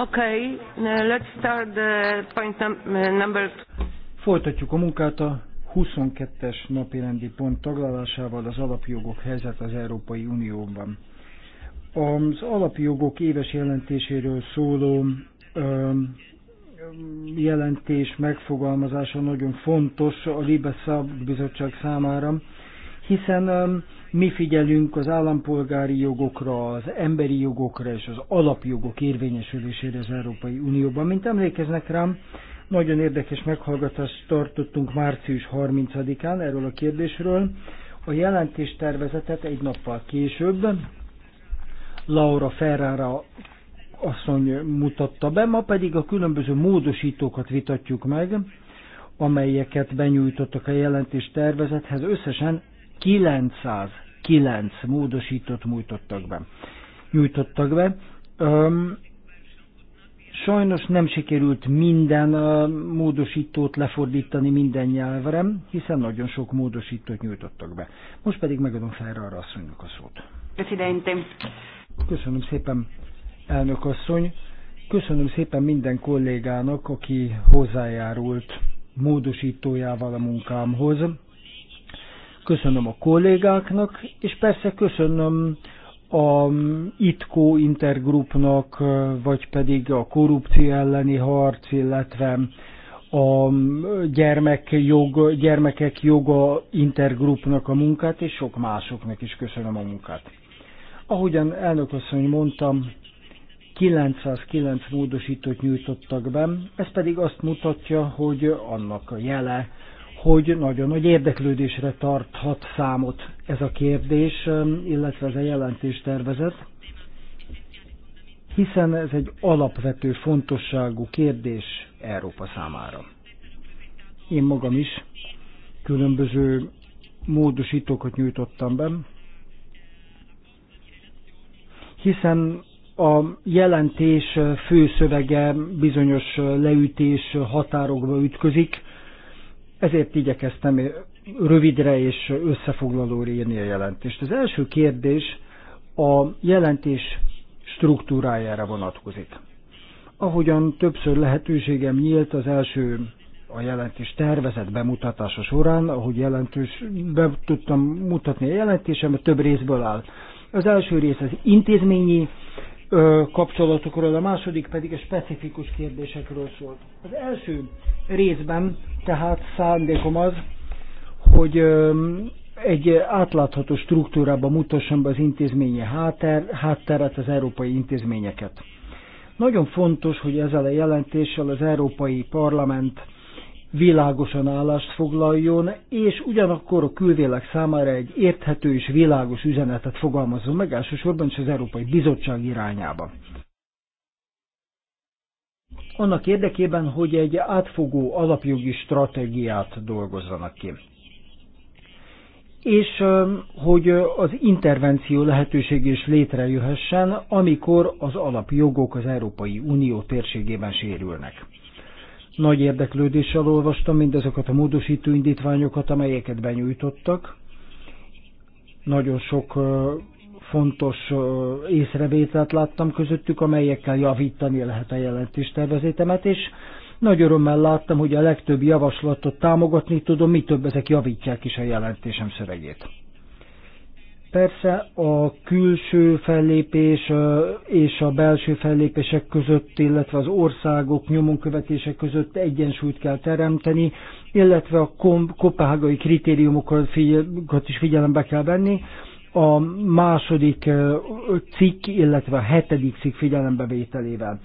Okay, uh, let's start the point uh, number Folytatjuk a munkát a 22-es napirendi pont taglalásával az alapjogok helyzet az Európai Unióban. Az alapjogok éves jelentéséről szóló um, jelentés megfogalmazása nagyon fontos a Libe Bizottság számára, hiszen um, mi figyelünk az állampolgári jogokra, az emberi jogokra és az alapjogok érvényesülésére az Európai Unióban. Mint emlékeznek rám, nagyon érdekes meghallgatást tartottunk március 30-án erről a kérdésről. A jelentés tervezetet egy nappal később Laura Ferrara asszony mutatta be, ma pedig a különböző módosítókat vitatjuk meg, amelyeket benyújtottak a jelentés tervezethez. Összesen 909 módosítót nyújtottak be. Nyújtottak be. Öm, sajnos nem sikerült minden módosítót lefordítani minden nyelvre, hiszen nagyon sok módosítót nyújtottak be. Most pedig megadom fel arra a szót. Presidente. Köszönöm szépen, elnök asszony. Köszönöm szépen minden kollégának, aki hozzájárult módosítójával a munkámhoz. Köszönöm a kollégáknak, és persze köszönöm a ITKO intergrupnak, vagy pedig a korrupció elleni harc, illetve a gyermekjog, gyermekek joga intergrupnak a munkát, és sok másoknak is köszönöm a munkát. Ahogyan elnök asszony mondtam, 909 módosítót nyújtottak be, ez pedig azt mutatja, hogy annak a jele, hogy nagyon nagy érdeklődésre tarthat számot ez a kérdés, illetve ez a jelentéstervezet, hiszen ez egy alapvető fontosságú kérdés Európa számára. Én magam is különböző módosítókat nyújtottam be, hiszen a jelentés fő szövege bizonyos leütés határokba ütközik, ezért igyekeztem rövidre és összefoglalóra írni a jelentést. Az első kérdés a jelentés struktúrájára vonatkozik. Ahogyan többször lehetőségem nyílt az első a jelentés tervezett bemutatása során, ahogy jelentős, be tudtam mutatni a jelentésemet, több részből áll. Az első rész az intézményi kapcsolatokról, a második pedig a specifikus kérdésekről szólt. Az első részben tehát szándékom az, hogy egy átlátható struktúrába mutassam be az intézménye háter, hátteret, az európai intézményeket. Nagyon fontos, hogy ezzel a jelentéssel az Európai Parlament világosan állást foglaljon, és ugyanakkor a külvélek számára egy érthető és világos üzenetet fogalmazzon meg, elsősorban is az Európai Bizottság irányába. Annak érdekében, hogy egy átfogó alapjogi stratégiát dolgozzanak ki. És hogy az intervenció lehetőség is létrejöhessen, amikor az alapjogok az Európai Unió térségében sérülnek. Nagy érdeklődéssel olvastam mindezeket a módosító indítványokat, amelyeket benyújtottak. Nagyon sok fontos észrevételt láttam közöttük, amelyekkel javítani lehet a jelentéstervezetemet, és nagy örömmel láttam, hogy a legtöbb javaslatot támogatni tudom, mi több ezek javítják is a jelentésem szövegét. Persze a külső fellépés és a belső fellépések között, illetve az országok nyomon követése között egyensúlyt kell teremteni, illetve a kopenhágai kritériumokat is figyelembe kell venni. A második cikk, illetve a hetedik cikk figyelembevételével.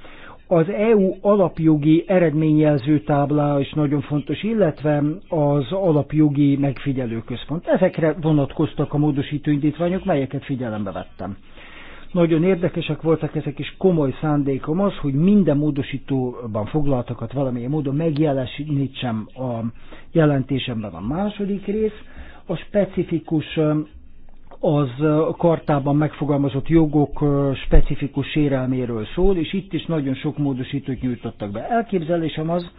Az EU alapjogi eredményjelző táblá is nagyon fontos, illetve az alapjogi megfigyelőközpont. Ezekre vonatkoztak a módosító indítványok, melyeket figyelembe vettem. Nagyon érdekesek voltak ezek, és komoly szándékom az, hogy minden módosítóban foglaltakat valamilyen módon megjelenítsem a jelentésemben a második rész, a specifikus az kartában megfogalmazott jogok specifikus sérelméről szól, és itt is nagyon sok módosítót nyújtottak be. Elképzelésem az,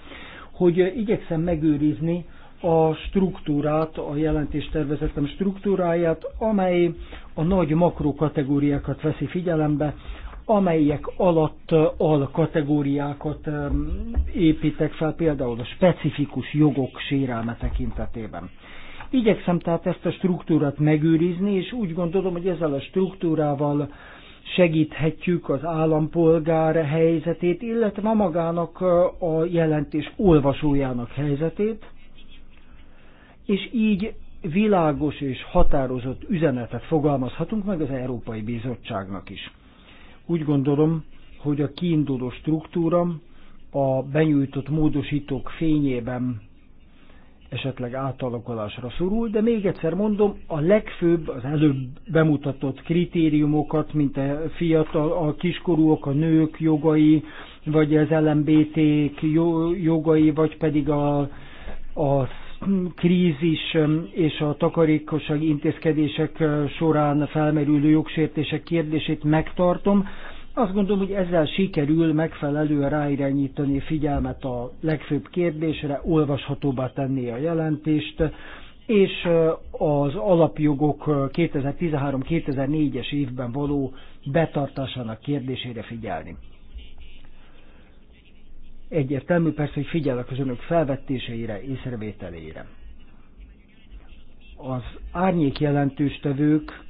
hogy igyekszem megőrizni a struktúrát, a jelentéstervezetem struktúráját, amely a nagy makrokategóriákat veszi figyelembe, amelyek alatt al kategóriákat építek fel, például a specifikus jogok sérelme tekintetében. Igyekszem tehát ezt a struktúrát megőrizni, és úgy gondolom, hogy ezzel a struktúrával segíthetjük az állampolgár helyzetét, illetve magának a jelentés olvasójának helyzetét, és így világos és határozott üzenetet fogalmazhatunk meg az Európai Bizottságnak is. Úgy gondolom, hogy a kiinduló struktúra a benyújtott módosítók fényében esetleg átalakulásra szorul, de még egyszer mondom, a legfőbb, az előbb bemutatott kritériumokat, mint a fiatal, a kiskorúak, a nők jogai, vagy az lmbt jogai, vagy pedig a, a krízis um, és a takarékosság intézkedések uh, során felmerülő jogsértések kérdését megtartom, azt gondolom, hogy ezzel sikerül megfelelően ráirányítani figyelmet a legfőbb kérdésre, olvashatóbbá tenni a jelentést, és az alapjogok 2013-2004-es évben való betartásának kérdésére figyelni. Egyértelmű persze, hogy figyelek az önök felvetéseire, észrevételére. Az árnyék jelentőstevők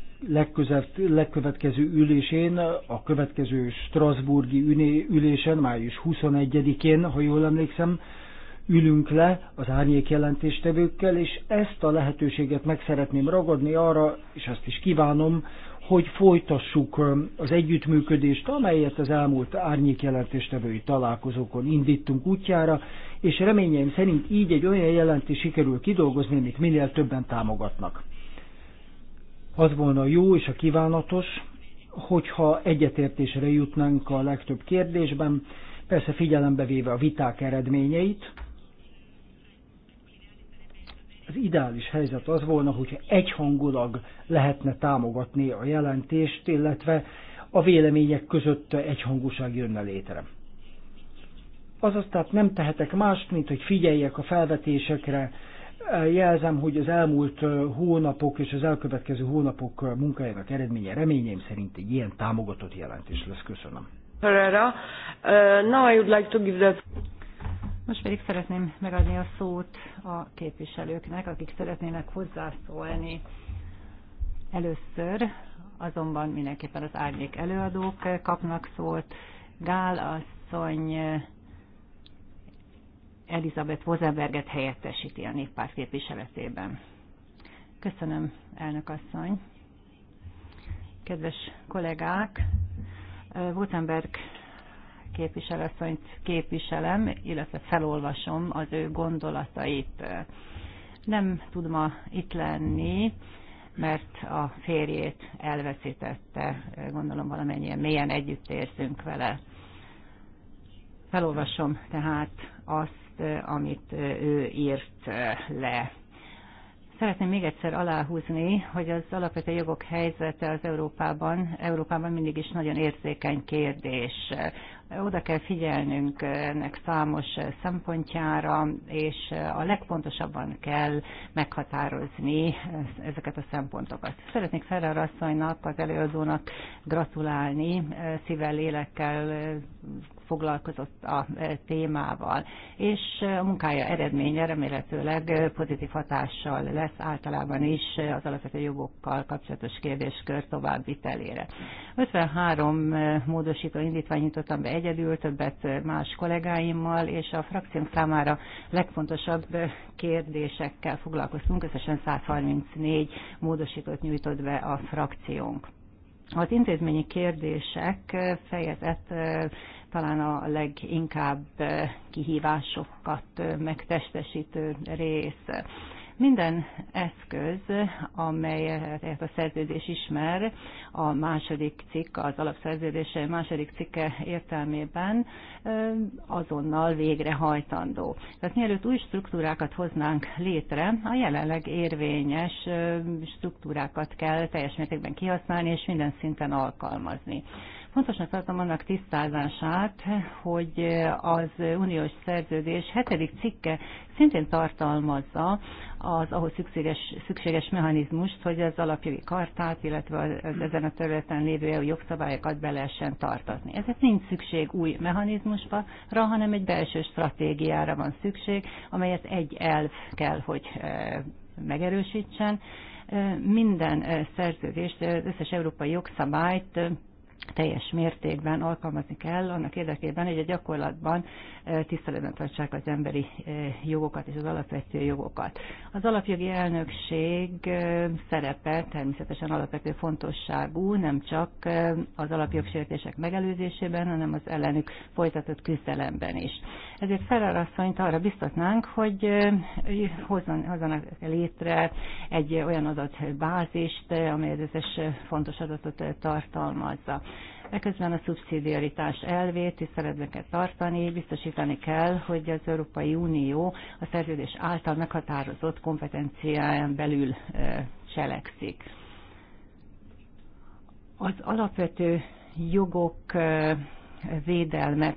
legkövetkező ülésén, a következő Strasburgi ülésen, május 21-én, ha jól emlékszem, ülünk le az árnyék jelentéstevőkkel, és ezt a lehetőséget meg szeretném ragadni arra, és azt is kívánom, hogy folytassuk az együttműködést, amelyet az elmúlt árnyék jelentéstevői találkozókon indítunk útjára, és reményeim szerint így egy olyan jelentés sikerül kidolgozni, amit minél többen támogatnak. Az volna jó és a kívánatos, hogyha egyetértésre jutnánk a legtöbb kérdésben, persze figyelembe véve a viták eredményeit. Az ideális helyzet az volna, hogyha egyhangulag lehetne támogatni a jelentést, illetve a vélemények között egyhangúság jönne létre. Azaz tehát nem tehetek mást, mint hogy figyeljek a felvetésekre, Jelzem, hogy az elmúlt hónapok és az elkövetkező hónapok munkájának eredménye reményeim szerint egy ilyen támogatott jelentés lesz. Köszönöm. Herrera, uh, now I would like to give Most pedig szeretném megadni a szót a képviselőknek, akik szeretnének hozzászólni. Először azonban mindenképpen az árnyék előadók kapnak szót. Gál asszony Elizabeth Vozenberget helyettesíti a néppárt képviseletében. Köszönöm, elnök asszony. Kedves kollégák, Vozenberg képviselőasszonyt képviselem, illetve felolvasom az ő gondolatait. Nem tud ma itt lenni, mert a férjét elveszítette, gondolom valamennyien mélyen érzünk vele. Felolvasom tehát azt, amit ő írt le. Szeretném még egyszer aláhúzni, hogy az alapvető jogok helyzete az Európában, Európában mindig is nagyon érzékeny kérdés. Oda kell figyelnünk ennek számos szempontjára, és a legfontosabban kell meghatározni ezeket a szempontokat. Szeretnék Ferrer asszonynak, az előadónak gratulálni, szívvel, lélekkel foglalkozott a e, témával, és a munkája eredménye remélhetőleg pozitív hatással lesz általában is az alapvető jogokkal kapcsolatos kérdéskör telére. 53 e, módosító indítvány nyitottam be egyedül, többet más kollégáimmal, és a frakcióm számára legfontosabb kérdésekkel foglalkoztunk, összesen 134 módosítót nyújtott be a frakciónk. Az intézményi kérdések fejezet e, talán a leginkább eh, kihívásokat eh, megtestesítő rész. Minden eszköz, amelyet a szerződés ismer, a második cikk, az alapszerződés második cikke értelmében eh, azonnal végrehajtandó. Tehát mielőtt új struktúrákat hoznánk létre, a jelenleg érvényes struktúrákat kell teljes mértékben kihasználni és minden szinten alkalmazni. Fontosnak tartom annak tisztázását, hogy az uniós szerződés hetedik cikke szintén tartalmazza az ahhoz szükséges, szükséges mechanizmust, hogy az alapjogi kartát, illetve az ezen a területen lévő EU jogszabályokat be lehessen tartatni. Ezért nincs szükség új mechanizmusra, hanem egy belső stratégiára van szükség, amelyet egy elv kell, hogy e, megerősítsen. E, minden e, szerződést, az összes európai jogszabályt teljes mértékben alkalmazni kell annak érdekében, hogy a gyakorlatban tiszteletben tartsák az emberi jogokat és az alapvető jogokat. Az alapjogi elnökség szerepe természetesen alapvető fontosságú, nem csak az alapjogsértések megelőzésében, hanem az ellenük folytatott küzdelemben is. Ezért Ferrer asszonyt arra biztatnánk, hogy hozzanak létre egy olyan adatbázist, amely az összes fontos adatot tartalmazza. Eközben a szubszidiaritás elvét tiszteletbe kell tartani, biztosítani kell, hogy az Európai Unió a szerződés által meghatározott kompetenciáján belül cselekszik. Az alapvető jogok védelme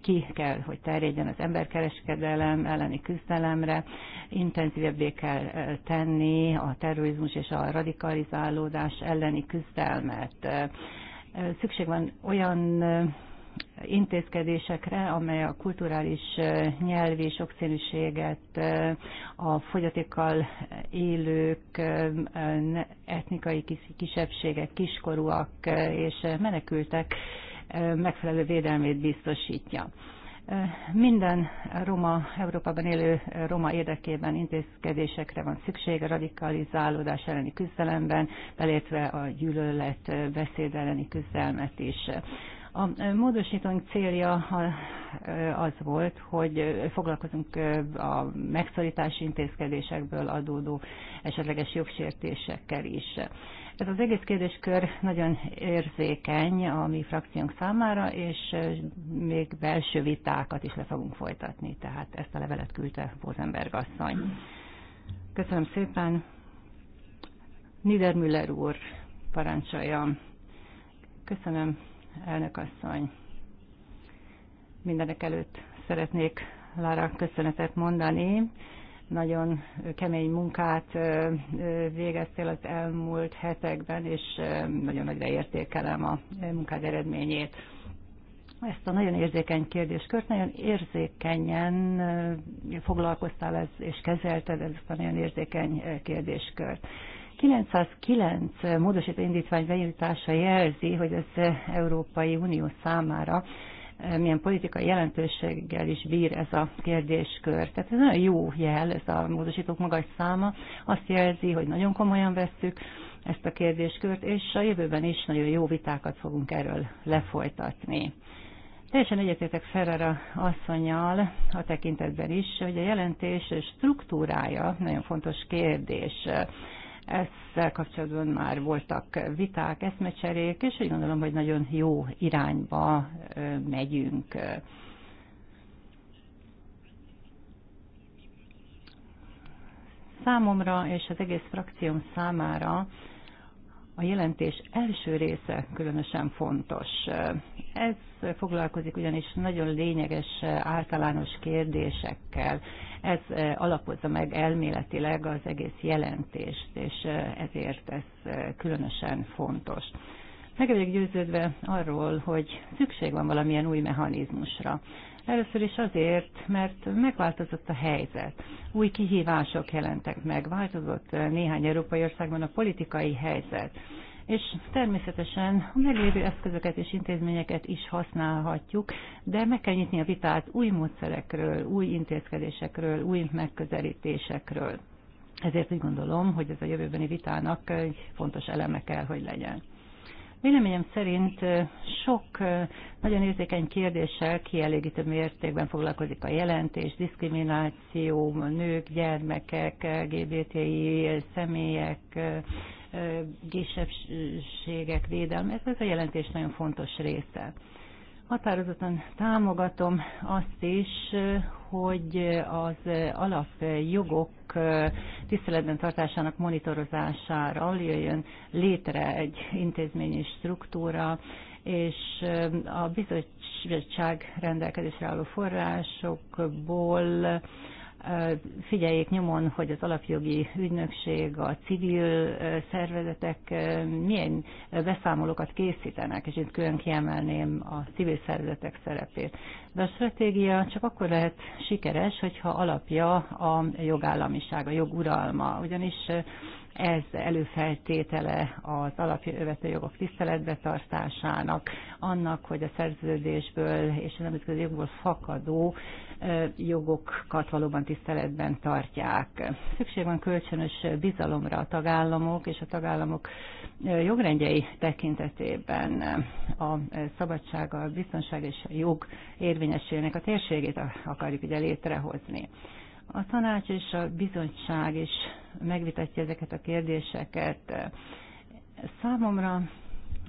ki kell, hogy terjedjen az emberkereskedelem elleni küzdelemre, intenzívebbé kell tenni a terrorizmus és a radikalizálódás elleni küzdelmet szükség van olyan intézkedésekre, amely a kulturális nyelvi sokszínűséget, a fogyatékkal élők, etnikai kisebbségek, kiskorúak és menekültek megfelelő védelmét biztosítja. Minden roma, Európában élő roma érdekében intézkedésekre van szükség a radikalizálódás elleni küzdelemben, belétve a gyűlölet beszéd elleni küzdelmet is. A módosítónk célja az volt, hogy foglalkozunk a megszorítási intézkedésekből adódó esetleges jogsértésekkel is. Ez az egész kérdéskör nagyon érzékeny a mi frakciónk számára, és még belső vitákat is le fogunk folytatni, tehát ezt a levelet küldte Bozenberg asszony. Köszönöm szépen. Niedermüller úr parancsolja. Köszönöm, elnök asszony. Mindenek előtt szeretnék Lára köszönetet mondani nagyon kemény munkát végeztél az elmúlt hetekben, és nagyon nagyra értékelem a munkád eredményét. Ezt a nagyon érzékeny kérdéskört nagyon érzékenyen foglalkoztál ez, és kezelted ezt a nagyon érzékeny kérdéskört. 909 módosító indítvány bejutása jelzi, hogy az Európai Unió számára milyen politikai jelentőséggel is bír ez a kérdéskör. Tehát ez nagyon jó jel, ez a módosítók magas száma. Azt jelzi, hogy nagyon komolyan vesszük ezt a kérdéskört, és a jövőben is nagyon jó vitákat fogunk erről lefolytatni. Teljesen egyetértek Ferrara asszonyjal a tekintetben is, hogy a jelentés struktúrája nagyon fontos kérdés. Ezzel kapcsolatban már voltak viták, eszmecserék, és úgy gondolom, hogy nagyon jó irányba megyünk. Számomra és az egész frakcióm számára a jelentés első része különösen fontos. Ez foglalkozik, ugyanis nagyon lényeges általános kérdésekkel. Ez eh, alapozza meg elméletileg az egész jelentést, és eh, ezért ez eh, különösen fontos. Meg vagyok győződve arról, hogy szükség van valamilyen új mechanizmusra. Először is azért, mert megváltozott a helyzet. Új kihívások jelentek meg, változott néhány európai országban a politikai helyzet és természetesen a meglévő eszközöket és intézményeket is használhatjuk, de meg kell nyitni a vitát új módszerekről, új intézkedésekről, új megközelítésekről. Ezért úgy gondolom, hogy ez a jövőbeni vitának egy fontos eleme kell, hogy legyen. Véleményem szerint sok nagyon érzékeny kérdéssel kielégítő mértékben foglalkozik a jelentés, diszkrimináció, nők, gyermekek, LGBTI személyek, kisebbségek védelme. Ez a jelentés nagyon fontos része. Határozottan támogatom azt is, hogy az alapjogok tiszteletben tartásának monitorozására jöjjön létre egy intézményi struktúra, és a bizottság rendelkezésre álló forrásokból figyeljék nyomon, hogy az alapjogi ügynökség, a civil szervezetek milyen beszámolókat készítenek, és itt külön kiemelném a civil szervezetek szerepét. De a stratégia csak akkor lehet sikeres, hogyha alapja a jogállamiság, a joguralma, ugyanis ez előfeltétele az alapjövető jogok tiszteletbe tartásának, annak, hogy a szerződésből és a nemzetközi jogból fakadó jogokat valóban tiszteletben tartják. Szükség van kölcsönös bizalomra a tagállamok és a tagállamok jogrendjei tekintetében a szabadság, a biztonság és a jog érvényesülének a térségét akarjuk ugye létrehozni. A tanács és a bizottság is megvitatja ezeket a kérdéseket. Számomra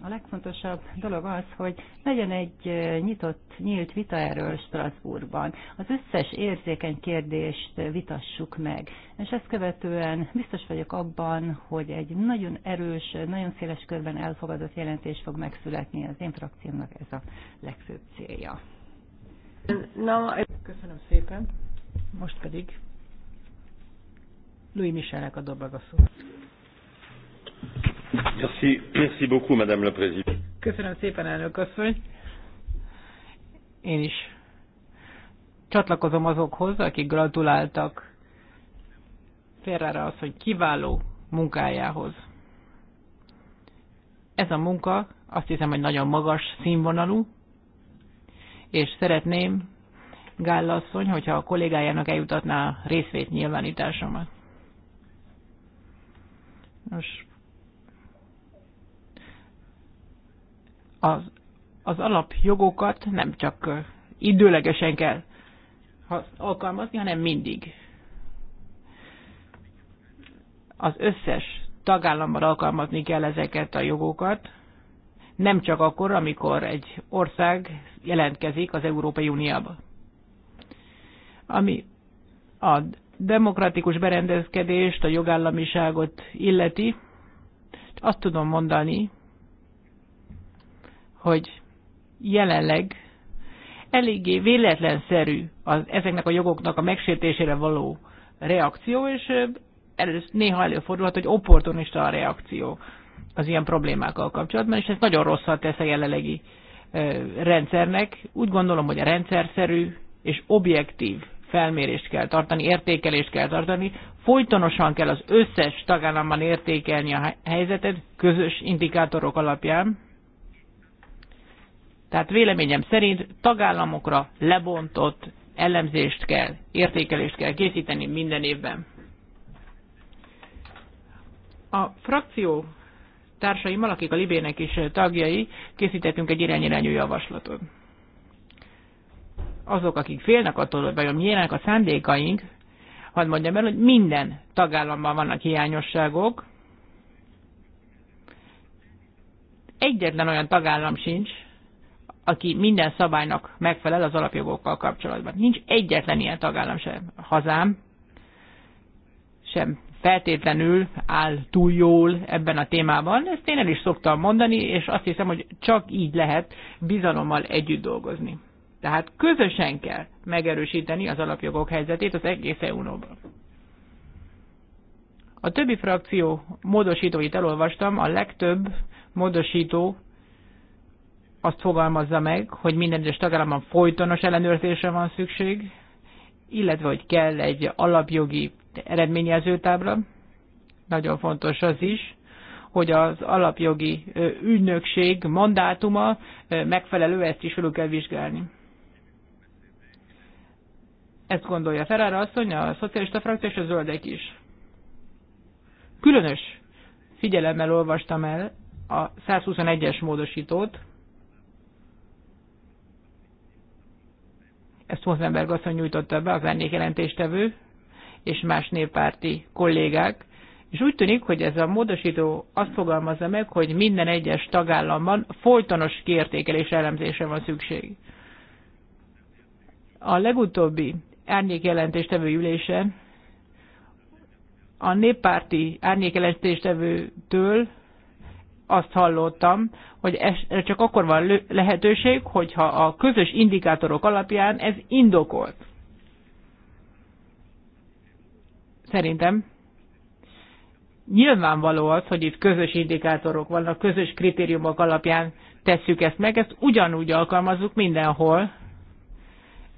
a legfontosabb dolog az, hogy legyen egy nyitott, nyílt vita erről Strasbourgban. Az összes érzékeny kérdést vitassuk meg. És ezt követően biztos vagyok abban, hogy egy nagyon erős, nagyon széles körben elfogadott jelentés fog megszületni. Az én frakciómnak ez a legfőbb célja. Na, köszönöm szépen. Most pedig Louis Michelnek adom meg a szót. Merci, merci beaucoup, Madame la Présidente. Köszönöm szépen, elnök asszony. Én is csatlakozom azokhoz, akik gratuláltak Ferrara az, hogy kiváló munkájához. Ez a munka azt hiszem, hogy nagyon magas színvonalú, és szeretném, Gál asszony, hogyha a kollégájának eljutatná részvét nyilvánításomat. Nos, az, az alapjogokat nem csak időlegesen kell alkalmazni, hanem mindig. Az összes tagállamban alkalmazni kell ezeket a jogokat, nem csak akkor, amikor egy ország jelentkezik az Európai Uniába. Ami a demokratikus berendezkedést, a jogállamiságot illeti, azt tudom mondani, hogy jelenleg eléggé véletlenszerű az, ezeknek a jogoknak a megsértésére való reakció, és elősz, néha előfordulhat, hogy opportunista a reakció az ilyen problémákkal kapcsolatban, és ez nagyon rosszat tesz a jelenlegi rendszernek. Úgy gondolom, hogy a rendszerszerű és objektív felmérést kell tartani, értékelést kell tartani, folytonosan kell az összes tagállamban értékelni a helyzetet közös indikátorok alapján. Tehát véleményem szerint tagállamokra lebontott elemzést kell, értékelést kell készíteni minden évben. A frakció társaimmal, akik a Libének is tagjai, készítettünk egy irányirányú javaslatot azok, akik félnek attól, hogy vajon milyenek a szándékaink, hadd mondjam el, hogy minden tagállamban vannak hiányosságok. Egyetlen olyan tagállam sincs, aki minden szabálynak megfelel az alapjogokkal kapcsolatban. Nincs egyetlen ilyen tagállam sem hazám, sem feltétlenül áll túl jól ebben a témában. Ezt én el is szoktam mondani, és azt hiszem, hogy csak így lehet bizalommal együtt dolgozni. Tehát közösen kell megerősíteni az alapjogok helyzetét az egész EU-ban. A többi frakció módosítóit elolvastam, a legtöbb módosító azt fogalmazza meg, hogy minden egyes tagállamban folytonos ellenőrzésre van szükség, illetve hogy kell egy alapjogi eredményjelzőtábla. Nagyon fontos az is, hogy az alapjogi ügynökség mandátuma megfelelő, ezt is felül kell vizsgálni. Ezt gondolja Ferrara asszony, a szocialista frakció és a zöldek is. Különös figyelemmel olvastam el a 121-es módosítót. Ezt Mosenberg asszony nyújtotta be, az jelentéstevő és más néppárti kollégák. És úgy tűnik, hogy ez a módosító azt fogalmazza meg, hogy minden egyes tagállamban folytonos kiértékelés elemzése van szükség. A legutóbbi árnyékjelentéstevő jelentéstevő ülésen a néppárti árnyékjelentéstevőtől azt hallottam, hogy ez csak akkor van lehetőség, hogyha a közös indikátorok alapján ez indokolt. Szerintem nyilvánvaló az, hogy itt közös indikátorok vannak, közös kritériumok alapján tesszük ezt meg, ezt ugyanúgy alkalmazzuk mindenhol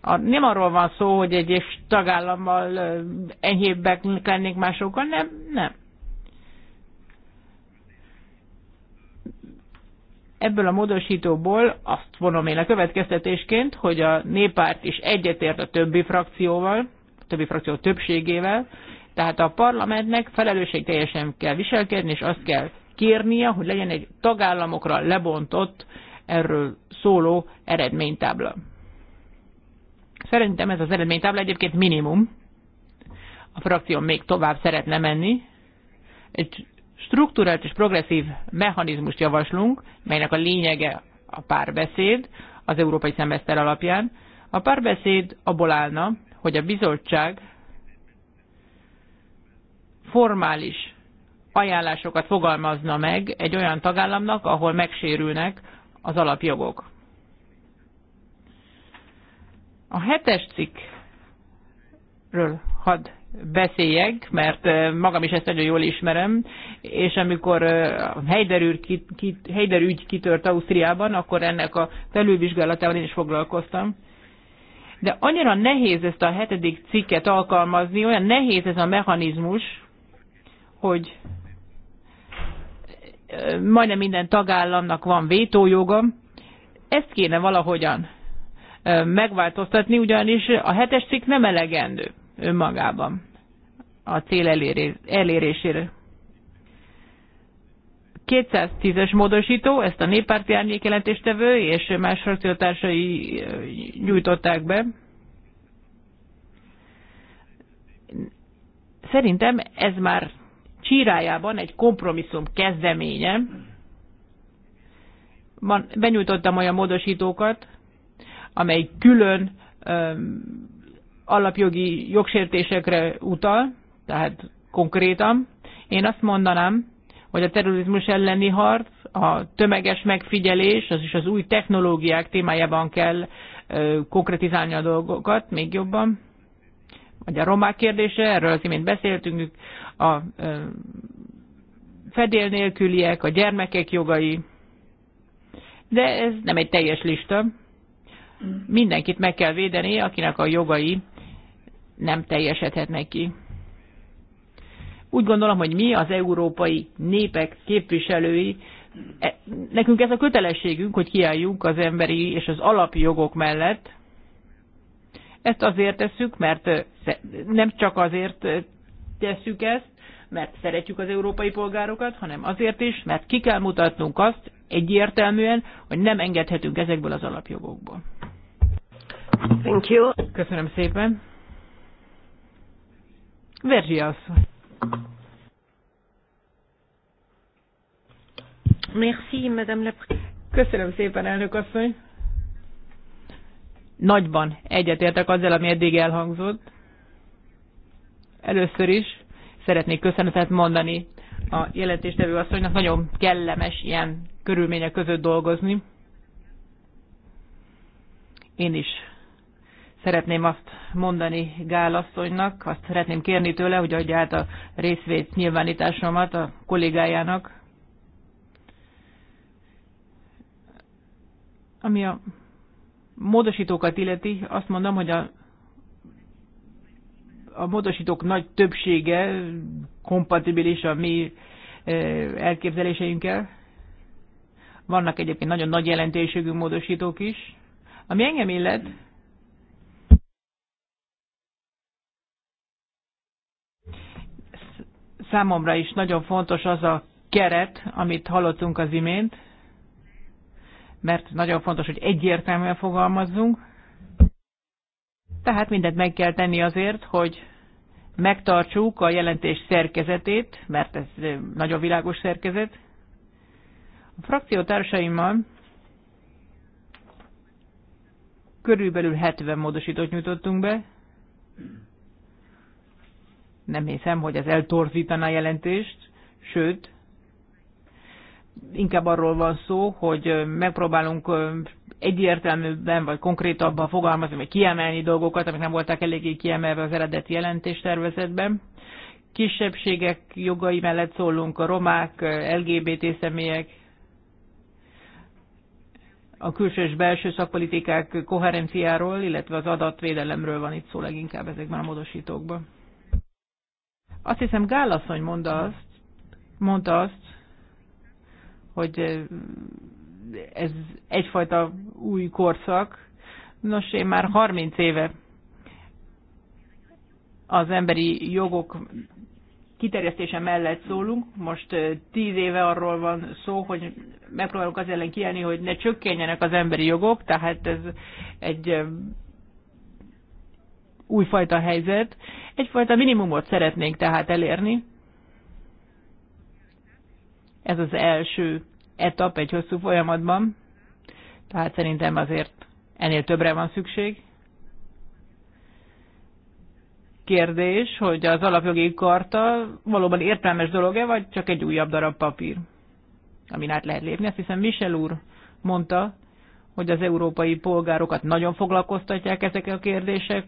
a, nem arról van szó, hogy egyes tagállammal enyhébbek lennénk másokkal, nem, nem. Ebből a módosítóból azt vonom én a következtetésként, hogy a néppárt is egyetért a többi frakcióval, a többi frakció többségével, tehát a parlamentnek felelősség teljesen kell viselkedni, és azt kell kérnie, hogy legyen egy tagállamokra lebontott erről szóló eredménytábla. Szerintem ez az eredménytábla egyébként minimum. A frakció még tovább szeretne menni. Egy strukturált és progresszív mechanizmust javaslunk, melynek a lényege a párbeszéd az európai szemeszter alapján. A párbeszéd abból állna, hogy a bizottság formális ajánlásokat fogalmazna meg egy olyan tagállamnak, ahol megsérülnek az alapjogok. A hetes cikkről hadd beszéljek, mert magam is ezt nagyon jól ismerem, és amikor a Heider, ki, ki, Heider ügy kitört Ausztriában, akkor ennek a felülvizsgálatával én is foglalkoztam. De annyira nehéz ezt a hetedik cikket alkalmazni, olyan nehéz ez a mechanizmus, hogy majdnem minden tagállamnak van vétójoga, ezt kéne valahogyan megváltoztatni, ugyanis a hetes cikk nem elegendő önmagában a cél elérésére. 210-es módosító, ezt a néppárti jelentéstevő és más frakciótársai nyújtották be. Szerintem ez már csírájában egy kompromisszum kezdeménye. Benyújtottam olyan módosítókat, amely külön alapjogi jogsértésekre utal, tehát konkrétan. Én azt mondanám, hogy a terrorizmus elleni harc, a tömeges megfigyelés, az is az új technológiák témájában kell ö, konkretizálni a dolgokat még jobban. Vagy a romák kérdése, erről az imént beszéltünk, a ö, fedél nélküliek, a gyermekek jogai, de ez nem egy teljes lista mindenkit meg kell védeni, akinek a jogai nem teljesedhetnek ki. Úgy gondolom, hogy mi az európai népek képviselői, e, nekünk ez a kötelességünk, hogy kiálljunk az emberi és az alapjogok mellett. Ezt azért tesszük, mert e, nem csak azért e, tesszük ezt, mert szeretjük az európai polgárokat, hanem azért is, mert ki kell mutatnunk azt egyértelműen, hogy nem engedhetünk ezekből az alapjogokból. Thank you. Köszönöm szépen. Verzi asszony. Merci, Madame la Köszönöm szépen, elnök asszony. Nagyban egyetértek azzal, ami eddig elhangzott. Először is szeretnék köszönetet mondani a jelentéstevő asszonynak. Nagyon kellemes ilyen körülmények között dolgozni. Én is Szeretném azt mondani Gál asszonynak, azt szeretném kérni tőle, hogy adja át a részvét nyilvánításomat a kollégájának, ami a módosítókat illeti, azt mondom, hogy a, a módosítók nagy többsége kompatibilis a mi e, elképzeléseinkkel. Vannak egyébként nagyon nagy jelentőségű módosítók is. Ami engem illet, számomra is nagyon fontos az a keret, amit hallottunk az imént, mert nagyon fontos, hogy egyértelműen fogalmazzunk. Tehát mindent meg kell tenni azért, hogy megtartsuk a jelentés szerkezetét, mert ez nagyon világos szerkezet. A frakciótársaimmal körülbelül 70 módosítót nyújtottunk be, nem hiszem, hogy ez eltorzítaná jelentést, sőt, inkább arról van szó, hogy megpróbálunk egyértelműbben vagy konkrétabban fogalmazni, vagy kiemelni dolgokat, amik nem voltak eléggé kiemelve az eredeti jelentéstervezetben. Kisebbségek jogai mellett szólunk, a romák, LGBT személyek, a külső és belső szakpolitikák koherenciáról, illetve az adatvédelemről van itt szó leginkább ezekben a módosítókban. Azt hiszem Gálasszony mondta azt, mondta azt, hogy eh, ez egyfajta új korszak. Nos, én már 30 éve az emberi jogok kiterjesztése mellett szólunk. Most eh, tíz éve arról van szó, hogy megpróbálunk az ellen kijelni, hogy ne csökkenjenek az emberi jogok, tehát ez egy eh, újfajta helyzet. Egyfajta minimumot szeretnénk tehát elérni. Ez az első etap egy hosszú folyamatban, tehát szerintem azért ennél többre van szükség. Kérdés, hogy az alapjogi karta valóban értelmes dolog-e, vagy csak egy újabb darab papír, amin át lehet lépni. Azt hiszem Michel úr mondta, hogy az európai polgárokat nagyon foglalkoztatják ezek a kérdések,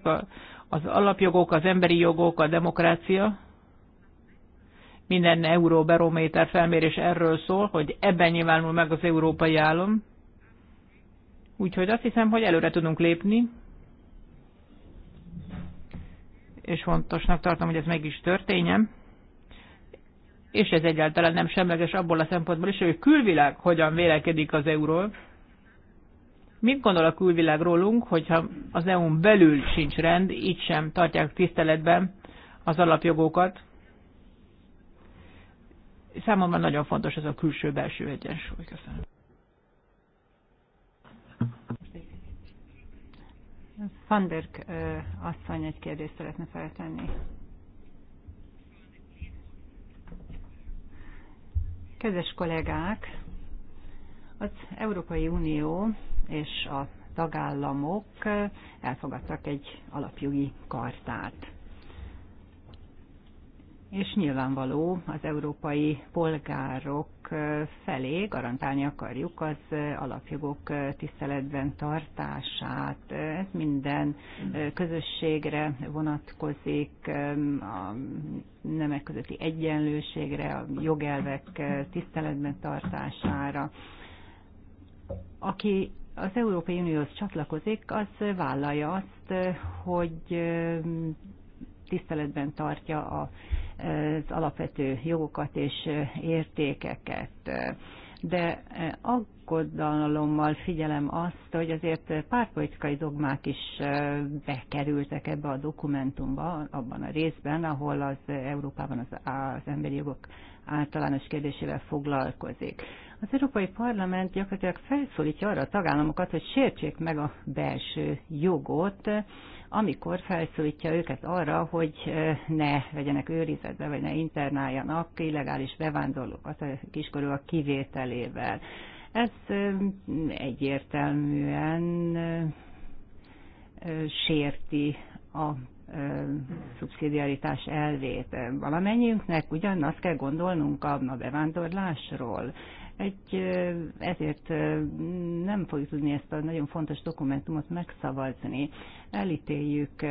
az alapjogok, az emberi jogok, a demokrácia. Minden euróbarométer felmérés erről szól, hogy ebben nyilvánul meg az európai állam. Úgyhogy azt hiszem, hogy előre tudunk lépni, és fontosnak tartom, hogy ez meg is történjen. És ez egyáltalán nem semleges abból a szempontból is, hogy a külvilág hogyan vélekedik az euról. Mit gondol a külvilág rólunk, hogyha az EU-n belül sincs rend, így sem tartják tiszteletben az alapjogokat? Számomra nagyon fontos ez a külső-belső egyensúly. Köszönöm. Vanderk asszony egy kérdést szeretne feltenni. Kedves kollégák, az Európai Unió és a tagállamok elfogadtak egy alapjogi kartát. És nyilvánvaló az európai polgárok felé garantálni akarjuk az alapjogok tiszteletben tartását. Ez minden közösségre vonatkozik, a nemek közötti egyenlőségre, a jogelvek tiszteletben tartására. Aki az Európai Unióhoz csatlakozik, az vállalja azt, hogy tiszteletben tartja az alapvető jogokat és értékeket. De aggodalommal figyelem azt, hogy azért párpolitikai dogmák is bekerültek ebbe a dokumentumba, abban a részben, ahol az Európában az, az emberi jogok általános kérdésével foglalkozik. Az Európai Parlament gyakorlatilag felszólítja arra a tagállamokat, hogy sértsék meg a belső jogot, amikor felszólítja őket arra, hogy eh, ne vegyenek őrizetbe, vagy ne internáljanak illegális bevándorlókat a kiskorúak kivételével. Ez eh, egyértelműen eh, sérti a szubszidiaritás elvét. Valamennyiünknek ugyanazt kell gondolnunk a bevándorlásról egy, ezért nem fogjuk tudni ezt a nagyon fontos dokumentumot megszavazni. Elítéljük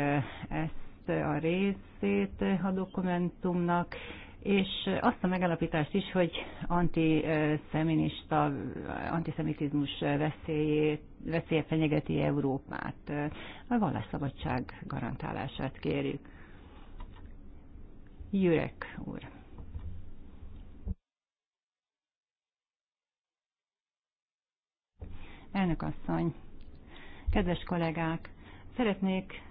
ezt a részét a dokumentumnak, és azt a megalapítást is, hogy antiszeminista, antiszemitizmus veszélye, veszélye fenyegeti Európát. A vallásszabadság garantálását kérjük. Jürek úr. Elnök asszony, kedves kollégák, szeretnék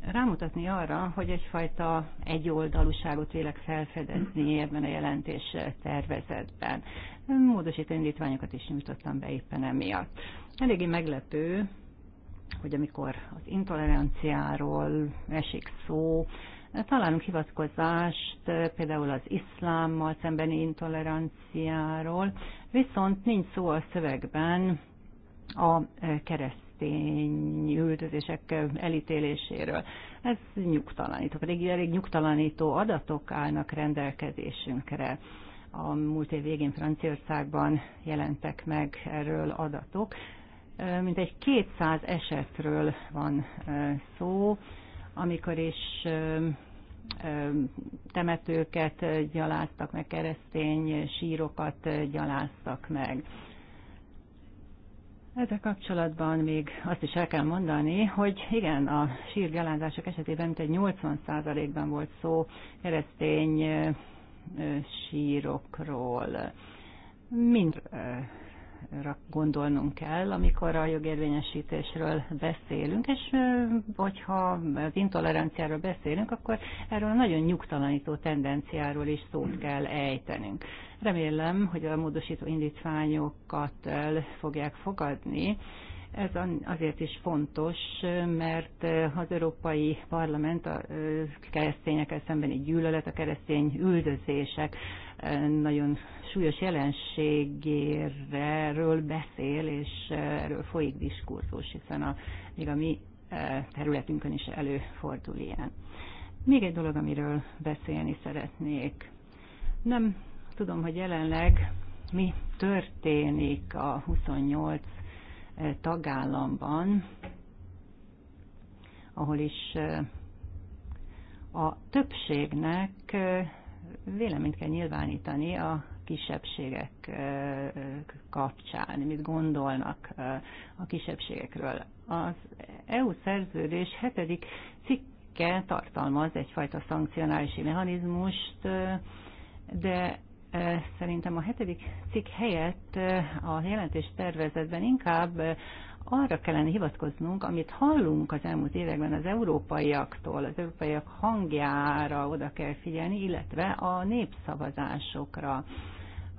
rámutatni arra, hogy egyfajta egyoldalúságot vélek felfedezni ebben a jelentés tervezetben. Módosító indítványokat is nyújtottam be éppen emiatt. Eléggé meglepő, hogy amikor az intoleranciáról esik szó, Találunk hivatkozást eh, például az iszlámmal szembeni intoleranciáról, viszont nincs szó a szövegben a eh, keresztény üldözések eh, elítéléséről. Ez nyugtalanító, pedig elég nyugtalanító adatok állnak rendelkezésünkre a múlt év végén Franciaországban jelentek meg erről adatok. Mintegy 200 esetről van szó, amikor is temetőket gyaláztak meg, keresztény sírokat gyaláztak meg. Ezzel kapcsolatban még azt is el kell mondani, hogy igen, a sírgyalázások esetében mint egy 80%-ban volt szó keresztény sírokról. Mind gondolnunk kell, amikor a jogérvényesítésről beszélünk, és hogyha az intoleranciáról beszélünk, akkor erről a nagyon nyugtalanító tendenciáról is szót kell ejtenünk. Remélem, hogy a módosító indítványokat el fogják fogadni, ez azért is fontos, mert az Európai Parlament a keresztényekkel szembeni gyűlölet, a keresztény üldözések nagyon súlyos jelenségéről beszél, és eh, erről folyik diskurzus, hiszen a, még a mi eh, területünkön is előfordul ilyen. Még egy dolog, amiről beszélni szeretnék. Nem tudom, hogy jelenleg mi történik a 28 eh, tagállamban, ahol is a többségnek véleményt kell nyilvánítani a kisebbségek kapcsán, mit gondolnak a kisebbségekről. Az EU szerződés hetedik cikke tartalmaz egyfajta szankcionálási mechanizmust, de szerintem a hetedik cikk helyett a jelentés tervezetben inkább arra kellene hivatkoznunk, amit hallunk az elmúlt években az európaiaktól, az európaiak hangjára oda kell figyelni, illetve a népszavazásokra,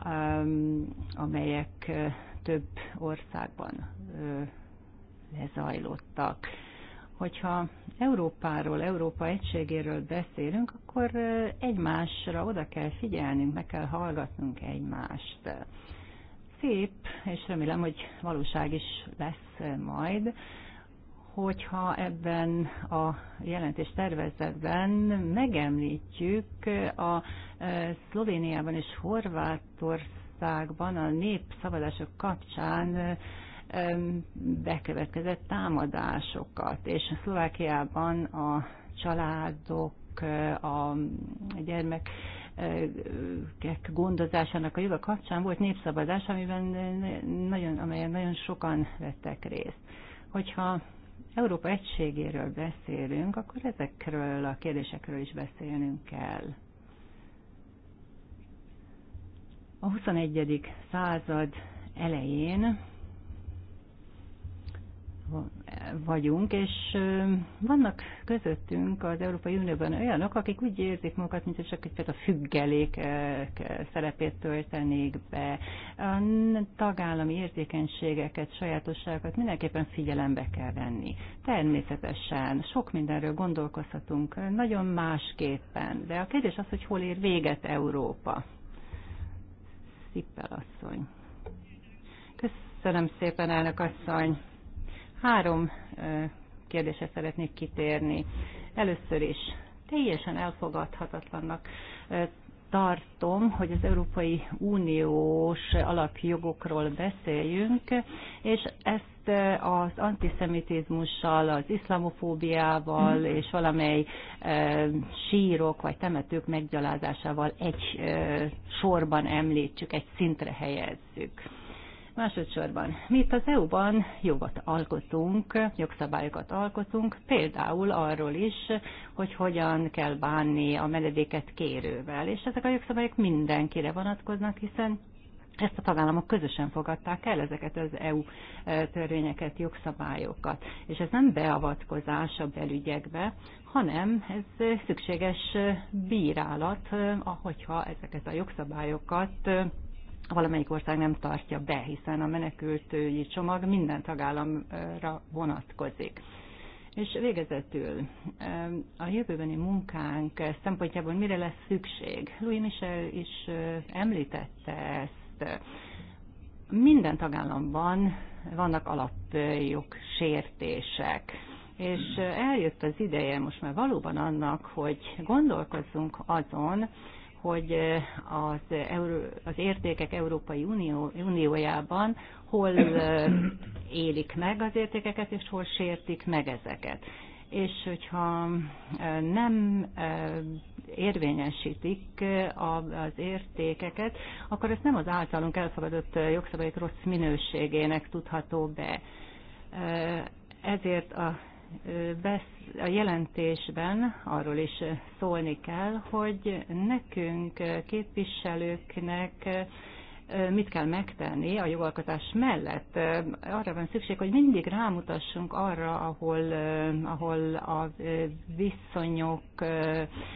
um, amelyek több országban lezajlottak. Hogyha Európáról, Európa egységéről beszélünk, akkor egymásra oda kell figyelnünk, meg kell hallgatnunk egymást szép, és remélem, hogy valóság is lesz majd, hogyha ebben a jelentés tervezetben megemlítjük a e, Szlovéniában és Horvátországban a népszabadások kapcsán e, bekövetkezett támadásokat, és Szlovákiában a családok, a gyermek gondozásának a joga kapcsán volt népszabadás, amiben nagyon, amelyen nagyon sokan vettek részt. Hogyha Európa egységéről beszélünk, akkor ezekről a kérdésekről is beszélnünk kell. A 21. század elején vagyunk, és vannak közöttünk az Európai Unióban olyanok, akik úgy érzik magukat, mint csak egy a függelék szerepét töltenék be. A tagállami érzékenységeket, sajátosságokat mindenképpen figyelembe kell venni. Természetesen sok mindenről gondolkozhatunk, nagyon másképpen, de a kérdés az, hogy hol ér véget Európa. Szippel asszony. Köszönöm szépen, elnök asszony. Három kérdésre szeretnék kitérni. Először is teljesen elfogadhatatlannak tartom, hogy az Európai Uniós alapjogokról beszéljünk, és ezt az antiszemitizmussal, az iszlamofóbiával mhm. és valamely e, sírok vagy temetők meggyalázásával egy e, sorban említsük, egy szintre helyezzük Másodszorban, mi itt az EU-ban jogot alkotunk, jogszabályokat alkotunk, például arról is, hogy hogyan kell bánni a menedéket kérővel, és ezek a jogszabályok mindenkire vonatkoznak, hiszen ezt a tagállamok közösen fogadták el, ezeket az EU e, törvényeket, jogszabályokat. És ez nem beavatkozás a belügyekbe, hanem ez szükséges bírálat, e, ahogyha ezeket a jogszabályokat e, valamelyik ország nem tartja be, hiszen a menekültői csomag minden tagállamra vonatkozik. És végezetül a jövőbeni munkánk szempontjából mire lesz szükség? Louis Michel is említette ezt. Minden tagállamban vannak alapjogsértések, és eljött az ideje most már valóban annak, hogy gondolkozzunk azon, hogy az, Euró, az értékek Európai Unió, Uniójában hol élik meg az értékeket, és hol sértik meg ezeket. És hogyha nem érvényesítik az értékeket, akkor ezt nem az általunk elfogadott jogszabályok rossz minőségének tudható be. Ezért a besz, a jelentésben arról is szólni kell, hogy nekünk, képviselőknek mit kell megtenni a jogalkotás mellett. Arra van szükség, hogy mindig rámutassunk arra, ahol, ahol a viszonyok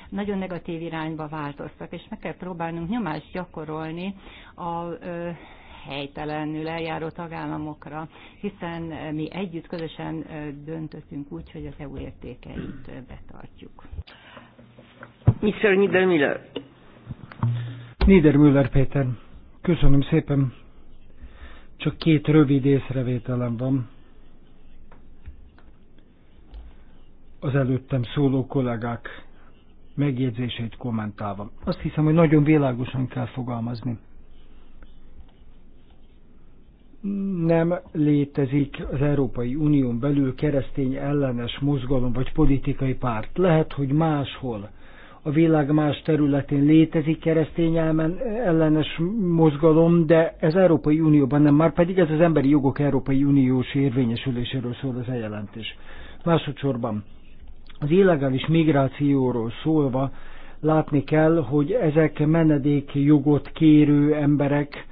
nagyon negatív irányba változtak, és meg kell próbálnunk nyomást gyakorolni a helytelenül eljáró tagállamokra, hiszen eh, mi együtt közösen eh, döntöttünk úgy, hogy az EU értékeit eh, betartjuk. Mr. Niedermüller. Niedermüller Péter. Köszönöm szépen. Csak két rövid észrevételem van. Az előttem szóló kollégák megjegyzéseit kommentálva. Azt hiszem, hogy nagyon világosan kell fogalmazni nem létezik az Európai Unión belül keresztény ellenes mozgalom vagy politikai párt. Lehet, hogy máshol a világ más területén létezik keresztény ellenes mozgalom, de ez Európai Unióban nem, már pedig ez az emberi jogok Európai Uniós érvényesüléséről szól az eljelentés. Másodszorban az illegális migrációról szólva látni kell, hogy ezek menedékjogot kérő emberek,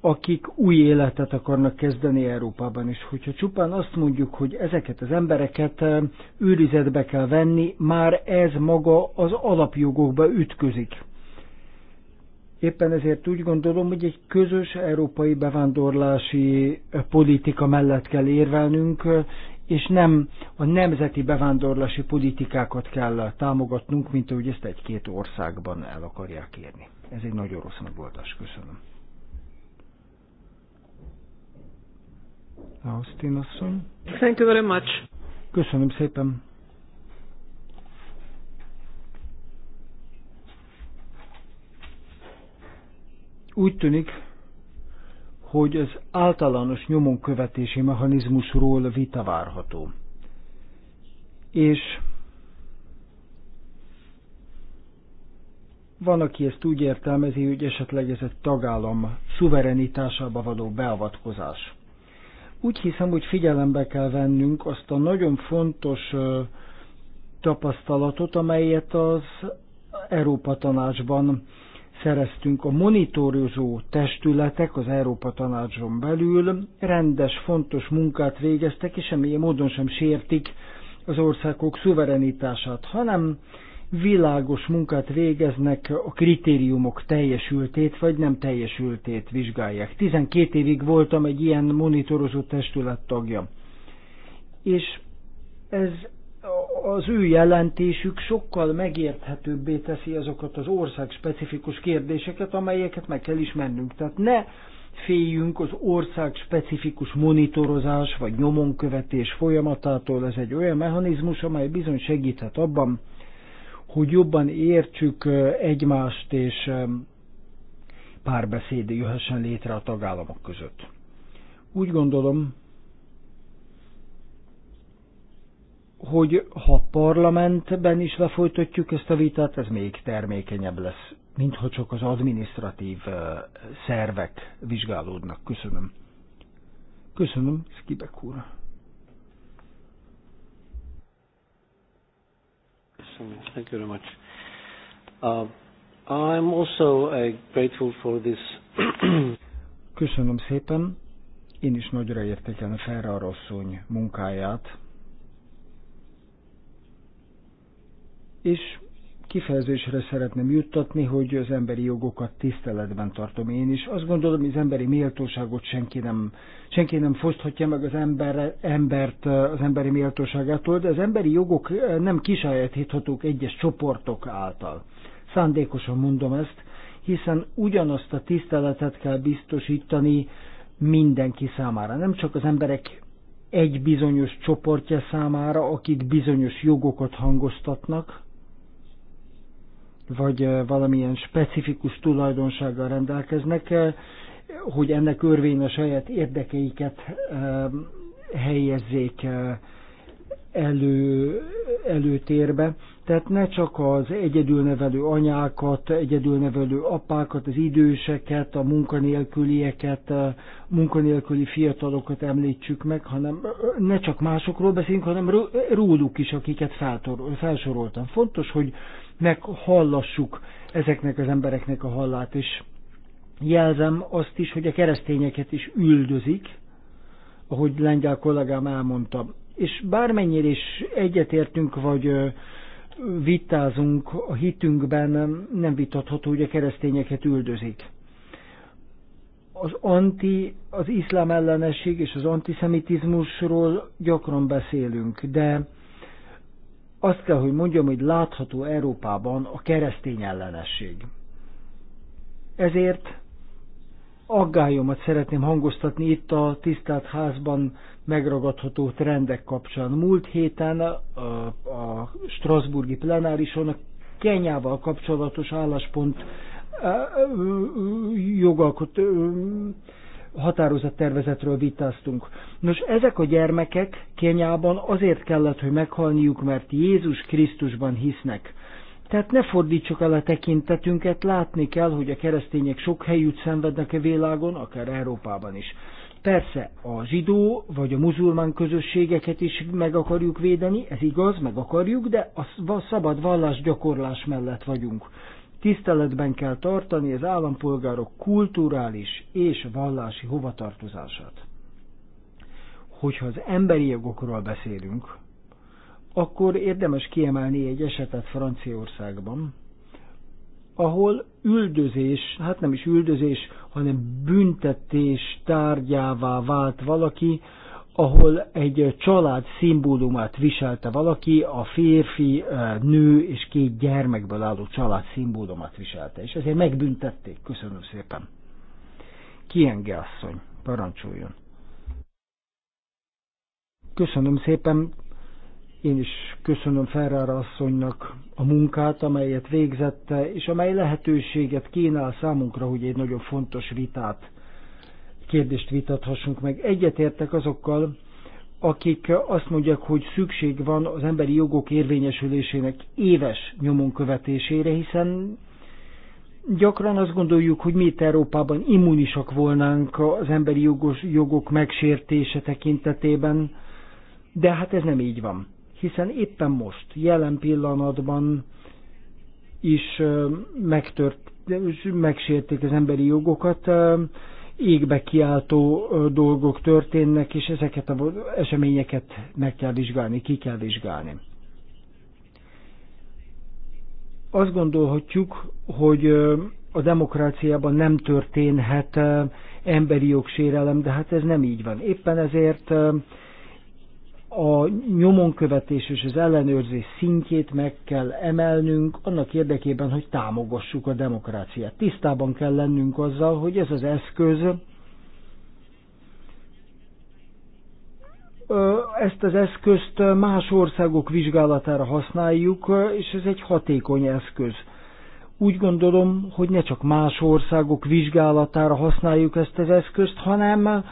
akik új életet akarnak kezdeni Európában. is. hogyha csupán azt mondjuk, hogy ezeket az embereket eh, őrizetbe kell venni, már ez maga az alapjogokba ütközik. Éppen ezért úgy gondolom, hogy egy közös európai bevándorlási eh, politika mellett kell érvelnünk, eh, és nem a nemzeti bevándorlási politikákat kell támogatnunk, mint ahogy ezt egy-két országban el akarják érni. Ez egy nagyon rossz megoldás. Köszönöm. Austin asszony. Thank you very much. Köszönöm szépen. Úgy tűnik, hogy az általános nyomon követési mechanizmusról vita várható. És Van, aki ezt úgy értelmezi, hogy esetleg ez egy tagállam szuverenitásába való beavatkozás. Úgy hiszem, hogy figyelembe kell vennünk azt a nagyon fontos tapasztalatot, amelyet az Európa Tanácsban szereztünk. A monitorozó testületek az Európa Tanácson belül rendes, fontos munkát végeztek, és semmilyen módon sem sértik az országok szuverenitását, hanem világos munkát végeznek a kritériumok teljesültét vagy nem teljesültét vizsgálják. 12 évig voltam egy ilyen monitorozó testület tagja. És ez az ő jelentésük sokkal megérthetőbbé teszi azokat az ország specifikus kérdéseket, amelyeket meg kell ismernünk. Tehát ne féljünk az ország specifikus monitorozás vagy nyomonkövetés folyamatától. Ez egy olyan mechanizmus, amely bizony segíthet abban, hogy jobban értsük egymást, és párbeszéd jöhessen létre a tagállamok között. Úgy gondolom, hogy ha parlamentben is lefolytatjuk ezt a vitát, ez még termékenyebb lesz, mintha csak az administratív szervek vizsgálódnak. Köszönöm. Köszönöm, Skibek úr. me. Mm, thank you very much. Uh, I'm also uh, grateful for this. Köszönöm szépen. Én is nagyra értékelem Ferra Rosszony munkáját. És kifejezésre szeretném juttatni, hogy az emberi jogokat tiszteletben tartom én is. Azt gondolom, hogy az emberi méltóságot senki nem, senki nem foszthatja meg az ember, embert az emberi méltóságától, de az emberi jogok nem kisajátíthatók egyes csoportok által. Szándékosan mondom ezt, hiszen ugyanazt a tiszteletet kell biztosítani mindenki számára, nem csak az emberek egy bizonyos csoportja számára, akik bizonyos jogokat hangoztatnak, vagy valamilyen specifikus tulajdonsággal rendelkeznek, hogy ennek örvény a saját érdekeiket helyezzék elő, előtérbe. Tehát ne csak az egyedülnevelő anyákat, egyedülnevelő apákat, az időseket, a munkanélkülieket, a munkanélküli fiatalokat említsük meg, hanem ne csak másokról beszéljünk, hanem róluk is, akiket felsoroltam. Fontos, hogy nek hallassuk ezeknek az embereknek a hallát, és jelzem azt is, hogy a keresztényeket is üldözik, ahogy lengyel kollégám elmondta. És bármennyire is egyetértünk, vagy vitázunk a hitünkben, nem vitatható, hogy a keresztényeket üldözik. Az anti, az iszlám ellenesség és az antiszemitizmusról gyakran beszélünk, de azt kell, hogy mondjam, hogy látható Európában a keresztény ellenesség. Ezért aggályomat szeretném hangoztatni itt a tisztelt házban megragadható trendek kapcsán. Múlt héten a, a Strasburgi plenárison a Kenyával kapcsolatos álláspont jogalkot határozattervezetről vitáztunk. Nos, ezek a gyermekek kényában azért kellett, hogy meghalniuk, mert Jézus Krisztusban hisznek. Tehát ne fordítsuk el a tekintetünket, látni kell, hogy a keresztények sok helyütt szenvednek a világon, akár Európában is. Persze a zsidó vagy a muzulmán közösségeket is meg akarjuk védeni, ez igaz, meg akarjuk, de a szabad vallás gyakorlás mellett vagyunk tiszteletben kell tartani az állampolgárok kulturális és vallási hovatartozását. Hogyha az emberi jogokról beszélünk, akkor érdemes kiemelni egy esetet Franciaországban, ahol üldözés, hát nem is üldözés, hanem büntetés tárgyává vált valaki, ahol egy család szimbólumát viselte valaki, a férfi, nő és két gyermekből álló család szimbólumát viselte, és ezért megbüntették. Köszönöm szépen. Kienge asszony, parancsoljon. Köszönöm szépen, én is köszönöm Ferrara asszonynak a munkát, amelyet végzette, és amely lehetőséget kínál számunkra, hogy egy nagyon fontos vitát kérdést vitathassunk meg. Egyetértek azokkal, akik azt mondják, hogy szükség van az emberi jogok érvényesülésének éves nyomon követésére, hiszen gyakran azt gondoljuk, hogy mi itt Európában immunisak volnánk az emberi jogos, jogok megsértése tekintetében, de hát ez nem így van. Hiszen éppen most, jelen pillanatban is megtört, megsérték az emberi jogokat égbe kiáltó dolgok történnek, és ezeket a eseményeket meg kell vizsgálni, ki kell vizsgálni. Azt gondolhatjuk, hogy a demokráciában nem történhet emberi jogsérelem, de hát ez nem így van. Éppen ezért a nyomonkövetés és az ellenőrzés szintjét meg kell emelnünk annak érdekében, hogy támogassuk a demokráciát. Tisztában kell lennünk azzal, hogy ez az eszköz, ezt az eszközt más országok vizsgálatára használjuk, és ez egy hatékony eszköz. Úgy gondolom, hogy ne csak más országok vizsgálatára használjuk ezt az eszközt, hanem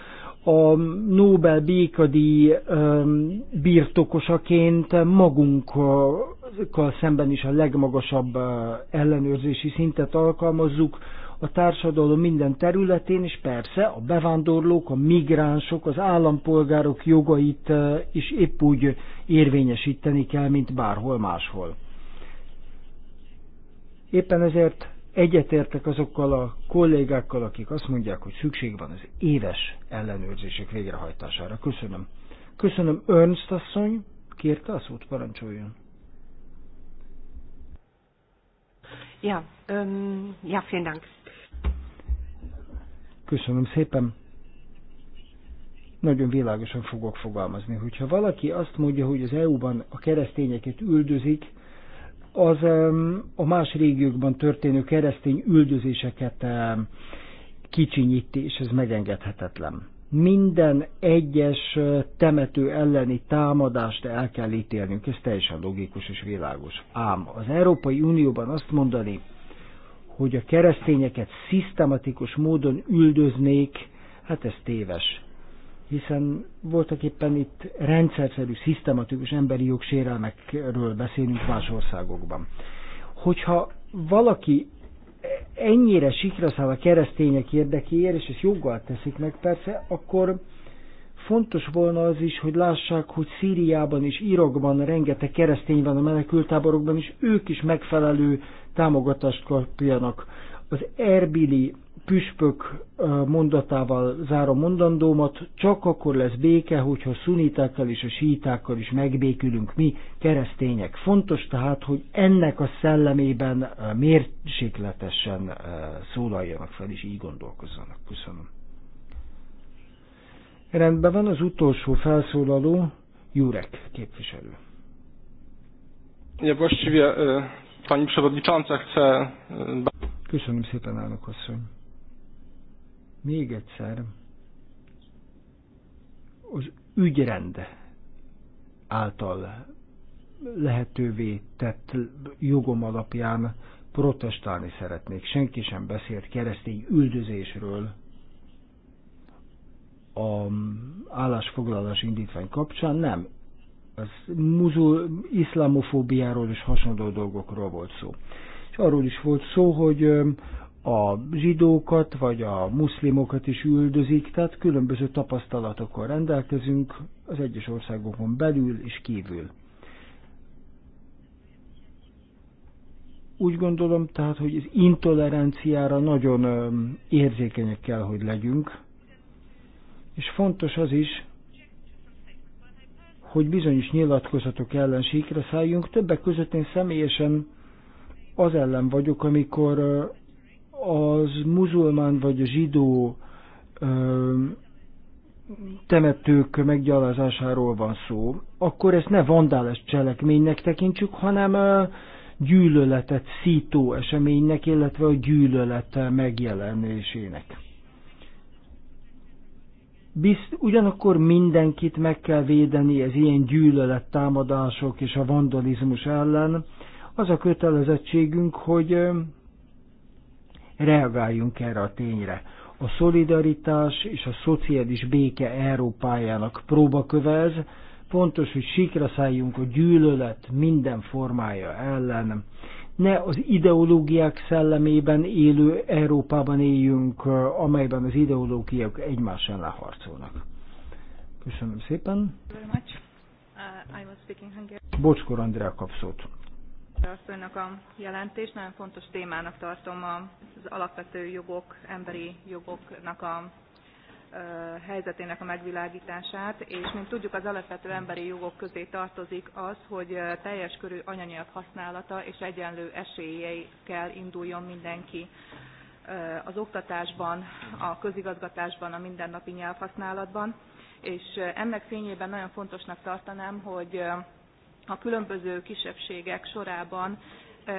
a Nobel békadi birtokosaként magunkkal szemben is a legmagasabb ellenőrzési szintet alkalmazzuk a társadalom minden területén, és persze a bevándorlók, a migránsok, az állampolgárok jogait is épp úgy érvényesíteni kell, mint bárhol máshol. Éppen ezért Egyetértek azokkal a kollégákkal, akik azt mondják, hogy szükség van az éves ellenőrzések végrehajtására. Köszönöm. Köszönöm, Ernst asszony. Kérte a szót, parancsoljon. Ja, um, ja, vielen Dank. Köszönöm szépen. Nagyon világosan fogok fogalmazni. Hogyha valaki azt mondja, hogy az EU-ban a keresztényeket üldözik, az a más régiókban történő keresztény üldözéseket kicsinyíti, és ez megengedhetetlen. Minden egyes temető elleni támadást el kell ítélnünk, ez teljesen logikus és világos. Ám az Európai Unióban azt mondani, hogy a keresztényeket szisztematikus módon üldöznék, hát ez téves hiszen voltak éppen itt rendszerszerű, szisztematikus emberi jogsérelmekről beszélünk más országokban. Hogyha valaki ennyire sikra száll a keresztények érdekéért, és ezt joggal teszik meg persze, akkor fontos volna az is, hogy lássák, hogy Szíriában és Irakban rengeteg keresztény van a menekültáborokban, és ők is megfelelő támogatást kapjanak. Az Erbili püspök mondatával zárom mondandómat, csak akkor lesz béke, hogyha szunitákkal és a sítákkal is megbékülünk mi, keresztények. Fontos tehát, hogy ennek a szellemében mérsékletesen szólaljanak fel, és így gondolkozzanak. Köszönöm. Rendben van az utolsó felszólaló, Jurek képviselő. Ja, e, pani przewodnicząca e, Köszönöm szépen, elnök asszony. Még egyszer, az ügyrend által lehetővé tett jogom alapján protestálni szeretnék. Senki sem beszélt keresztény üldözésről a állásfoglalás indítvány kapcsán, nem. Az muzul, iszlamofóbiáról és hasonló dolgokról volt szó. És arról is volt szó, hogy a zsidókat vagy a muszlimokat is üldözik, tehát különböző tapasztalatokkal rendelkezünk az egyes országokon belül és kívül. Úgy gondolom tehát, hogy az intoleranciára nagyon érzékenyek kell, hogy legyünk, és fontos az is, hogy bizonyos nyilatkozatok ellen sikre szálljunk. Többek között én személyesen az ellen vagyok, amikor az muzulmán vagy a zsidó ö, temetők meggyalázásáról van szó, akkor ezt ne vandáles cselekménynek tekintsük, hanem ö, gyűlöletet szító eseménynek, illetve a gyűlölet megjelenésének. Bizt, ugyanakkor mindenkit meg kell védeni az ilyen gyűlölettámadások és a vandalizmus ellen. Az a kötelezettségünk, hogy reagáljunk erre a tényre. A szolidaritás és a szociális béke Európájának próba kövez, fontos, hogy sikra szálljunk a gyűlölet minden formája ellen. Ne az ideológiák szellemében élő Európában éljünk, amelyben az ideológiák egymás ellen harcolnak. Köszönöm szépen. Uh, Bocskor Andrea kapszót. Asszonynak a jelentést nagyon fontos témának tartom az alapvető jogok, emberi jogoknak a helyzetének a megvilágítását, és mint tudjuk, az alapvető emberi jogok közé tartozik az, hogy teljes körű anyanyelv használata és egyenlő kell induljon mindenki az oktatásban, a közigazgatásban, a mindennapi nyelvhasználatban, és ennek fényében nagyon fontosnak tartanám, hogy a különböző kisebbségek sorában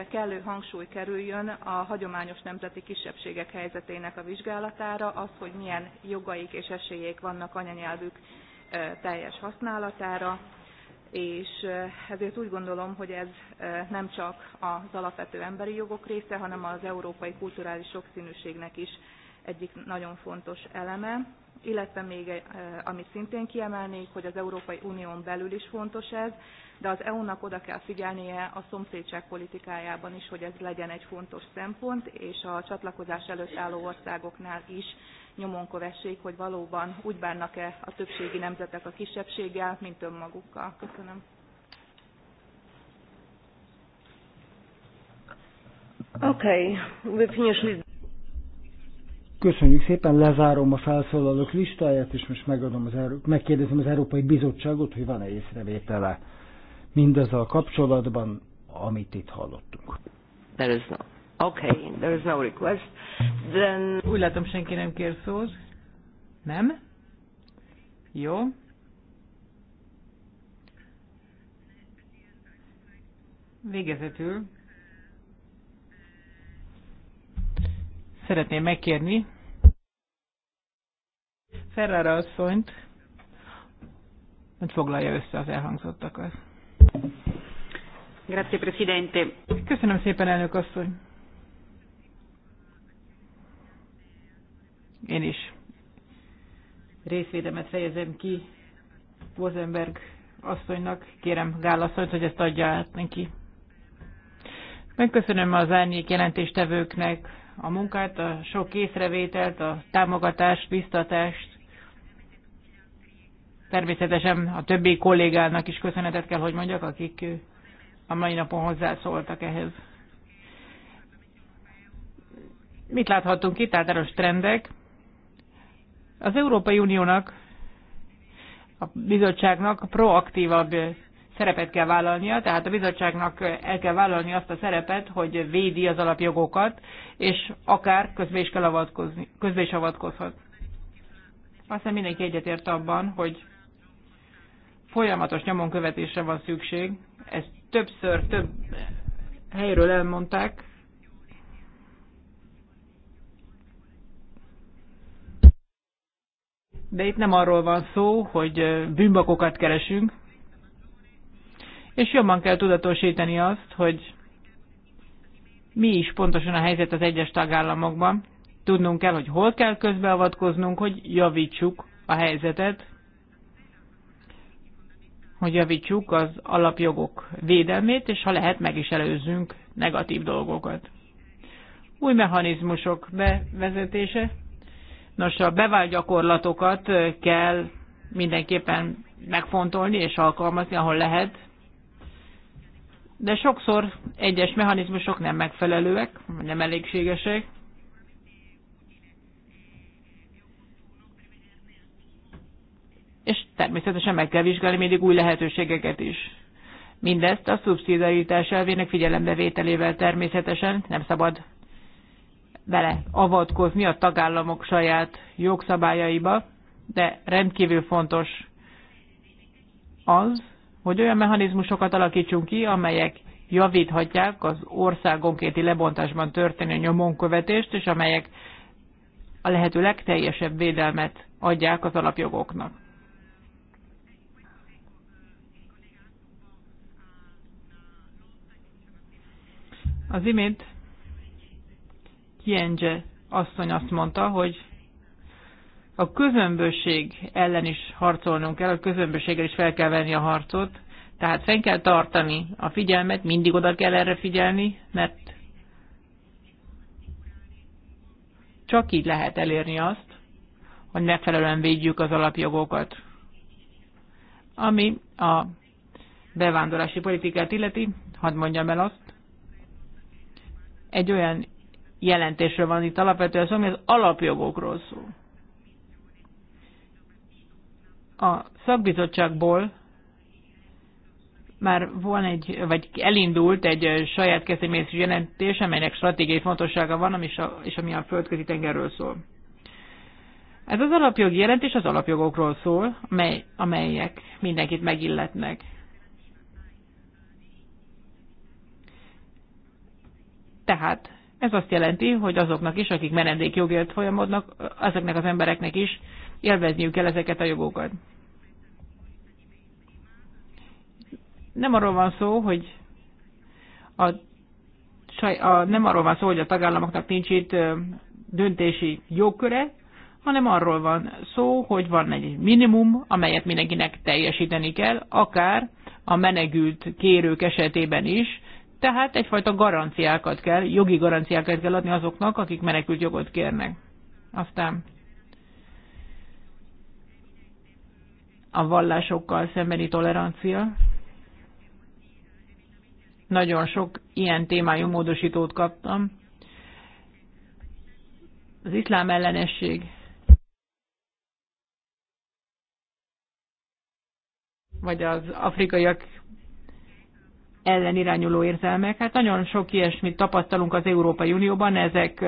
kellő hangsúly kerüljön a hagyományos nemzeti kisebbségek helyzetének a vizsgálatára, az, hogy milyen jogaik és esélyék vannak anyanyelvük teljes használatára, és ezért úgy gondolom, hogy ez nem csak az alapvető emberi jogok része, hanem az európai kulturális sokszínűségnek is egyik nagyon fontos eleme, illetve még amit szintén kiemelnék, hogy az Európai Unión belül is fontos ez, de az EU-nak oda kell figyelnie a szomszédság politikájában is, hogy ez legyen egy fontos szempont, és a csatlakozás előtt álló országoknál is nyomon kövessék, hogy valóban úgy bánnak-e a többségi nemzetek a kisebbséggel, mint önmagukkal. Köszönöm. Okay, Köszönjük szépen, lezárom a felszólalók listáját, és most megadom az Euró- megkérdezem az Európai Bizottságot, hogy van-e észrevétele mindezzel kapcsolatban, amit itt hallottunk. There is no. Okay, there is no request. Then... Úgy látom, senki nem kér szót. Nem? Jó. Végezetül szeretném megkérni Ferrara asszonyt, hogy foglalja össze az elhangzottakat. Grazie, Presidente. Köszönöm szépen, elnök asszony. Én is részvédemet fejezem ki Rosenberg asszonynak. Kérem Gál asszonyt, hogy ezt adja át neki. Megköszönöm az árnyék jelentéstevőknek a munkát, a sok észrevételt, a támogatást, biztatást. Természetesen a többi kollégának is köszönetet kell, hogy mondjak, akik a mai napon hozzászóltak ehhez. Mit láthatunk itt? Általános trendek. Az Európai Uniónak, a bizottságnak proaktívabb szerepet kell vállalnia, tehát a bizottságnak el kell vállalni azt a szerepet, hogy védi az alapjogokat, és akár közbe is kell avatkozni, közbe is avatkozhat. Aztán mindenki egyetért abban, hogy folyamatos nyomon követésre van szükség, ezt többször, több helyről elmondták, de itt nem arról van szó, hogy bűnbakokat keresünk, és jobban kell tudatosítani azt, hogy mi is pontosan a helyzet az egyes tagállamokban. Tudnunk kell, hogy hol kell közbeavatkoznunk, hogy javítsuk a helyzetet, hogy javítsuk az alapjogok védelmét, és ha lehet, meg is előzzünk negatív dolgokat. Új mechanizmusok bevezetése. Nos, a bevált gyakorlatokat kell mindenképpen megfontolni és alkalmazni, ahol lehet, de sokszor egyes mechanizmusok nem megfelelőek, nem elégségesek. és természetesen meg kell vizsgálni mindig új lehetőségeket is. Mindezt a szubszidaritás elvének figyelembevételével természetesen nem szabad bele avatkozni a tagállamok saját jogszabályaiba, de rendkívül fontos az, hogy olyan mechanizmusokat alakítsunk ki, amelyek javíthatják az országonkéti lebontásban történő nyomonkövetést, és amelyek a lehető legteljesebb védelmet adják az alapjogoknak. Az imént Kienge asszony azt mondta, hogy a közömbösség ellen is harcolnunk kell, a közömbösséggel is fel kell venni a harcot, tehát fenn kell tartani a figyelmet, mindig oda kell erre figyelni, mert csak így lehet elérni azt, hogy megfelelően védjük az alapjogokat. Ami a bevándorlási politikát illeti, hadd mondjam el azt, egy olyan jelentésre van itt alapvetően szó, ami az alapjogokról szól. A szakbizottságból már van egy, vagy elindult egy saját kezdeményezés jelentés, amelynek stratégiai fontossága van, és, a, és ami a földközi tengerről szól. Ez az alapjogi jelentés az alapjogokról szól, amely, amelyek mindenkit megilletnek. Tehát ez azt jelenti, hogy azoknak is, akik menedékjogért folyamodnak, azoknak az embereknek is élvezniük kell ezeket a jogokat. Nem arról van szó, hogy a, a, nem arról van szó, hogy a tagállamoknak nincs itt döntési jogköre, hanem arról van szó, hogy van egy minimum, amelyet mindenkinek teljesíteni kell, akár a menegült kérők esetében is, tehát egyfajta garanciákat kell, jogi garanciákat kell adni azoknak, akik menekült jogot kérnek. Aztán a vallásokkal szembeni tolerancia. Nagyon sok ilyen témájú módosítót kaptam. Az iszlám ellenesség. Vagy az afrikaiak ellen irányuló érzelmek. Hát nagyon sok ilyesmit tapasztalunk az Európai Unióban, ezek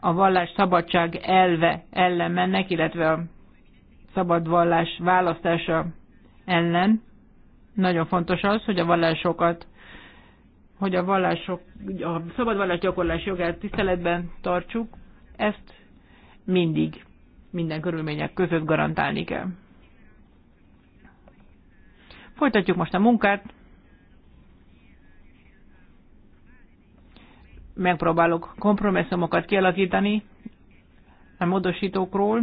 a vallás szabadság elve ellen mennek, illetve a szabad vallás választása ellen. Nagyon fontos az, hogy a vallásokat, hogy a vallások, a szabad vallás gyakorlás jogát tiszteletben tartsuk, ezt mindig minden körülmények között garantálni kell. Folytatjuk most a munkát. Megpróbálok kompromisszumokat kialakítani a módosítókról,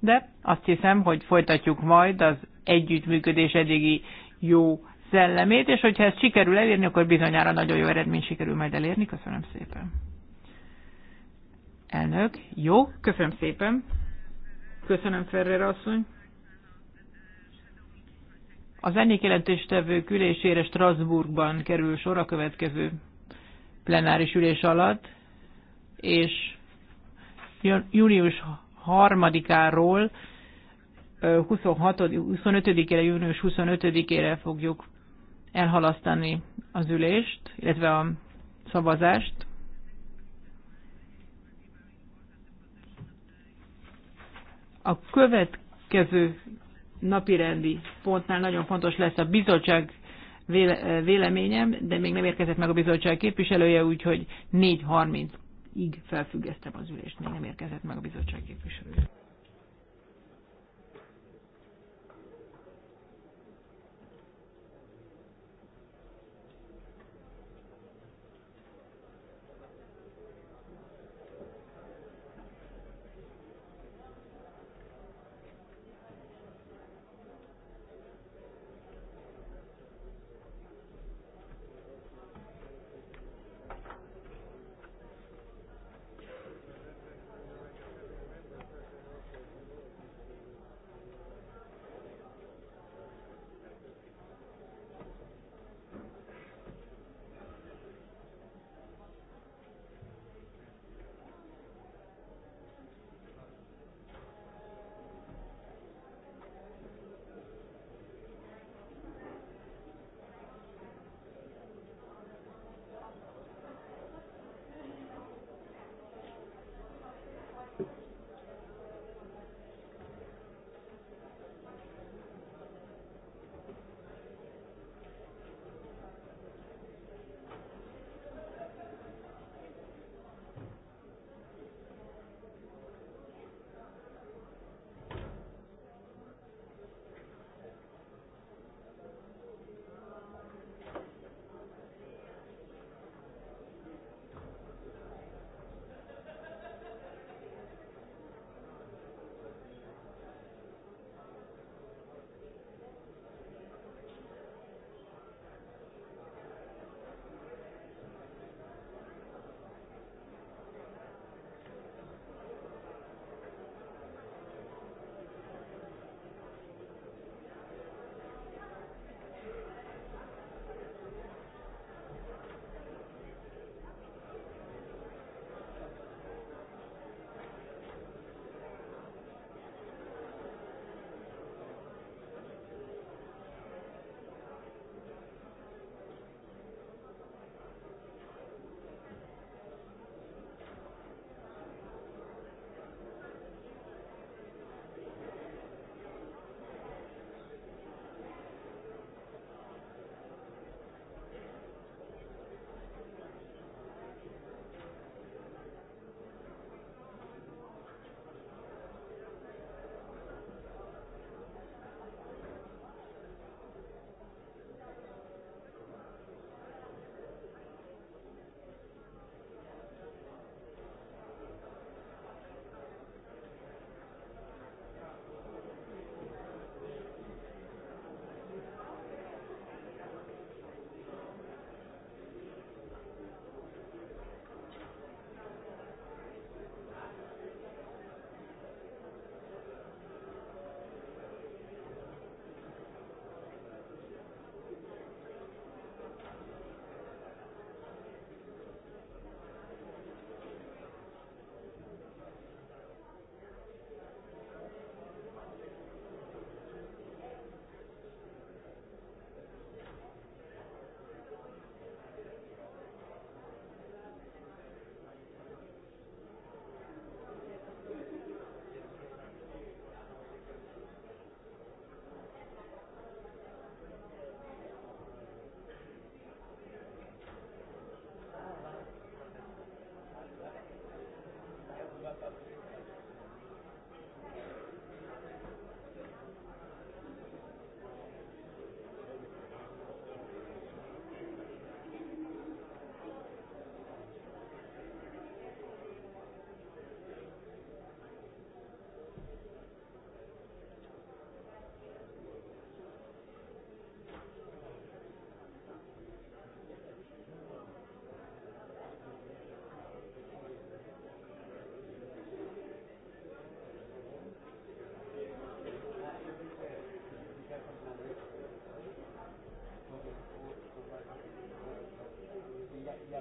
de azt hiszem, hogy folytatjuk majd az együttműködés eddigi jó szellemét, és hogyha ez sikerül elérni, akkor bizonyára nagyon jó eredmény sikerül majd elérni. Köszönöm szépen. Elnök, jó, köszönöm szépen. Köszönöm Ferrer asszony. Az ennyi jelentéstevő ülésére Strasbourgban kerül sor a következő plenáris ülés alatt, és június 3-áról 25-ére, június 25-ére fogjuk elhalasztani az ülést, illetve a szavazást. A következő napirendi pontnál nagyon fontos lesz a bizottság véleményem, de még nem érkezett meg a bizottság képviselője, úgyhogy 4.30-ig felfüggesztem az ülést, még nem érkezett meg a bizottság képviselője.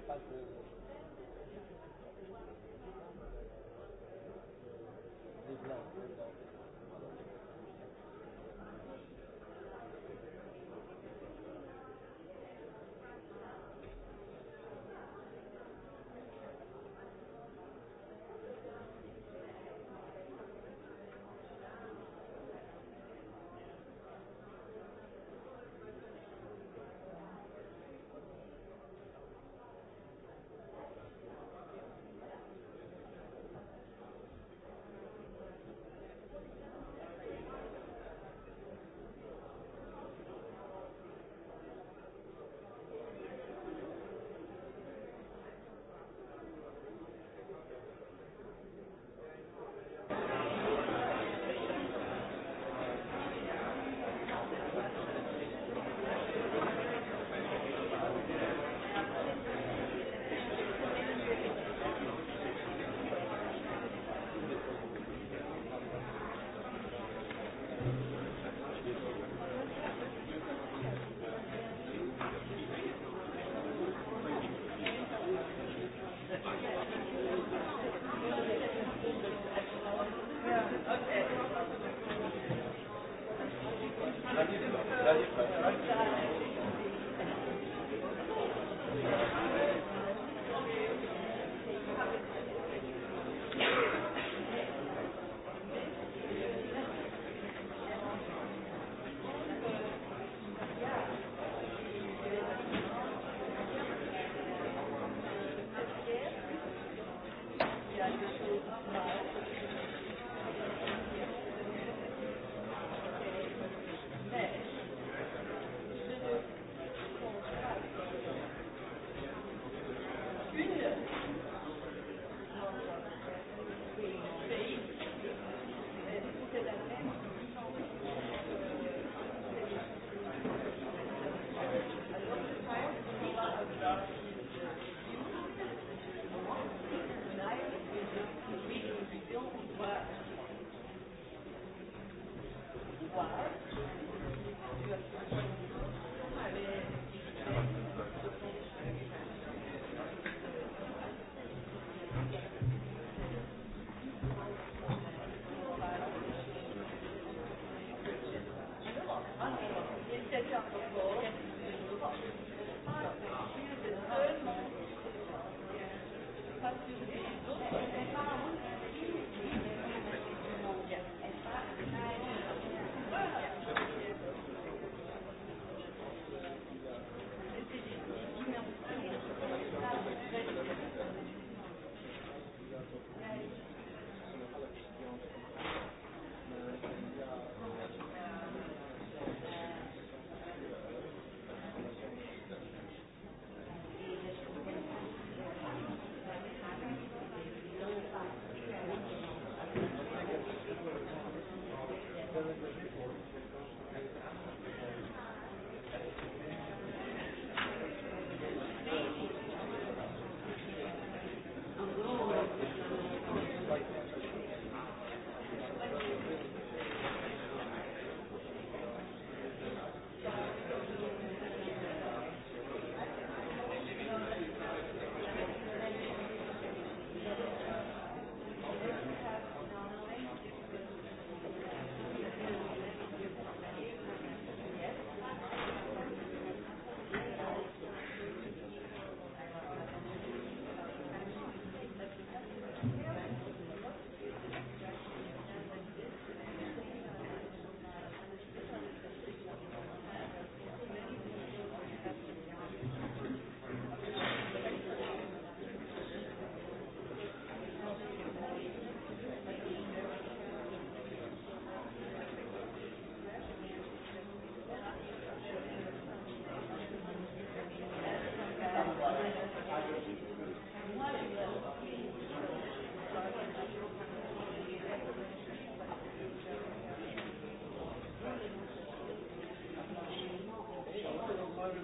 Thank you. required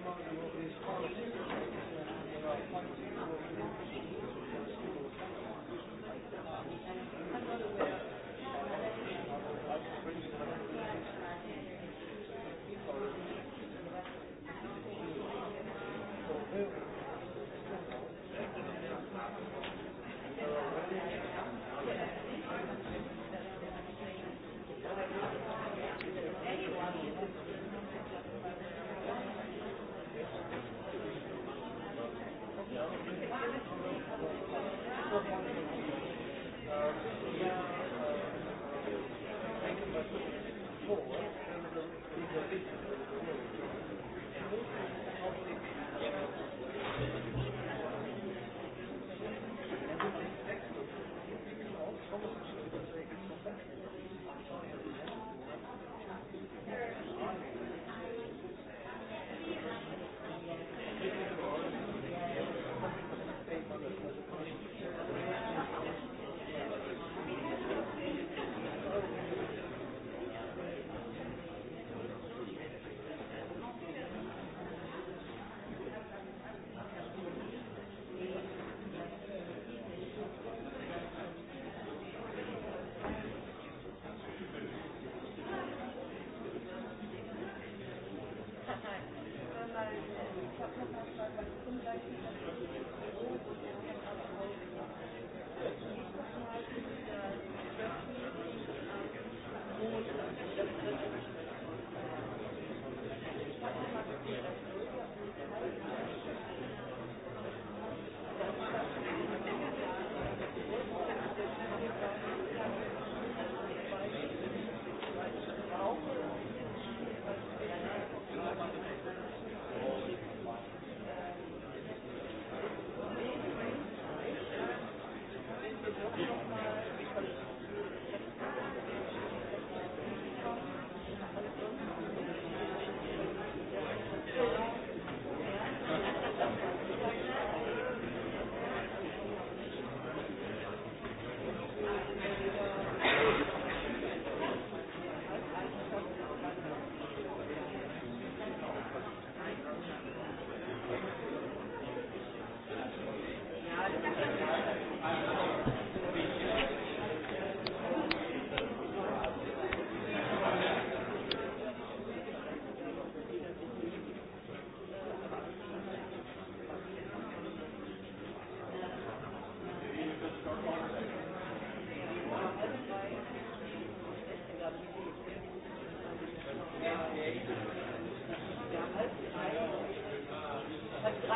Köszönöm.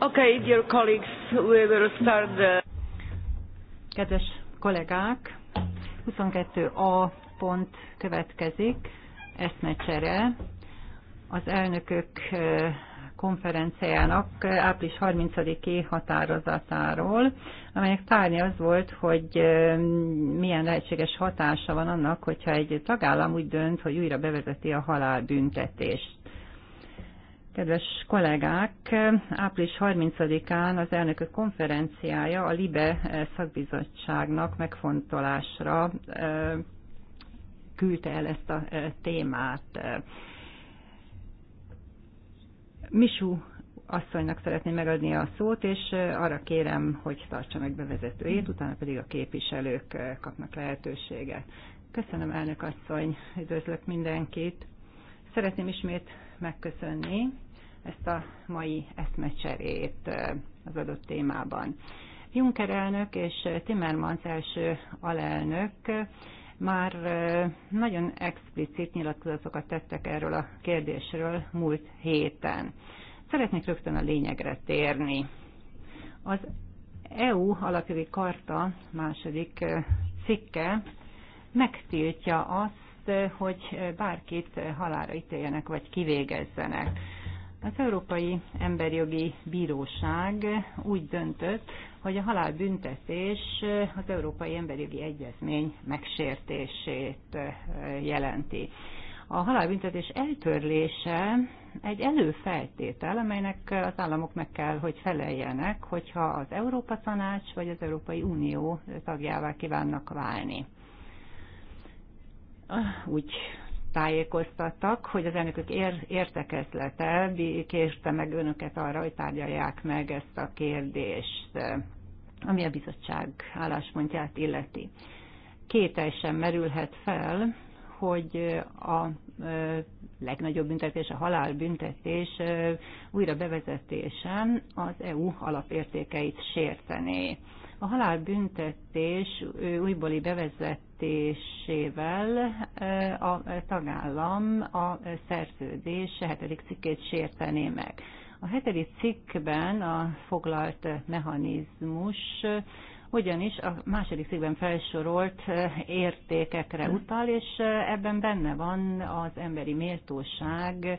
Okay, dear colleagues, we will start the... Kedves kollégák, 22a pont következik, eszmecsere. Az elnökök konferenciának április 30-i határozatáról, amelynek tárgya az volt, hogy milyen lehetséges hatása van annak, hogyha egy tagállam úgy dönt, hogy újra bevezeti a halálbüntetést. Kedves kollégák, április 30-án az elnökök konferenciája a LIBE eh, szakbizottságnak megfontolásra eh, küldte el ezt a eh, témát. Misú asszonynak szeretném megadni a szót, és arra kérem, hogy tartsa meg bevezetőjét, utána pedig a képviselők kapnak lehetőséget. Köszönöm, elnök asszony, üdvözlök mindenkit. Szeretném ismét megköszönni ezt a mai eszmecserét az adott témában. Juncker elnök és Timmermans első alelnök már nagyon explicit nyilatkozatokat tettek erről a kérdésről múlt héten. Szeretnék rögtön a lényegre térni. Az EU alapjogi karta második cikke megtiltja azt, hogy bárkit halára ítéljenek vagy kivégezzenek. Az Európai Emberjogi Bíróság úgy döntött, hogy a halálbüntetés az Európai Emberjogi Egyezmény megsértését jelenti. A halálbüntetés eltörlése egy előfeltétel, amelynek az államok meg kell, hogy feleljenek, hogyha az Európa Tanács vagy az Európai Unió tagjává kívánnak válni. Úgy tájékoztattak, hogy az elnökök ér, értekezlete kérte meg önöket arra, hogy tárgyalják meg ezt a kérdést, ami a bizottság álláspontját illeti. Kétel merülhet fel, hogy a legnagyobb büntetés, a halálbüntetés újra bevezetésen az EU alapértékeit sértené. A halálbüntetés újbóli bevezet döntésével eh, a tagállam a szerződés hetedik cikkét sértené meg. A hetedik cikkben a foglalt mechanizmus ugyanis a második cikkben felsorolt eh, értékekre utal, és eh, ebben benne van az emberi méltóság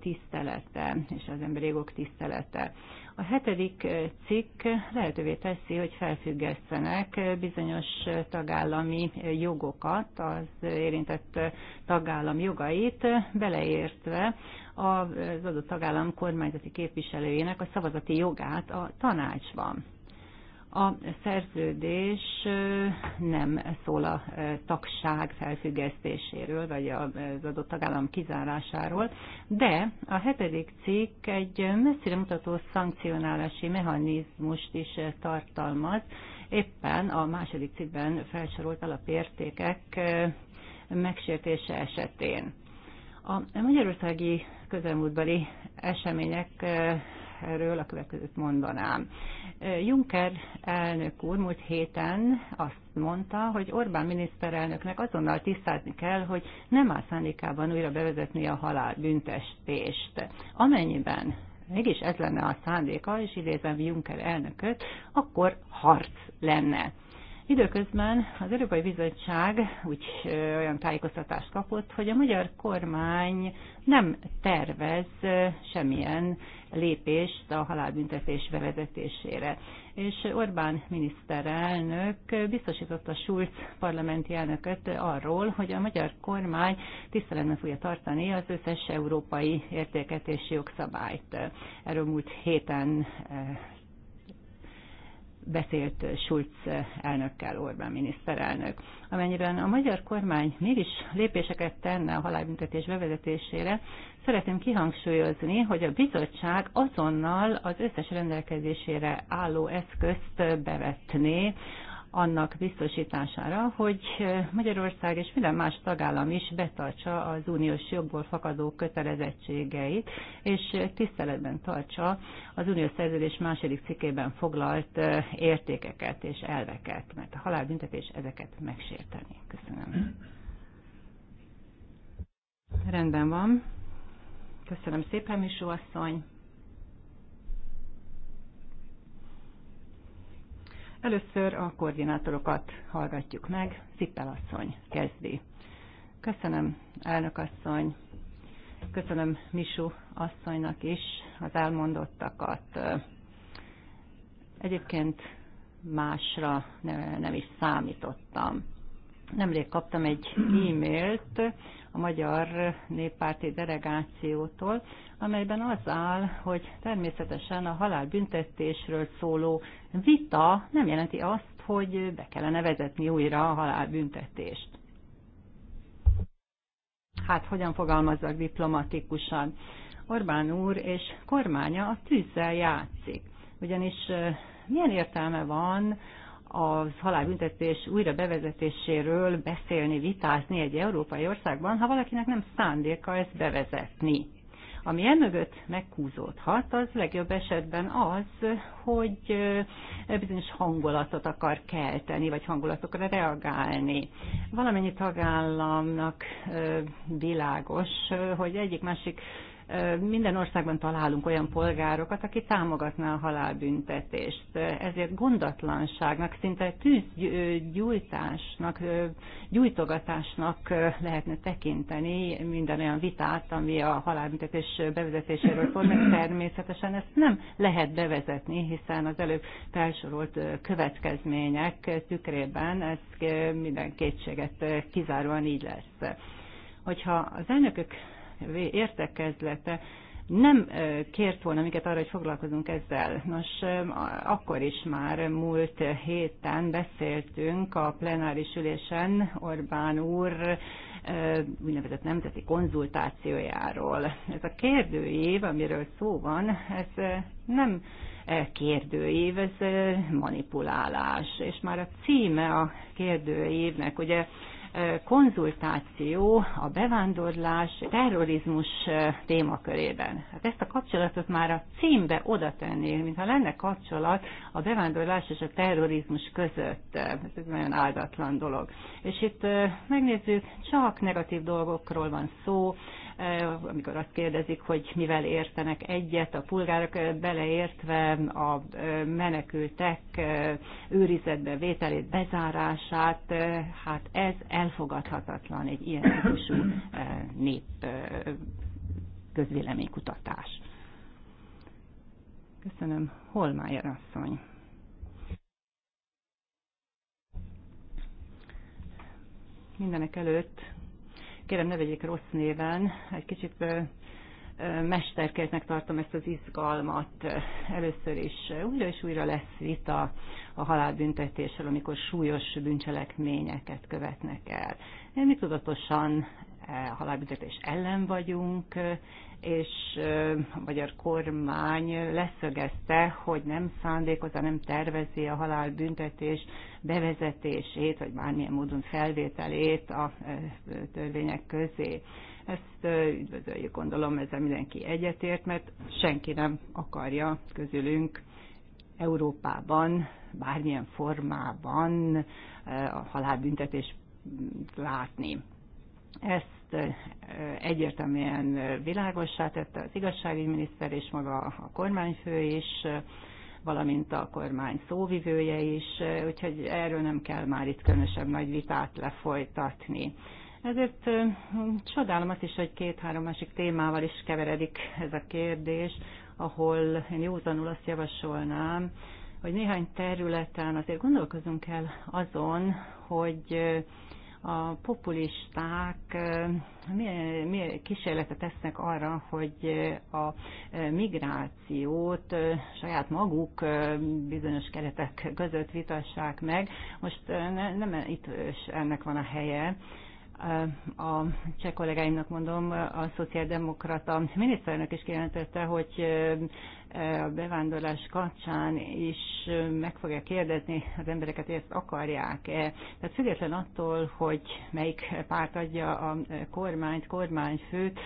tisztelete és az emberi jogok tisztelete. A hetedik cikk lehetővé teszi, hogy felfüggesztenek bizonyos tagállami jogokat, az érintett tagállam jogait, beleértve az adott tagállam kormányzati képviselőjének a szavazati jogát a tanácsban. A szerződés nem szól a tagság felfüggesztéséről, vagy az adott tagállam kizárásáról, de a hetedik cikk egy messzire mutató szankcionálási mechanizmust is tartalmaz, éppen a második cikkben felsorolt alapértékek megsértése esetén. A magyarországi közelmúltbeli események erről a következőt mondanám. Juncker elnök úr múlt héten azt mondta, hogy Orbán miniszterelnöknek azonnal tisztázni kell, hogy nem áll szándékában újra bevezetni a halálbüntestést. Amennyiben mégis ez lenne a szándéka, és idézem Juncker elnököt, akkor harc lenne. Időközben az Európai Bizottság úgy olyan tájékoztatást kapott, hogy a magyar kormány nem tervez semmilyen lépést a halálbüntetés bevezetésére. És Orbán miniszterelnök biztosította Schulz parlamenti elnököt arról, hogy a magyar kormány tiszteletben fogja tartani az összes európai értéket és jogszabályt. Erről múlt héten beszélt Schulz elnökkel, Orbán miniszterelnök. Amennyiben a magyar kormány mégis lépéseket tenne a halálbüntetés bevezetésére, szeretném kihangsúlyozni, hogy a bizottság azonnal az összes rendelkezésére álló eszközt bevetné annak biztosítására, hogy Magyarország és minden más tagállam is betartsa az uniós jogból fakadó kötelezettségeit, és tiszteletben tartsa az uniós szerződés második cikkében foglalt értékeket és elveket, mert a halálbüntetés ezeket megsérteni. Köszönöm. Rendben van. Köszönöm szépen, Misó asszony. Először a koordinátorokat hallgatjuk meg. Szippel asszony kezdi. Köszönöm, elnök asszony. Köszönöm Misu asszonynak is az elmondottakat. Egyébként másra nem is számítottam. Nemrég kaptam egy e-mailt a Magyar Néppárti Delegációtól, amelyben az áll, hogy természetesen a halálbüntetésről szóló vita nem jelenti azt, hogy be kellene vezetni újra a halálbüntetést. Hát hogyan fogalmazzak diplomatikusan? Orbán úr és kormánya a tűzzel játszik. Ugyanis eh, milyen értelme van az halálbüntetés újra bevezetéséről beszélni, vitázni egy európai országban, ha valakinek nem szándéka ezt bevezetni. Ami emögött megkúzódhat, az legjobb esetben az, hogy bizonyos hangulatot akar kelteni, vagy hangulatokra reagálni. Valamennyi tagállamnak világos, hogy egyik másik minden országban találunk olyan polgárokat, aki támogatná a halálbüntetést. Ezért gondatlanságnak, szinte tűzgyújtásnak, gyújtogatásnak lehetne tekinteni minden olyan vitát, ami a halálbüntetés bevezetéséről szól, mert természetesen ezt nem lehet bevezetni, hiszen az előbb felsorolt következmények tükrében ez minden kétséget kizáróan így lesz hogyha az elnökök értekezlete nem kért volna minket arra, hogy foglalkozunk ezzel. Nos, akkor is már múlt héten beszéltünk a plenáris ülésen Orbán úr úgynevezett nemzeti konzultációjáról. Ez a kérdőív, amiről szó van, ez nem kérdőív, ez manipulálás. És már a címe a kérdőívnek, ugye konzultáció a bevándorlás terrorizmus témakörében. Hát ezt a kapcsolatot már a címbe oda tennél, mintha lenne kapcsolat a bevándorlás és a terrorizmus között. Ez egy nagyon áldatlan dolog. És itt megnézzük, csak negatív dolgokról van szó, Eh, amikor azt kérdezik, hogy mivel értenek egyet, a polgárok eh, beleértve a eh, menekültek őrizetbe vételét, bezárását, hát ez elfogadhatatlan egy ilyen típusú nép közvéleménykutatás. Köszönöm. Holmájer asszony. Mindenek előtt kérem ne vegyék rossz néven, egy kicsit mesterkértnek tartom ezt az izgalmat először is. Újra és újra lesz vita a halálbüntetéssel, amikor súlyos bűncselekményeket követnek el. Mi tudatosan a e, halálbüntetés ellen vagyunk, e, és e, a magyar kormány leszögezte, hogy nem szándékozza, nem tervezi a halálbüntetés bevezetését, vagy bármilyen módon felvételét a törvények közé. Ezt üdvözöljük, gondolom, ezzel mindenki egyetért, mert senki nem akarja közülünk Európában bármilyen formában a halálbüntetést látni. Ezt ezt hát, egyértelműen világossá tette az igazságügyminiszter és maga a kormányfő is, valamint a kormány szóvivője is, úgyhogy erről nem kell már itt különösebb nagy vitát lefolytatni. Ezért csodálom azt is, hogy két-három másik témával is keveredik ez a kérdés, ahol én józanul azt javasolnám, hogy néhány területen azért gondolkozunk el azon, hogy a populisták milyen, milyen kísérletet tesznek arra, hogy a migrációt saját maguk bizonyos keretek között vitassák meg. Most nem itt ennek van a helye, a cseh kollégáimnak mondom, a szociáldemokrata miniszterelnök is kijelentette, hogy a bevándorlás kapcsán is meg fogja kérdezni az embereket, hogy ezt akarják. -e. Tehát független attól, hogy melyik párt adja a kormányt, kormányfőt,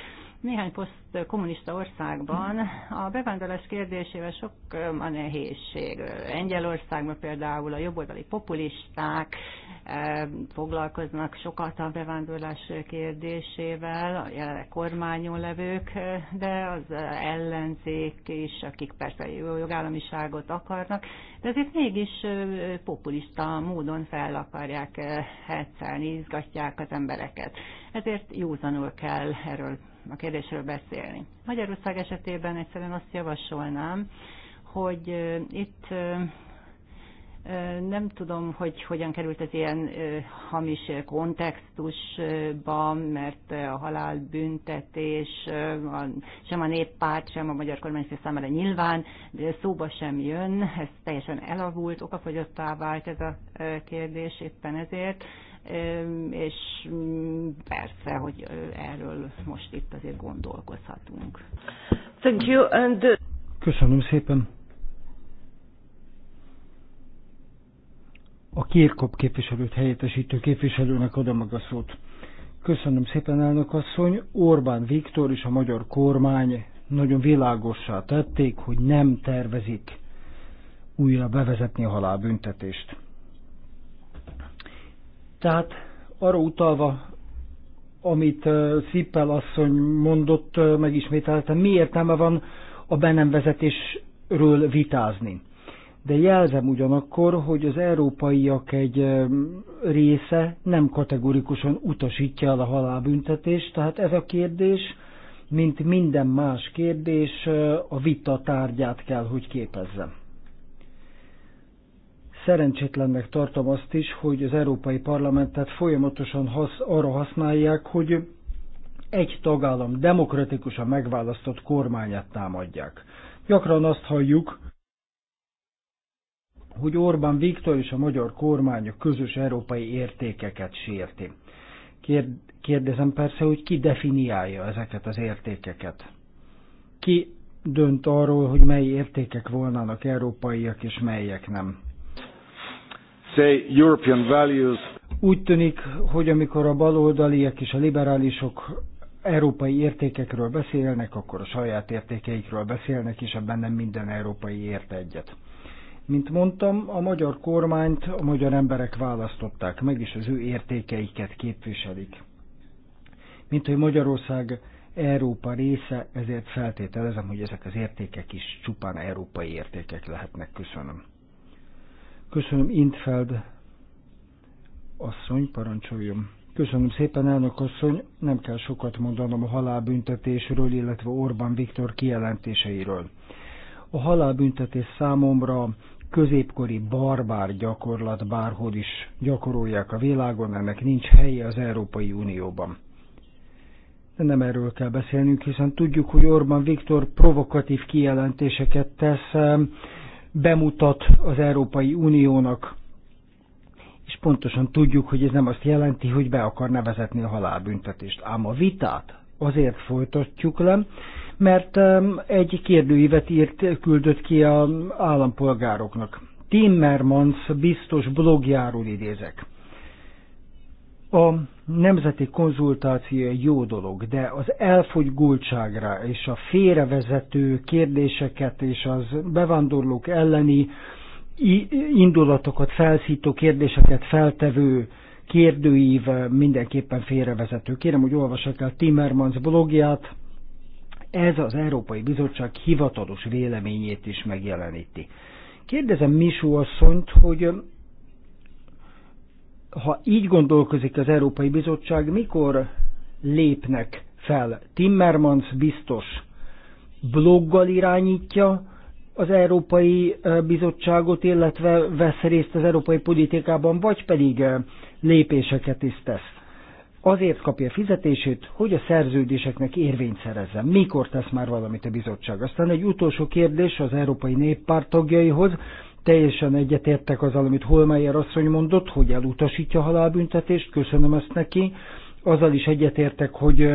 néhány poszt kommunista országban a bevándorlás kérdésével sok um, a nehézség. Engyelországban például a jobboldali populisták um, foglalkoznak sokat a bevándorlás kérdésével, a jelenleg kormányon levők, de az ellenzék is, akik persze jó jogállamiságot akarnak, de ezért mégis um, populista módon fel akarják uh, hetszelni, izgatják az embereket. Ezért józanul kell erről a kérdésről beszélni. Magyarország esetében egyszerűen azt javasolnám, hogy itt nem tudom, hogy hogyan került ez ilyen hamis kontextusba, mert a halálbüntetés sem a néppárt, sem a magyar kormányfő számára nyilván szóba sem jön, ez teljesen elavult, okafogyottá vált ez a kérdés éppen ezért és mm, persze, hogy erről most itt azért gondolkozhatunk. Thank you and... Uh, Köszönöm szépen. A Kirkop képviselőt helyettesítő képviselőnek adom meg a szót. Köszönöm szépen, elnök asszony. Orbán Viktor és a magyar kormány nagyon világossá tették, hogy nem tervezik újra bevezetni a halálbüntetést. Tehát arra utalva, amit Szippel asszony mondott, megismételtem, mi értelme van a benemvezetésről vitázni. De jelzem ugyanakkor, hogy az európaiak egy része nem kategorikusan utasítja el a halálbüntetést, tehát ez a kérdés, mint minden más kérdés, a vita tárgyát kell, hogy képezzem. Szerencsétlennek tartom azt is, hogy az Európai Parlamentet folyamatosan hasz, arra használják, hogy egy tagállam demokratikusan megválasztott kormányát támadják. Gyakran azt halljuk, hogy Orbán Viktor és a magyar kormány a közös európai értékeket sérti. Kérdezem persze, hogy ki definiálja ezeket az értékeket. Ki dönt arról, hogy mely értékek volnának európaiak és melyek nem say European values. Úgy tűnik, hogy amikor a baloldaliak és a liberálisok európai értékekről beszélnek, akkor a saját értékeikről beszélnek, és ebben nem minden európai ért egyet. Mint mondtam, a magyar kormányt a magyar emberek választották meg, és az ő értékeiket képviselik. Mint hogy Magyarország Európa része, ezért feltételezem, hogy ezek az értékek is csupán európai értékek lehetnek. Köszönöm. Köszönöm, Intfeld asszony, parancsoljon. Köszönöm szépen, elnök asszony. Nem kell sokat mondanom a halálbüntetésről, illetve Orbán Viktor kijelentéseiről. A halálbüntetés számomra középkori barbár gyakorlat bárhol is gyakorolják a világon, ennek nincs helye az Európai Unióban. De nem erről kell beszélnünk, hiszen tudjuk, hogy Orbán Viktor provokatív kijelentéseket tesz, bemutat az Európai Uniónak, és pontosan tudjuk, hogy ez nem azt jelenti, hogy be akar nevezetni a halálbüntetést. Ám a vitát azért folytatjuk le, mert um, egy kérdőívet írt, küldött ki a állampolgároknak. Timmermans biztos blogjáról idézek. A nemzeti konzultáció egy jó dolog, de az elfogygultságra és a félrevezető kérdéseket és az bevándorlók elleni indulatokat felszító kérdéseket feltevő kérdőív mindenképpen félrevezető. Kérem, hogy olvassák el Timmermans blogját, ez az Európai Bizottság hivatalos véleményét is megjeleníti. Kérdezem Misú asszonyt, hogy ha így gondolkozik az Európai Bizottság, mikor lépnek fel? Timmermans biztos bloggal irányítja az Európai Bizottságot, illetve vesz részt az európai politikában, vagy pedig lépéseket is tesz. Azért kapja fizetését, hogy a szerződéseknek érvényt szerezzen. Mikor tesz már valamit a bizottság? Aztán egy utolsó kérdés az Európai Néppárt tagjaihoz. Teljesen egyetértek azzal, amit Holmeyer asszony mondott, hogy elutasítja a halálbüntetést, köszönöm ezt neki. Azzal is egyetértek, hogy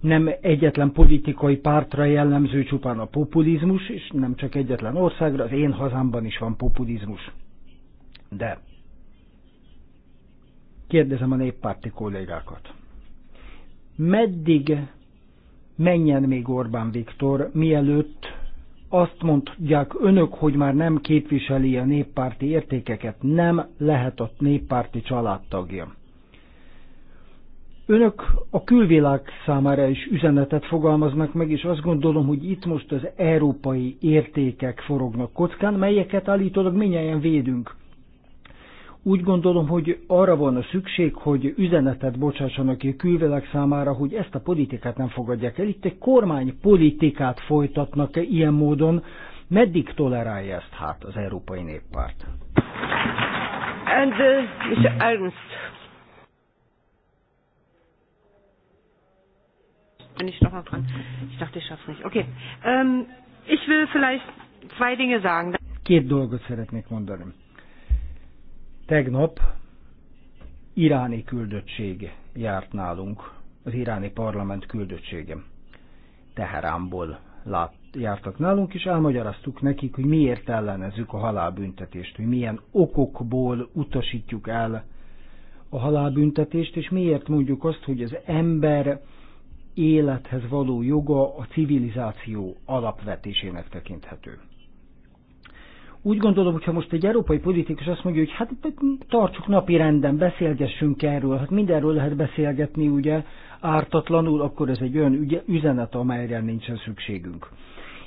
nem egyetlen politikai pártra jellemző csupán a populizmus, és nem csak egyetlen országra, az én hazámban is van populizmus. De kérdezem a néppárti kollégákat. Meddig menjen még Orbán Viktor, mielőtt azt mondják önök, hogy már nem képviseli a néppárti értékeket, nem lehet a néppárti családtagja. Önök a külvilág számára is üzenetet fogalmaznak meg, és azt gondolom, hogy itt most az európai értékek forognak kockán, melyeket állítólag minnyáján védünk. Úgy gondolom, hogy arra van a szükség, hogy üzenetet bocsássanak ki a külvilág számára, hogy ezt a politikát nem fogadják el. Itt egy kormány politikát folytatnak-e ilyen módon, meddig tolerálja ezt hát az Európai Néppárt? And uh, Mr. Ernst. Bin ich mal dran? Ich dachte, ich schaff's nicht. Okay. Ähm, ich will vielleicht zwei Dinge sagen. Két dolgot szeretnék mondani. Tegnap iráni küldöttség járt nálunk, az iráni parlament küldöttsége. Teheránból lát, jártak nálunk, és elmagyaráztuk nekik, hogy miért ellenezzük a halálbüntetést, hogy milyen okokból utasítjuk el a halálbüntetést, és miért mondjuk azt, hogy az ember élethez való joga a civilizáció alapvetésének tekinthető. Úgy gondolom, hogyha most egy európai politikus azt mondja, hogy hát tartsuk napi renden, beszélgessünk erről, hát mindenről lehet beszélgetni, ugye, ártatlanul, akkor ez egy olyan ügy, üzenet, amelyre nincsen szükségünk.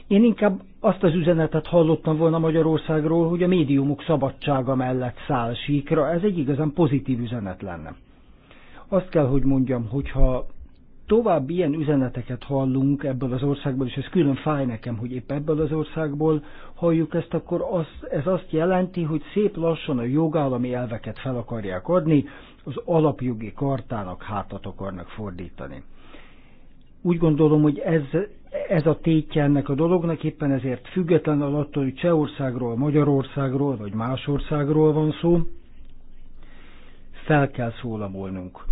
Én inkább azt az üzenetet hallottam volna Magyarországról, hogy a médiumok szabadsága mellett száll síkra, ez egy igazán pozitív üzenet lenne. Azt kell, hogy mondjam, hogyha tovább ilyen üzeneteket hallunk ebből az országból, és ez külön fáj nekem, hogy épp ebből az országból halljuk ezt, akkor az, ez azt jelenti, hogy szép lassan a jogállami elveket fel akarják adni, az alapjogi kartának hátat akarnak fordítani. Úgy gondolom, hogy ez, ez a tétje ennek a dolognak, éppen ezért független attól, hogy Csehországról, Magyarországról vagy más országról van szó, fel kell szólamolnunk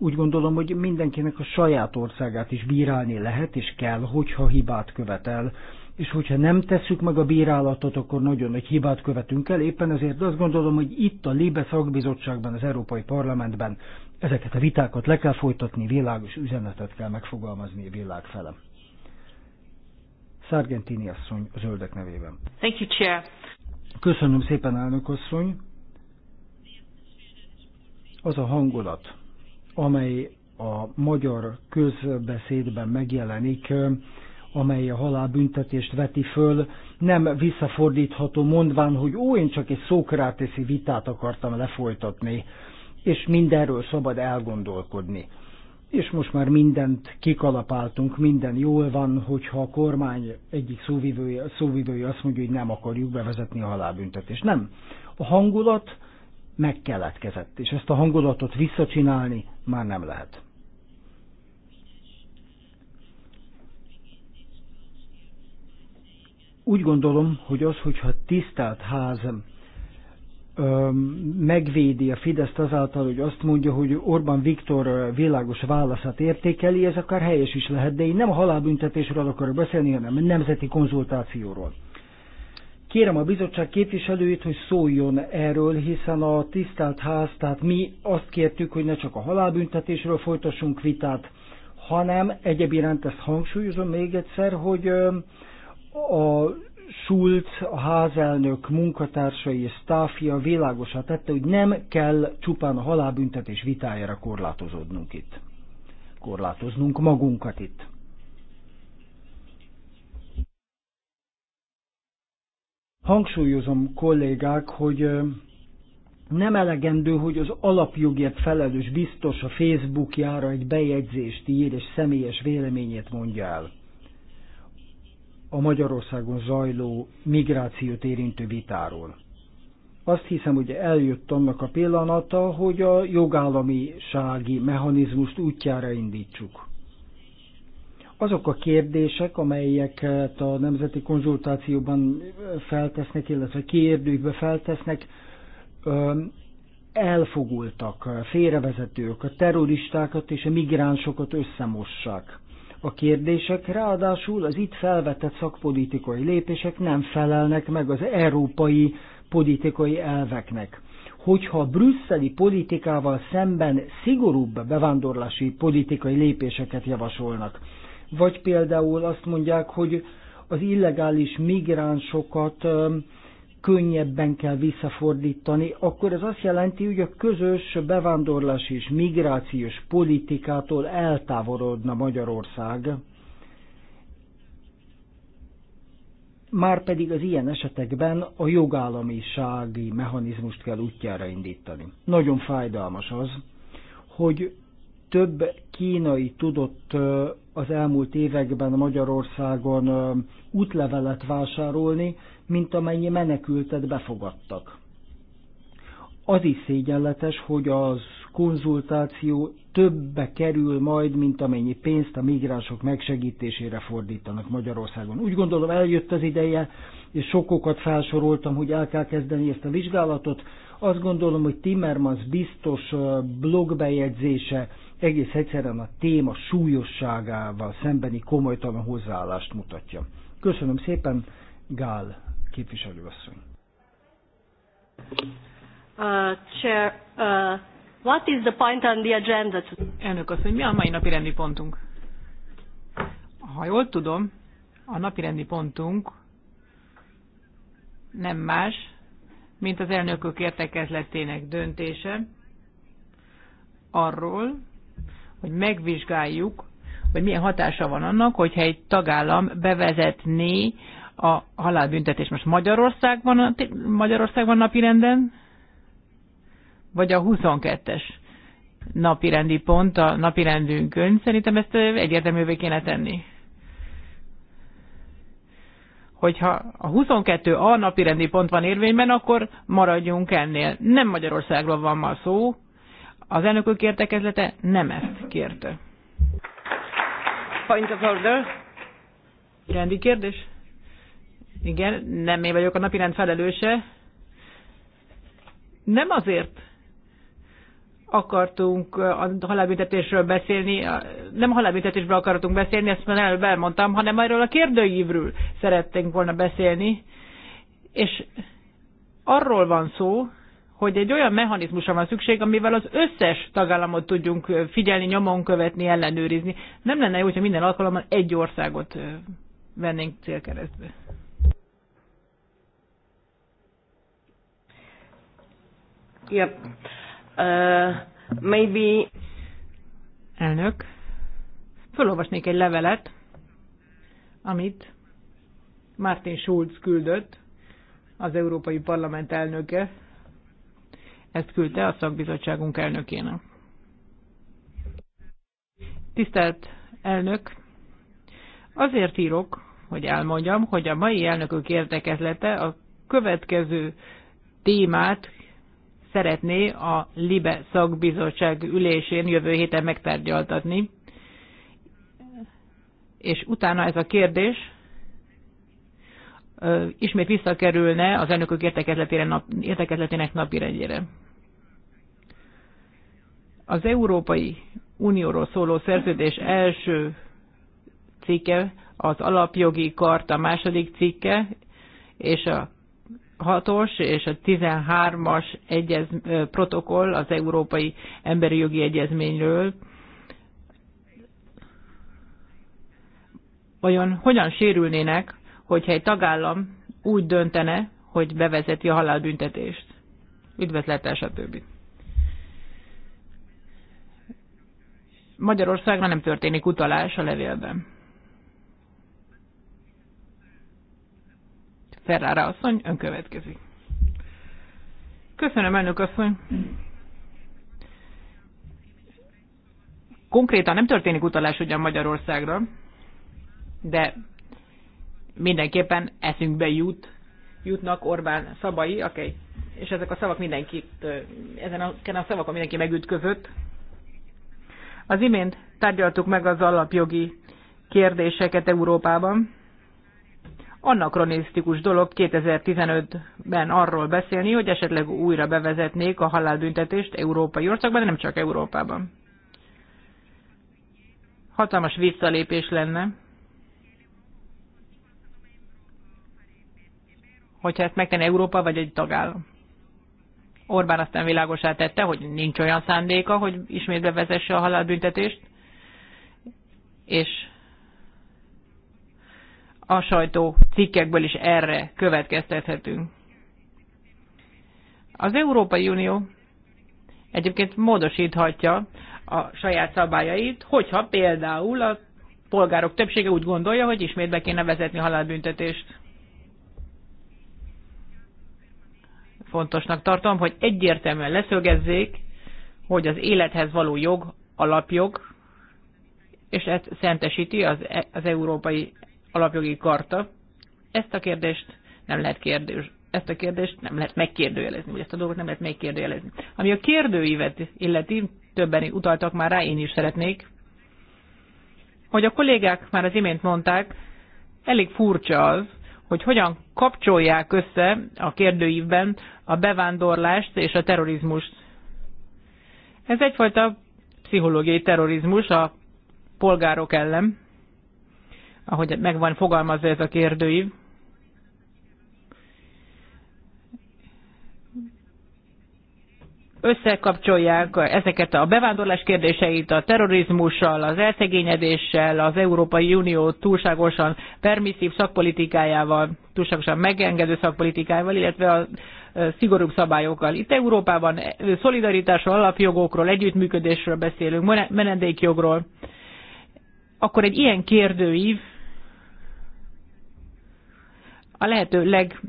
úgy gondolom, hogy mindenkinek a saját országát is bírálni lehet, és kell, hogyha hibát követel. És hogyha nem tesszük meg a bírálatot, akkor nagyon nagy hibát követünk el. Éppen ezért azt gondolom, hogy itt a Libe szakbizottságban, az Európai Parlamentben ezeket a vitákat le kell folytatni, világos üzenetet kell megfogalmazni a világ fele. Sargentini asszony a zöldek nevében. Thank you, Chair. Köszönöm szépen, elnök asszony. Az a hangulat, amely a magyar közbeszédben megjelenik, amely a halálbüntetést veti föl, nem visszafordítható mondván, hogy ó, én csak egy szókráteszi vitát akartam lefolytatni, és mindenről szabad elgondolkodni. És most már mindent kikalapáltunk, minden jól van, hogyha a kormány egyik szóvivője, szóvivője azt mondja, hogy nem akarjuk bevezetni a halálbüntetést. Nem. A hangulat, megkeletkezett, és ezt a hangulatot visszacsinálni már nem lehet. Úgy gondolom, hogy az, hogyha tisztelt ház megvédi a Fideszt azáltal, hogy azt mondja, hogy Orbán Viktor világos válaszát értékeli, ez akár helyes is lehet, de én nem a halálbüntetésről akarok beszélni, hanem a nemzeti konzultációról. Kérem a bizottság képviselőjét, hogy szóljon erről, hiszen a tisztelt ház, tehát mi azt kértük, hogy ne csak a halálbüntetésről folytassunk vitát, hanem egyéb iránt ezt hangsúlyozom még egyszer, hogy a Schulz, a házelnök munkatársai és staffja világosan tette, hogy nem kell csupán a halálbüntetés vitájára korlátozódnunk itt. Korlátoznunk magunkat itt. Hangsúlyozom, kollégák, hogy nem elegendő, hogy az alapjogért felelős biztos a Facebookjára egy bejegyzést ír és személyes véleményét mondja el a Magyarországon zajló migrációt érintő vitáról. Azt hiszem, hogy eljött annak a pillanata, hogy a jogállamisági mechanizmust útjára indítsuk azok a kérdések, amelyeket a nemzeti konzultációban feltesznek, illetve kérdőkbe feltesznek, elfogultak, félrevezetők, a terroristákat és a migránsokat összemossák. A kérdések ráadásul az itt felvetett szakpolitikai lépések nem felelnek meg az európai politikai elveknek. Hogyha a brüsszeli politikával szemben szigorúbb bevándorlási politikai lépéseket javasolnak, vagy például azt mondják, hogy az illegális migránsokat könnyebben kell visszafordítani, akkor ez azt jelenti, hogy a közös bevándorlás és migrációs politikától eltávolodna Magyarország. Márpedig az ilyen esetekben a jogállamisági mechanizmust kell útjára indítani. Nagyon fájdalmas az, hogy több kínai tudott az elmúlt években Magyarországon útlevelet vásárolni, mint amennyi menekültet befogadtak. Az is szégyenletes, hogy az konzultáció többe kerül majd, mint amennyi pénzt a migránsok megsegítésére fordítanak Magyarországon. Úgy gondolom eljött az ideje, és sokokat felsoroltam, hogy el kell kezdeni ezt a vizsgálatot. Azt gondolom, hogy Timmermans biztos blogbejegyzése egész egyszerűen a téma súlyosságával szembeni komolytalan hozzáállást mutatja. Köszönöm szépen, Gál képviselőasszony. Uh, chair, uh, what is the point on the agenda? Elnök asszony, mi a mai napi rendi pontunk? Ha jól tudom, a napi rendi pontunk nem más, mint az elnökök értekezletének döntése arról, hogy megvizsgáljuk, hogy milyen hatása van annak, hogyha egy tagállam bevezetné a halálbüntetés. Most Magyarországban, Magyarországban napirenden, vagy a 22-es napirendi pont a napirendünkön. Szerintem ezt egyértelművé kéne tenni. Hogyha a 22A napirendi pont van érvényben, akkor maradjunk ennél. Nem Magyarországról van ma szó, az elnökök értekezlete nem ezt kérte. Point of order. Rendi kérdés? Igen, nem én vagyok a napirend felelőse. Nem azért akartunk a halálbüntetésről beszélni, nem a halálbüntetésről akartunk beszélni, ezt már előbb elmondtam, hanem erről a kérdőívről szerettünk volna beszélni, és arról van szó, hogy egy olyan mechanizmusra van szükség, amivel az összes tagállamot tudjunk figyelni, nyomon követni, ellenőrizni. Nem lenne jó, hogyha minden alkalommal egy országot vennénk célkeresztbe. Yep. Uh, maybe... Elnök. felolvasnék egy levelet, amit Martin Schulz küldött, az Európai Parlament elnöke, ezt küldte a szakbizottságunk elnökének. Tisztelt elnök, azért írok, hogy elmondjam, hogy a mai elnökök értekezlete a következő témát szeretné a LIBE szakbizottság ülésén jövő héten megtárgyaltatni. És utána ez a kérdés ismét visszakerülne az elnökök értekezletének, értekezletének napirendjére. Az Európai Unióról szóló szerződés első cikke, az alapjogi karta második cikke, és a 6-os és a 13-as egyez, protokoll az Európai Emberi Jogi Egyezményről. Vajon hogyan sérülnének, hogyha egy tagállam úgy döntene, hogy bevezeti a halálbüntetést? Üdvözlettel, stb. Magyarországra nem történik utalás a levélben. Ferrara asszony, ön következik. Köszönöm, elnök asszony. Konkrétan nem történik utalás ugyan Magyarországra, de mindenképpen eszünkbe jut, jutnak Orbán szabai, okay. és ezek a szavak mindenkit, ezen a, a szavakon mindenki megütközött, az imént tárgyaltuk meg az alapjogi kérdéseket Európában. Anakronisztikus dolog 2015-ben arról beszélni, hogy esetleg újra bevezetnék a halálbüntetést európai országban, de nem csak Európában. Hatalmas visszalépés lenne, hogyha ezt megtenni Európa vagy egy tagállam. Orbán aztán világosá tette, hogy nincs olyan szándéka, hogy ismét bevezesse a halálbüntetést, és a sajtó cikkekből is erre következtethetünk. Az Európai Unió egyébként módosíthatja a saját szabályait, hogyha például a polgárok többsége úgy gondolja, hogy ismét be kéne vezetni halálbüntetést. fontosnak tartom, hogy egyértelműen leszögezzék, hogy az élethez való jog alapjog, és ezt szentesíti az, e az Európai Alapjogi Karta. Ezt a kérdést nem lehet kérdés, ezt a kérdést nem lehet megkérdőjelezni, vagy ezt a dolgot nem lehet megkérdőjelezni. Ami a kérdőívet illeti, többen utaltak már rá, én is szeretnék, hogy a kollégák már az imént mondták, elég furcsa az, hogy hogyan kapcsolják össze a kérdőívben a bevándorlást és a terrorizmust. Ez egyfajta pszichológiai terrorizmus a polgárok ellen, ahogy megvan fogalmazva ez a kérdőív. összekapcsolják ezeket a bevándorlás kérdéseit a terrorizmussal, az elszegényedéssel, az Európai Unió túlságosan permisszív szakpolitikájával, túlságosan megengedő szakpolitikájával, illetve a szigorúbb szabályokkal. Itt Európában szolidaritásról, alapjogokról, együttműködésről beszélünk, menedékjogról. Akkor egy ilyen kérdőív a lehető, leg,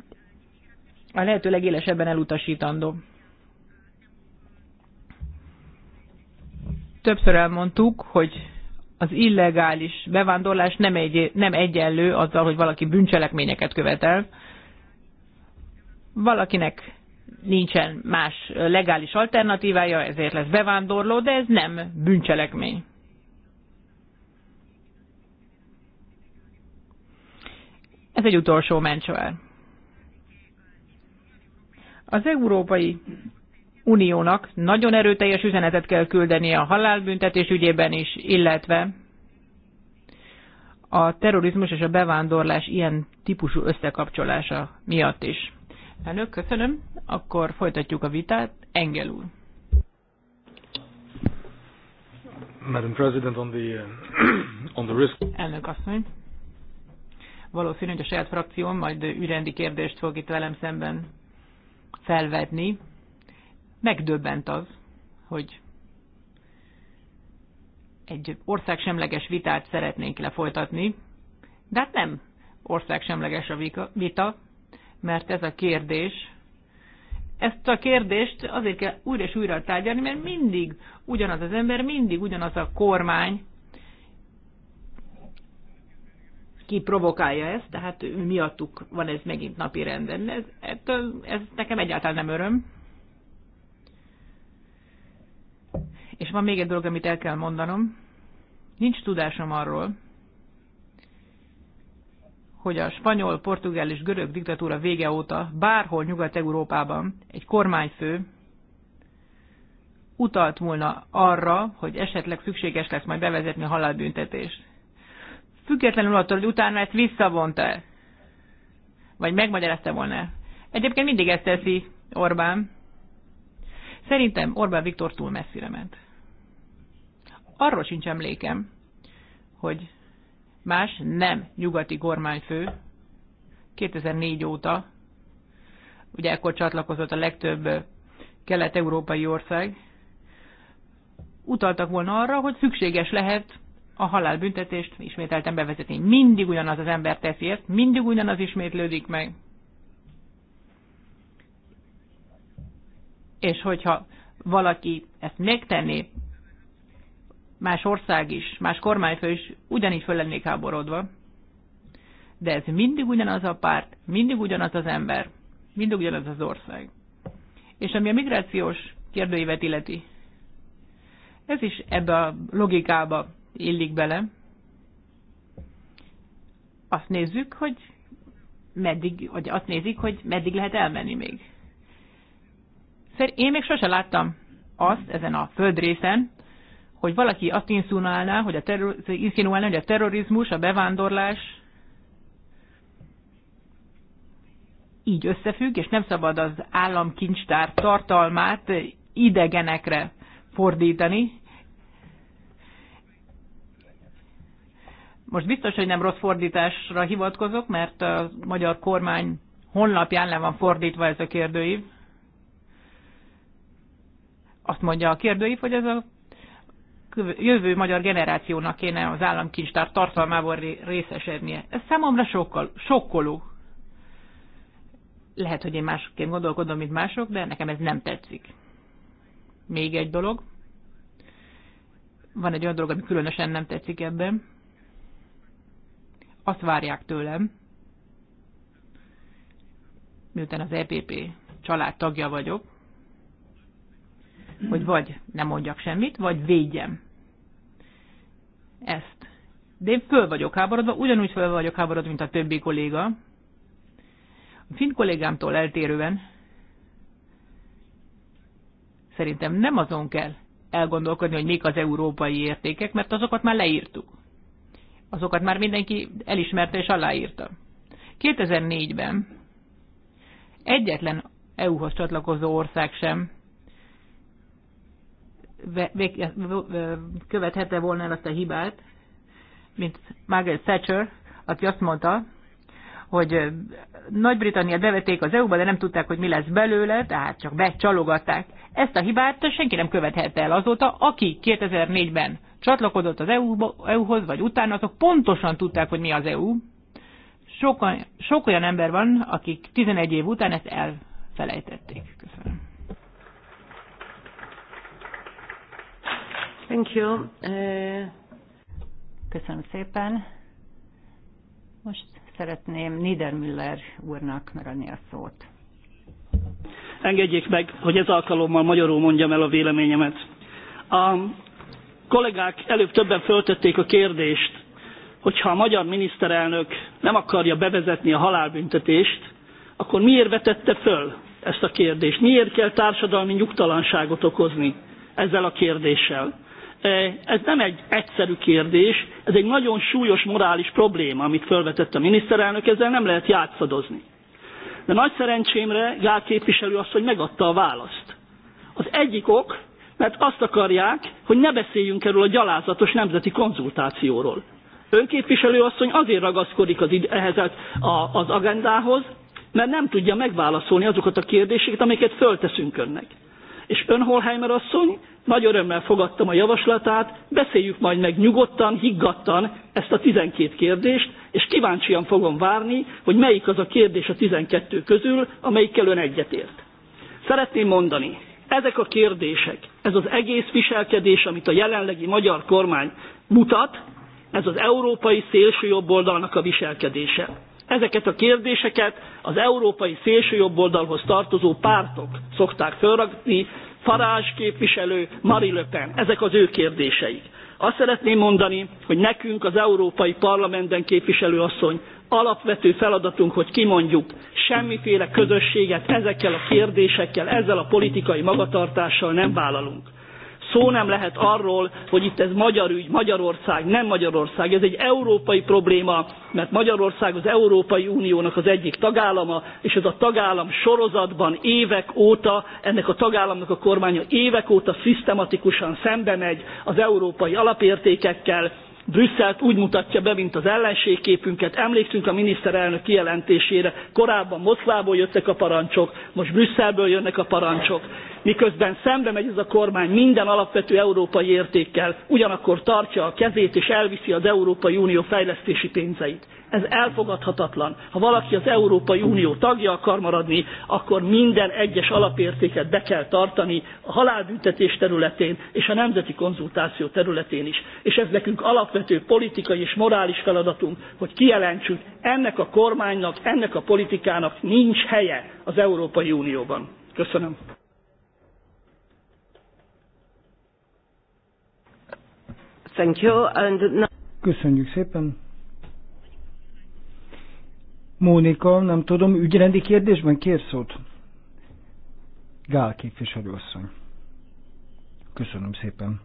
a lehető legélesebben elutasítandó. többször elmondtuk, hogy az illegális bevándorlás nem, egy, nem egyenlő azzal, hogy valaki bűncselekményeket követel. Valakinek nincsen más legális alternatívája, ezért lesz bevándorló, de ez nem bűncselekmény. Ez egy utolsó mencsvár. Az Európai Uniónak nagyon erőteljes üzenetet kell küldeni a halálbüntetés ügyében is, illetve a terrorizmus és a bevándorlás ilyen típusú összekapcsolása miatt is. Elnök, köszönöm. Akkor folytatjuk a vitát. Engel úr. Madam President, on the, uh, on the risk... Elnök asszony. Valószínű, hogy a saját frakcióm majd ügyrendi kérdést fog itt velem szemben felvetni megdöbbent az, hogy egy országsemleges vitát szeretnénk lefolytatni, de hát nem országsemleges a vita, mert ez a kérdés, ezt a kérdést azért kell újra és újra tárgyalni, mert mindig ugyanaz az ember, mindig ugyanaz a kormány, ki provokálja ezt, tehát miattuk van ez megint napi renden. Ez, ez, ez nekem egyáltalán nem öröm. És van még egy dolog, amit el kell mondanom. Nincs tudásom arról, hogy a spanyol, portugál és görög diktatúra vége óta bárhol Nyugat-Európában egy kormányfő utalt volna arra, hogy esetleg szükséges lesz majd bevezetni a halálbüntetést. Függetlenül attól, hogy utána ezt visszavonta vagy megmagyarázta volna Egyébként mindig ezt teszi Orbán. Szerintem Orbán Viktor túl messzire ment arról sincs emlékem, hogy más nem nyugati kormányfő 2004 óta, ugye ekkor csatlakozott a legtöbb kelet-európai ország, utaltak volna arra, hogy szükséges lehet a halálbüntetést ismételten bevezetni. Mindig ugyanaz az ember teszi ezt, mindig ugyanaz ismétlődik meg. És hogyha valaki ezt megtenné más ország is, más kormányfő is ugyanígy föl lennék háborodva. De ez mindig ugyanaz a párt, mindig ugyanaz az ember, mindig ugyanaz az ország. És ami a migrációs kérdőívet illeti, ez is ebbe a logikába illik bele. Azt nézzük, hogy meddig, vagy azt nézik, hogy meddig lehet elmenni még. Én még sose láttam azt ezen a földrészen, hogy valaki azt inszinuálná, hogy a, terror, hogy a terrorizmus, a bevándorlás így összefügg, és nem szabad az államkincstár tartalmát idegenekre fordítani. Most biztos, hogy nem rossz fordításra hivatkozok, mert a magyar kormány honlapján le van fordítva ez a kérdőív. Azt mondja a kérdőív, hogy ez a jövő magyar generációnak kéne az államkincstár tartalmából részesednie. Ez számomra sokkal, sokkoló. Lehet, hogy én másként gondolkodom, mint mások, de nekem ez nem tetszik. Még egy dolog. Van egy olyan dolog, ami különösen nem tetszik ebben. Azt várják tőlem, miután az EPP családtagja vagyok, hogy vagy nem mondjak semmit, vagy védjem ezt. De én föl vagyok háborodva, ugyanúgy föl vagyok háborodva, mint a többi kolléga. A finn kollégámtól eltérően szerintem nem azon kell elgondolkodni, hogy mik az európai értékek, mert azokat már leírtuk. Azokat már mindenki elismerte és aláírta. 2004-ben egyetlen EU-hoz csatlakozó ország sem követhette volna el azt a hibát, mint Margaret Thatcher, aki azt mondta, hogy Nagy-Britanniát bevették az EU-ba, de nem tudták, hogy mi lesz belőle, tehát csak becsalogatták. Ezt a hibát senki nem követhette el azóta, aki 2004-ben csatlakozott az EU-hoz, vagy utána, azok pontosan tudták, hogy mi az EU. Sok, sok olyan ember van, akik 11 év után ezt elfelejtették. Köszönöm. Thank you. Uh, Köszönöm szépen. Most szeretném Niedermüller úrnak megadni a szót. Engedjék meg, hogy ez alkalommal magyarul mondjam el a véleményemet. A kollégák előbb többen föltették a kérdést, hogyha a magyar miniszterelnök nem akarja bevezetni a halálbüntetést, akkor miért vetette föl ezt a kérdést? Miért kell társadalmi nyugtalanságot okozni ezzel a kérdéssel? E, ez nem egy egyszerű kérdés, ez egy nagyon súlyos morális probléma, amit felvetett a miniszterelnök, ezzel nem lehet játszadozni. De nagy szerencsémre Gál képviselő azt, hogy megadta a választ. Az egyik ok, mert azt akarják, hogy ne beszéljünk erről a gyalázatos nemzeti konzultációról. Önképviselő asszony azért ragaszkodik az, ehhez a, az agendához, mert nem tudja megválaszolni azokat a kérdéseket, amiket fölteszünk önnek. És ön Holheimer asszony nagy örömmel fogadtam a javaslatát, beszéljük majd meg nyugodtan, higgadtan ezt a 12 kérdést, és kíváncsian fogom várni, hogy melyik az a kérdés a 12 közül, amelyikkel ön egyetért. Szeretném mondani, ezek a kérdések, ez az egész viselkedés, amit a jelenlegi magyar kormány mutat, ez az európai szélsőjobboldalnak a viselkedése. Ezeket a kérdéseket az európai szélsőjobboldalhoz tartozó pártok szokták felragni, Farázs képviselő, Marie Le Pen. Ezek az ő kérdéseik. Azt szeretném mondani, hogy nekünk az Európai Parlamentben képviselő asszony alapvető feladatunk, hogy kimondjuk, semmiféle közösséget ezekkel a kérdésekkel, ezzel a politikai magatartással nem vállalunk. Szó nem lehet arról, hogy itt ez magyar ügy, Magyarország, nem Magyarország. Ez egy európai probléma, mert Magyarország az Európai Uniónak az egyik tagállama, és ez a tagállam sorozatban évek óta, ennek a tagállamnak a kormánya évek óta szisztematikusan szembe megy az európai alapértékekkel, Brüsszelt úgy mutatja be, mint az ellenségképünket. Emlékszünk a miniszterelnök kijelentésére, korábban Moszkvából jöttek a parancsok, most Brüsszelből jönnek a parancsok. Miközben szembe megy ez a kormány minden alapvető európai értékkel, ugyanakkor tartja a kezét és elviszi az Európai Unió fejlesztési pénzeit. Ez elfogadhatatlan. Ha valaki az Európai Unió tagja akar maradni, akkor minden egyes alapértéket be kell tartani a halálbüntetés területén és a nemzeti konzultáció területén is. És ez nekünk alapvető politikai és morális feladatunk, hogy kijelentsük, ennek a kormánynak, ennek a politikának nincs helye az Európai Unióban. Köszönöm. Thank you. And... Köszönjük szépen. Mónika, nem tudom, ügyrendi kérdésben kér szót? Gál képviselőasszony. Köszönöm szépen.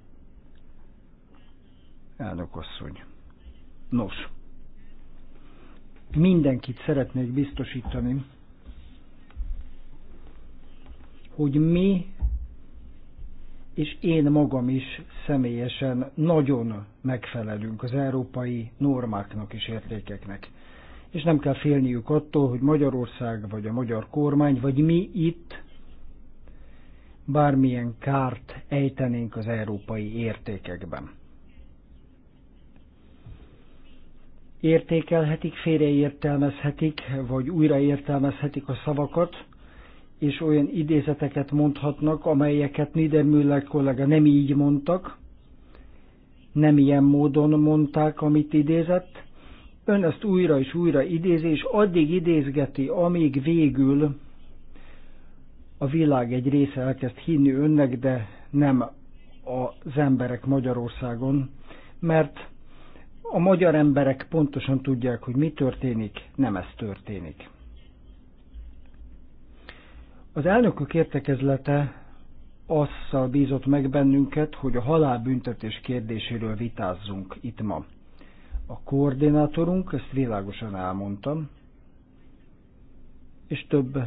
Elnök asszony. Nos, mindenkit szeretnék biztosítani, hogy mi és én magam is személyesen nagyon megfelelünk az európai normáknak és értékeknek és nem kell félniük attól, hogy Magyarország vagy a magyar kormány, vagy mi itt bármilyen kárt ejtenénk az európai értékekben. Értékelhetik, félreértelmezhetik, vagy újraértelmezhetik a szavakat, és olyan idézeteket mondhatnak, amelyeket Niedermüller kollega nem így mondtak, nem ilyen módon mondták, amit idézett, Ön ezt újra és újra idézi, és addig idézgeti, amíg végül a világ egy része elkezd hinni önnek, de nem az emberek Magyarországon, mert a magyar emberek pontosan tudják, hogy mi történik, nem ez történik. Az elnökök értekezlete azzal bízott meg bennünket, hogy a halálbüntetés kérdéséről vitázzunk itt ma. A koordinátorunk, ezt világosan elmondtam, és több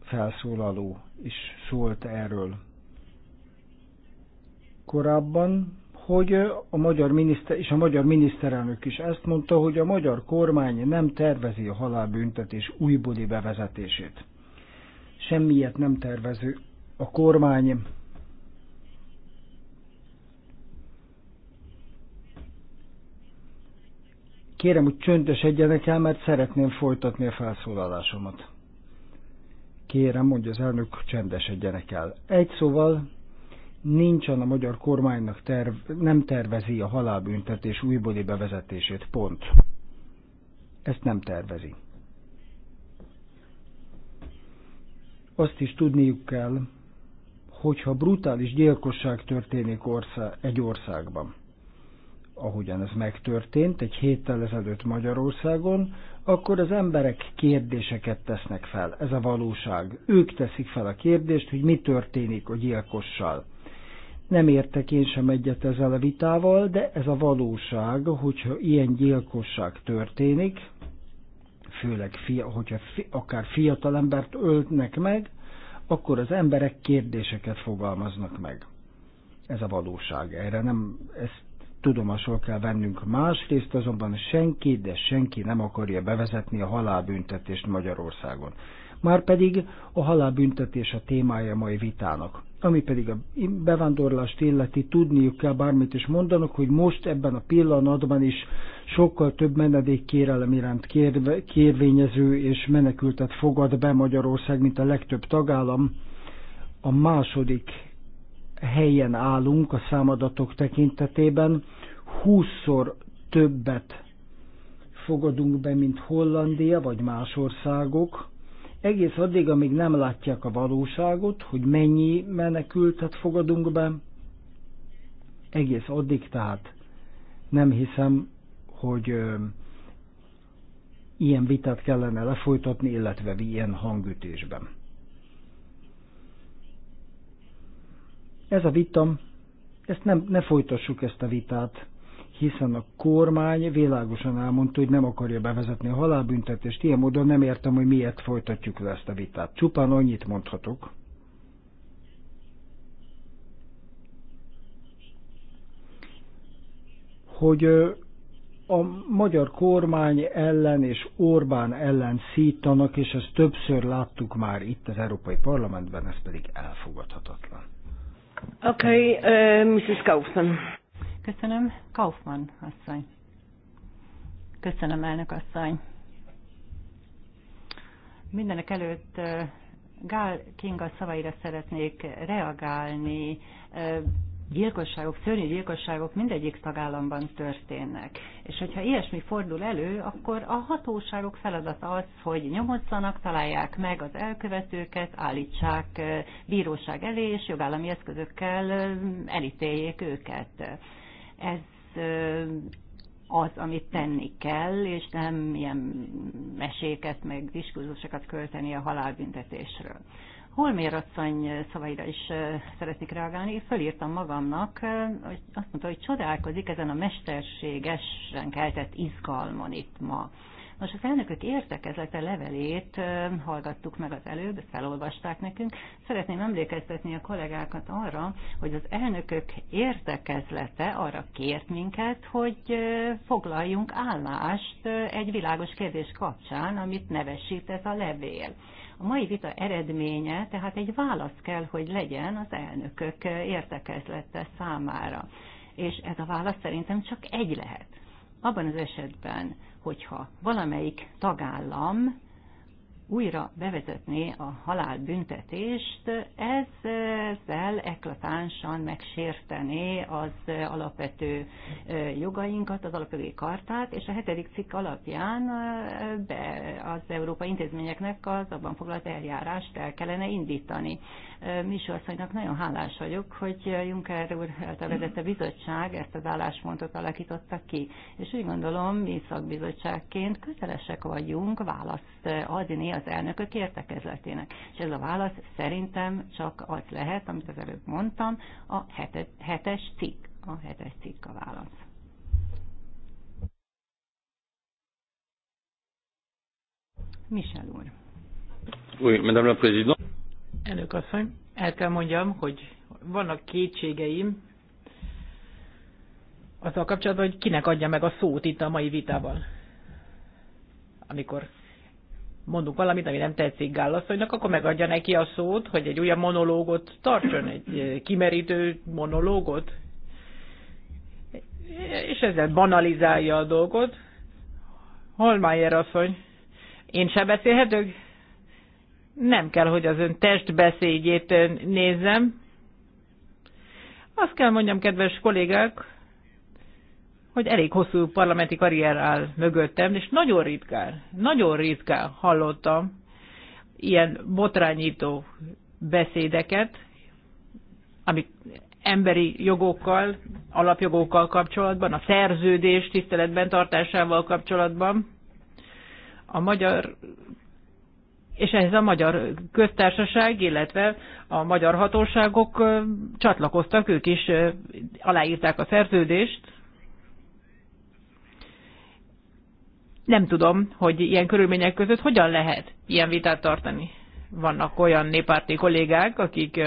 felszólaló is szólt erről korábban, hogy a magyar miniszter, és a magyar miniszterelnök is ezt mondta, hogy a magyar kormány nem tervezi a halálbüntetés újbóli bevezetését. Semmiet nem tervező a kormány, Kérem, hogy csöndesedjenek el, mert szeretném folytatni a felszólalásomat. Kérem, mondja az elnök, csendesedjenek el. Egy szóval, nincsen a magyar kormánynak terv, nem tervezi a halálbüntetés újbóli bevezetését, pont. Ezt nem tervezi. Azt is tudniuk kell, hogyha brutális gyilkosság történik ország, egy országban, ahogyan ez megtörtént egy héttel ezelőtt Magyarországon, akkor az emberek kérdéseket tesznek fel. Ez a valóság. Ők teszik fel a kérdést, hogy mi történik a gyilkossal. Nem értek én sem egyet ezzel a vitával, de ez a valóság, hogyha ilyen gyilkosság történik, főleg fia, hogyha fi, akár fiatal embert öltnek meg, akkor az emberek kérdéseket fogalmaznak meg. Ez a valóság. Erre nem, ezt tudomásul kell vennünk. Másrészt azonban senki, de senki nem akarja bevezetni a halálbüntetést Magyarországon. Márpedig a halálbüntetés a témája mai vitának. Ami pedig a bevándorlást illeti, tudniuk kell bármit is mondanak, hogy most ebben a pillanatban is sokkal több menedékkérelem iránt kérve, kérvényező és menekültet fogad be Magyarország, mint a legtöbb tagállam. A második helyen állunk a számadatok tekintetében, 20-szor többet fogadunk be, mint Hollandia vagy más országok, egész addig, amíg nem látják a valóságot, hogy mennyi menekültet fogadunk be, egész addig tehát nem hiszem, hogy ö, ilyen vitát kellene lefolytatni, illetve ilyen hangütésben. Ez a vita, ezt nem, ne folytassuk ezt a vitát, hiszen a kormány világosan elmondta, hogy nem akarja bevezetni a halálbüntetést, ilyen módon nem értem, hogy miért folytatjuk le ezt a vitát. Csupán annyit mondhatok, hogy a magyar kormány ellen és Orbán ellen szítanak, és ezt többször láttuk már itt az Európai Parlamentben, ez pedig elfogadhatatlan. Oké, okay, uh, Mrs. Kaufman. Köszönöm. Kaufman asszony. Köszönöm, elnök asszony. Mindenek előtt uh, Gál Kinga szavaira szeretnék reagálni. Uh, gyilkosságok, szörnyű gyilkosságok mindegyik tagállamban történnek. És hogyha ilyesmi fordul elő, akkor a hatóságok feladata az, hogy nyomozzanak, találják meg az elkövetőket, állítsák bíróság elé, és jogállami eszközökkel elítéljék őket. Ez az, amit tenni kell, és nem ilyen meséket, meg diskurzusokat költeni a halálbüntetésről. Holmér asszony szavaira is szeretnék reagálni. Én fölírtam magamnak, hogy azt mondta, hogy csodálkozik ezen a mesterségesen keltett izgalmon itt ma. Most az elnökök értekezete levelét hallgattuk meg az előbb, felolvasták nekünk. Szeretném emlékeztetni a kollégákat arra, hogy az elnökök értekezlete arra kért minket, hogy foglaljunk állást egy világos kérdés kapcsán, amit nevesít ez a levél. A mai vita eredménye tehát egy válasz kell, hogy legyen az elnökök értekezlete számára. És ez a válasz szerintem csak egy lehet. Abban az esetben, hogyha valamelyik tagállam újra bevezetni a halálbüntetést, ezzel eklatánsan megsértené az alapvető jogainkat, az alapjogi kartát, és a hetedik cikk alapján be az európai intézményeknek az abban foglalt eljárást el kellene indítani. Misó asszonynak nagyon hálás vagyok, hogy Juncker úr a bizottság ezt az álláspontot alakította ki, és úgy gondolom, mi szakbizottságként kötelesek vagyunk választani Eh, adni az elnökök értekezletének. És ez a válasz szerintem csak az lehet, amit az előbb mondtam, a hetes, hetes cikk. A hetes cikk a válasz. Michel úr. Oui, Madame la Présidente. Elnök asszony, el kell mondjam, hogy vannak kétségeim azzal kapcsolatban, hogy kinek adja meg a szót itt a mai vitában. Amikor mondunk valamit, ami nem tetszik Gállasszonynak, akkor megadja neki a szót, hogy egy olyan monológot tartson, egy eh, kimerítő monológot, és ezzel banalizálja a dolgot. Holmeyer asszony, én se beszélhetök? Nem kell, hogy az ön testbeszédjét eh, nézzem. Azt kell mondjam, kedves kollégák, hogy elég hosszú parlamenti karrier áll mögöttem, és nagyon ritkán, nagyon ritkán hallottam ilyen botrányító beszédeket, amik emberi jogokkal, alapjogokkal kapcsolatban, a szerződés tiszteletben tartásával kapcsolatban. A magyar és ehhez a magyar köztársaság, illetve a magyar hatóságok csatlakoztak, ők is aláírták a szerződést, Nem tudom, hogy ilyen körülmények között hogyan lehet ilyen vitát tartani. Vannak olyan néppárti kollégák, akik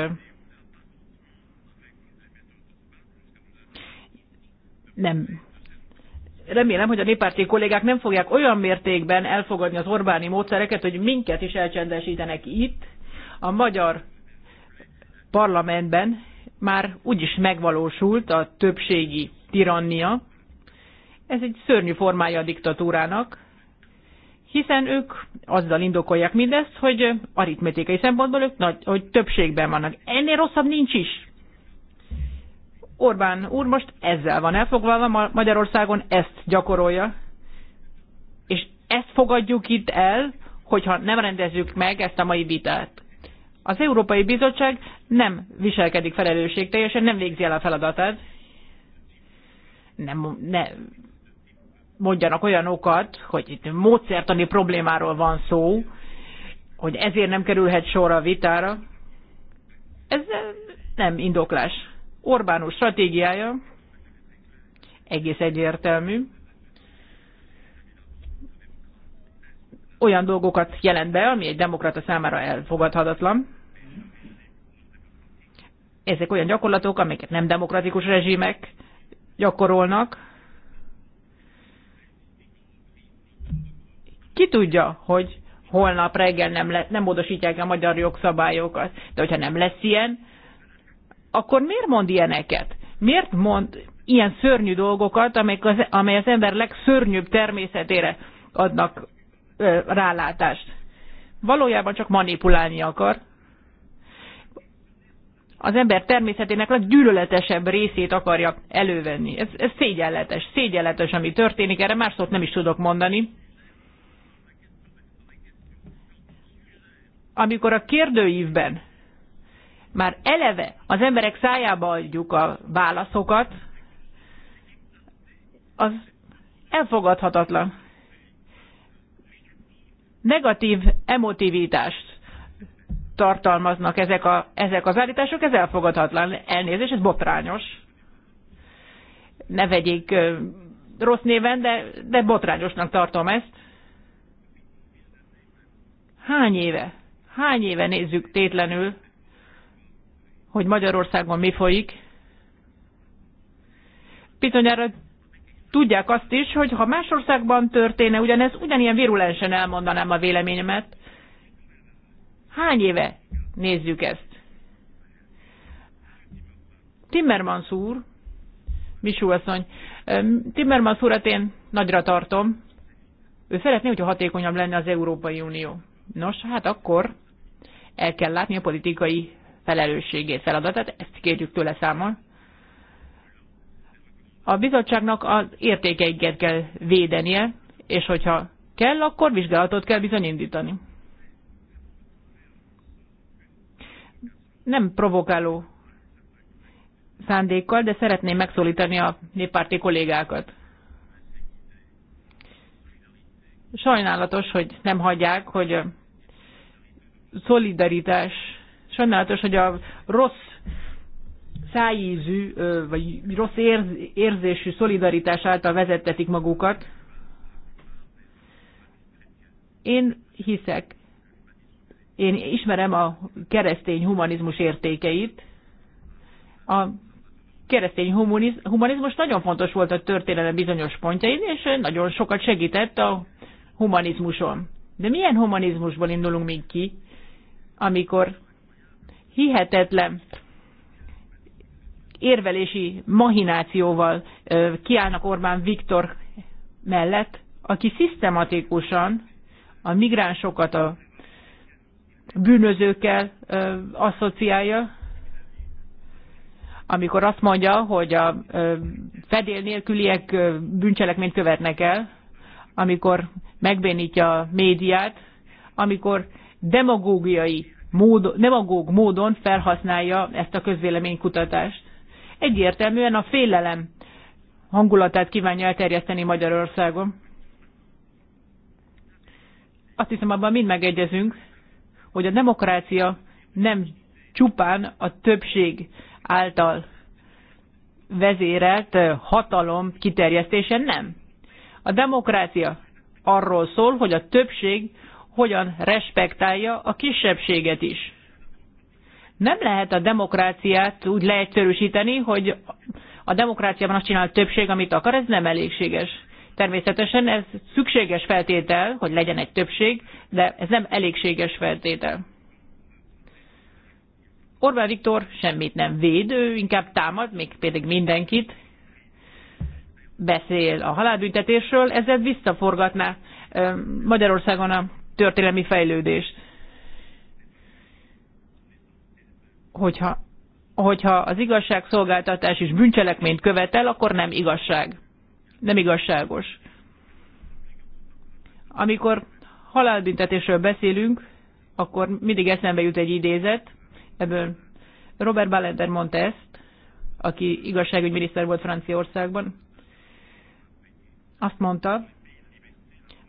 nem. Remélem, hogy a néppárti kollégák nem fogják olyan mértékben elfogadni az Orbáni módszereket, hogy minket is elcsendesítenek itt. A magyar parlamentben már úgyis megvalósult a többségi tirannia, ez egy szörnyű formája a diktatúrának, hiszen ők azzal indokolják mindezt, hogy aritmetikai szempontból ők nagy, hogy többségben vannak. Ennél rosszabb nincs is. Orbán úr most ezzel van elfoglalva, Magyarországon ezt gyakorolja. És ezt fogadjuk itt el, hogyha nem rendezzük meg ezt a mai vitát. Az Európai Bizottság nem viselkedik felelősségteljesen, nem végzi el a feladatát. Nem, ne, mondjanak olyanokat, hogy itt módszertani problémáról van szó, hogy ezért nem kerülhet sor a vitára, ez nem indoklás. Orbánus stratégiája egész egyértelmű. Olyan dolgokat jelent be, ami egy demokrata számára elfogadhatatlan. Ezek olyan gyakorlatok, amiket nem demokratikus rezsimek gyakorolnak, Ki tudja, hogy holnap reggel nem, le, nem módosítják a magyar jogszabályokat. De hogyha nem lesz ilyen, akkor miért mond ilyeneket? Miért mond ilyen szörnyű dolgokat, amelyek az, amely az ember legszörnyűbb természetére adnak ö, rálátást? Valójában csak manipulálni akar. Az ember természetének leggyűlöletesebb részét akarja elővenni. Ez, ez szégyenletes, szégyenletes, ami történik, erre más szót nem is tudok mondani. amikor a kérdőívben már eleve az emberek szájába adjuk a válaszokat, az elfogadhatatlan. Negatív emotivitást tartalmaznak ezek, a, ezek az állítások, ez elfogadhatatlan Elnézés, ez botrányos. Ne vegyék rossz néven, de, de botrányosnak tartom ezt. Hány éve Hány éve nézzük tétlenül, hogy Magyarországon mi folyik? Bizonyára tudják azt is, hogy ha más országban történne ugyanez, ugyanilyen virulensen elmondanám a véleményemet. Hány éve nézzük ezt? Timmermans úr, Misú asszony, Timmermans urat én nagyra tartom. Ő szeretné, hogyha hatékonyabb lenne az Európai Unió. Nos, hát akkor el kell látni a politikai felelősségét, feladatát, ezt kérjük tőle számon. A bizottságnak az értékeiket kell védenie, és hogyha kell, akkor vizsgálatot kell bizony indítani. Nem provokáló szándékkal, de szeretném megszólítani a néppárti kollégákat. Sajnálatos, hogy nem hagyják, hogy szolidaritás. Sajnálatos, hogy a rossz szájízű, vagy rossz érzésű szolidaritás által vezettetik magukat. Én hiszek, én ismerem a keresztény humanizmus értékeit. A keresztény humanizmus nagyon fontos volt a történelem bizonyos pontjain, és nagyon sokat segített a humanizmuson. De milyen humanizmusból indulunk még ki? amikor hihetetlen érvelési mahinációval kiállnak Orbán Viktor mellett, aki szisztematikusan a migránsokat a bűnözőkkel asszociálja, amikor azt mondja, hogy a fedél nélküliek bűncselekményt követnek el, amikor megbénítja a médiát, amikor demagógiai nem demagóg módon felhasználja ezt a közvéleménykutatást. Egyértelműen a félelem hangulatát kívánja elterjeszteni Magyarországon. Azt hiszem, abban mind megegyezünk, hogy a demokrácia nem csupán a többség által vezérelt hatalom kiterjesztése nem. A demokrácia arról szól, hogy a többség hogyan respektálja a kisebbséget is. Nem lehet a demokráciát úgy leegyszerűsíteni, hogy a demokráciában azt csinál többség, amit akar, ez nem elégséges. Természetesen ez szükséges feltétel, hogy legyen egy többség, de ez nem elégséges feltétel. Orbán Viktor semmit nem véd, ő inkább támad, még pedig mindenkit, beszél a halálbüntetésről, ezzel visszaforgatná Magyarországon a történelmi fejlődés. Hogyha, hogyha az igazságszolgáltatás is bűncselekményt követel, akkor nem igazság. Nem igazságos. Amikor halálbüntetésről beszélünk, akkor mindig eszembe jut egy idézet, ebből Robert Ballender mondta ezt, aki igazságügyminiszter volt Franciaországban, azt mondta,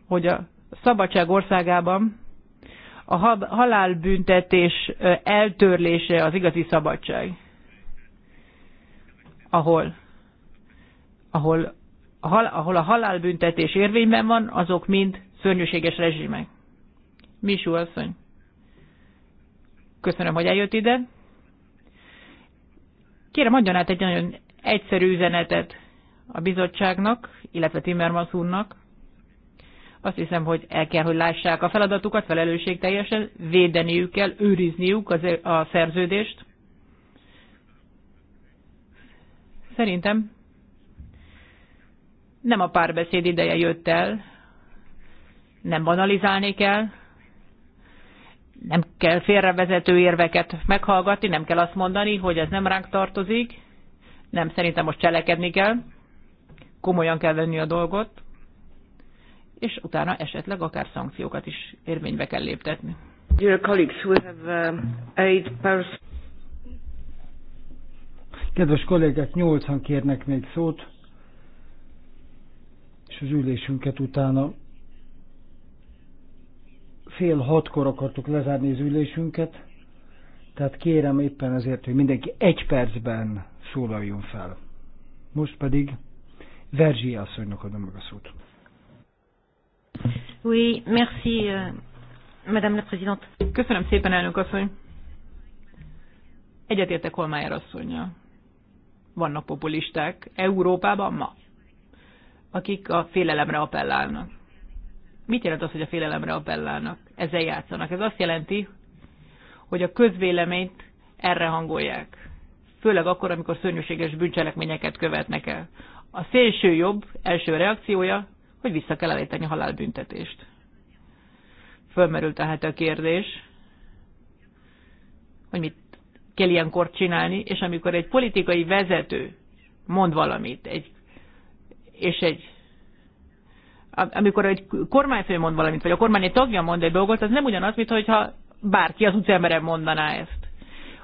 hogy a szabadság országában a halálbüntetés eltörlése az igazi szabadság. Ahol, ahol, ahol a halálbüntetés érvényben van, azok mind szörnyűséges rezsimek. Misú asszony, köszönöm, hogy eljött ide. Kérem, adjon át egy nagyon egyszerű üzenetet a bizottságnak, illetve Timmermans úrnak, azt hiszem, hogy el kell, hogy lássák a feladatukat, teljesen, védeniük kell, őrizniük az, a szerződést. Szerintem nem a párbeszéd ideje jött el, nem banalizálni kell, nem kell félrevezető érveket meghallgatni, nem kell azt mondani, hogy ez nem ránk tartozik, nem szerintem most cselekedni kell, komolyan kell venni a dolgot és utána esetleg akár szankciókat is érvénybe kell léptetni. Uh, Kedves kollégák, nyolcan kérnek még szót, és az ülésünket utána fél hatkor akartuk lezárni az ülésünket, tehát kérem éppen ezért, hogy mindenki egy percben szólaljon fel. Most pedig Verzsi asszonynak adom meg a szót. Oui, merci, euh, Madame la Présidente. Köszönöm szépen, elnök asszony. Egyetértek Holmájer asszonya. Vannak populisták Európában ma, akik a félelemre appellálnak. Mit jelent az, hogy a félelemre appellálnak? Ezzel játszanak. Ez azt jelenti, hogy a közvéleményt erre hangolják. Főleg akkor, amikor szörnyűséges bűncselekményeket követnek el. A szélső jobb első reakciója hogy vissza kell állítani a halálbüntetést. Fölmerül tehát a kérdés, hogy mit kell ilyenkor csinálni, és amikor egy politikai vezető mond valamit, egy, és egy amikor egy kormányfő mond valamit, vagy a kormány egy tagja mond egy dolgot, az nem ugyanaz, mint hogyha bárki az utcemberen mondaná ezt.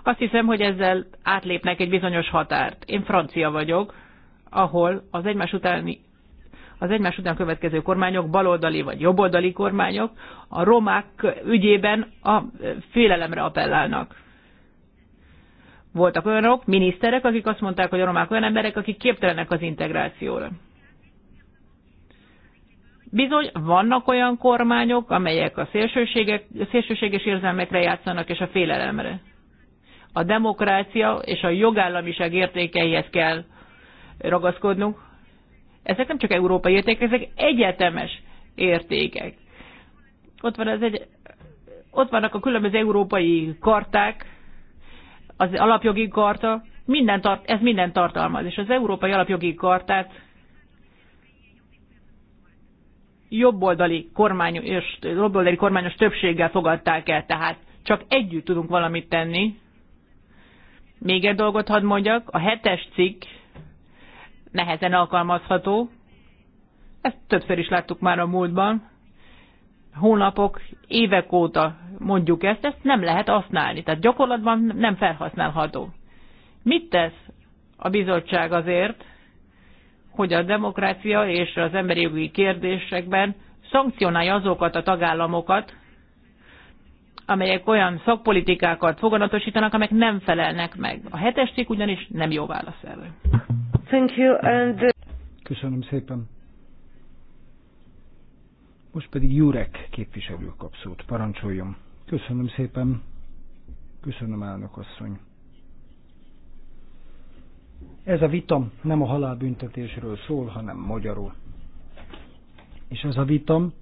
Azt hiszem, hogy ezzel átlépnek egy bizonyos határt. Én francia vagyok, ahol az egymás utáni az egymás után következő kormányok, baloldali vagy jobboldali kormányok a romák ügyében a félelemre appellálnak. Voltak olyanok, miniszterek, akik azt mondták, hogy a romák olyan emberek, akik képtelenek az integrációra. Bizony, vannak olyan kormányok, amelyek a szélsőséges érzelmekre játszanak és a félelemre. A demokrácia és a jogállamiság értékeihez kell ragaszkodnunk, ezek nem csak európai értékek, ezek egyetemes értékek. Ott, van az egy, ott vannak a különböző európai karták, az alapjogi karta, minden tart, ez minden tartalmaz, és az európai alapjogi kartát jobboldali kormányos, jobboldali kormányos többséggel fogadták el, tehát csak együtt tudunk valamit tenni. Még egy dolgot hadd mondjak, a hetes cikk nehezen alkalmazható. Ezt többször is láttuk már a múltban. Hónapok, évek óta mondjuk ezt, ezt nem lehet használni. Tehát gyakorlatban nem felhasználható. Mit tesz a bizottság azért, hogy a demokrácia és az emberi jogi kérdésekben szankcionálja azokat a tagállamokat, amelyek olyan szakpolitikákat foganatosítanak, amelyek nem felelnek meg. A hetes cikk ugyanis nem jó válasz erre. Thank you and... Uh, Köszönöm szépen. Most pedig Jurek képviselő kap szót. Parancsoljon. Köszönöm szépen. Köszönöm, elnök asszony. Ez a vitam nem a halálbüntetésről szól, hanem magyarul. És ez a vitam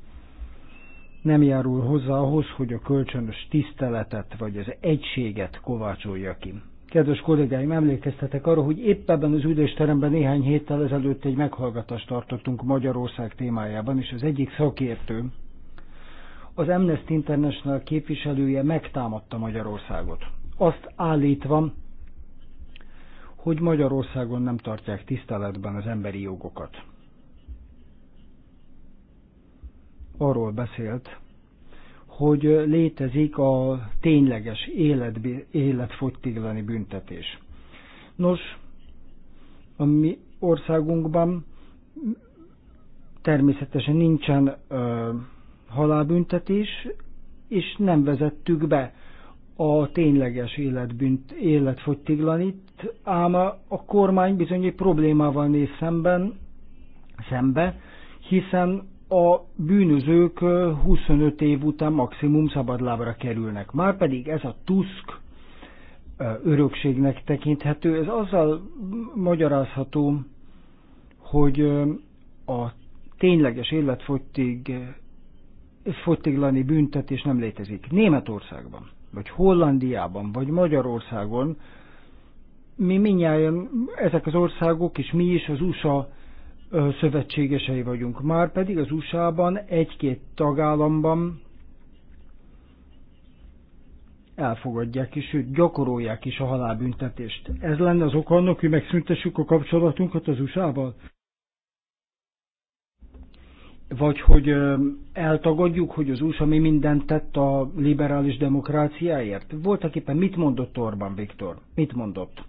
nem járul hozzá ahhoz, hogy a kölcsönös tiszteletet vagy az egységet kovácsolja ki. Kedves kollégáim, emlékeztetek arra, hogy épp ebben az üdésteremben néhány héttel ezelőtt egy meghallgatást tartottunk Magyarország témájában, és az egyik szakértő, az Amnesty International képviselője megtámadta Magyarországot. Azt állítva, hogy Magyarországon nem tartják tiszteletben az emberi jogokat. Arról beszélt, hogy létezik a tényleges élet, életfogytiglani büntetés. Nos, a mi országunkban természetesen nincsen ö, halálbüntetés, és nem vezettük be a tényleges életbünt, életfogytiglanit, ám a kormány bizony egy problémával néz szemben, szembe, hiszen a bűnözők 25 év után maximum szabadlábra kerülnek. Márpedig ez a Tusk örökségnek tekinthető. Ez azzal magyarázható, hogy a tényleges életfogytig fogytiglani büntetés nem létezik. Németországban, vagy Hollandiában, vagy Magyarországon mi minnyáján ezek az országok, és mi is az USA szövetségesei vagyunk. Már pedig az USA-ban egy-két tagállamban elfogadják és sőt, gyakorolják is a halálbüntetést. Ez lenne az oka annak, hogy megszüntessük a kapcsolatunkat az USA-val? Vagy hogy eltagadjuk, hogy az USA mi mindent tett a liberális demokráciáért? Voltak éppen mit mondott Orbán Viktor? Mit mondott?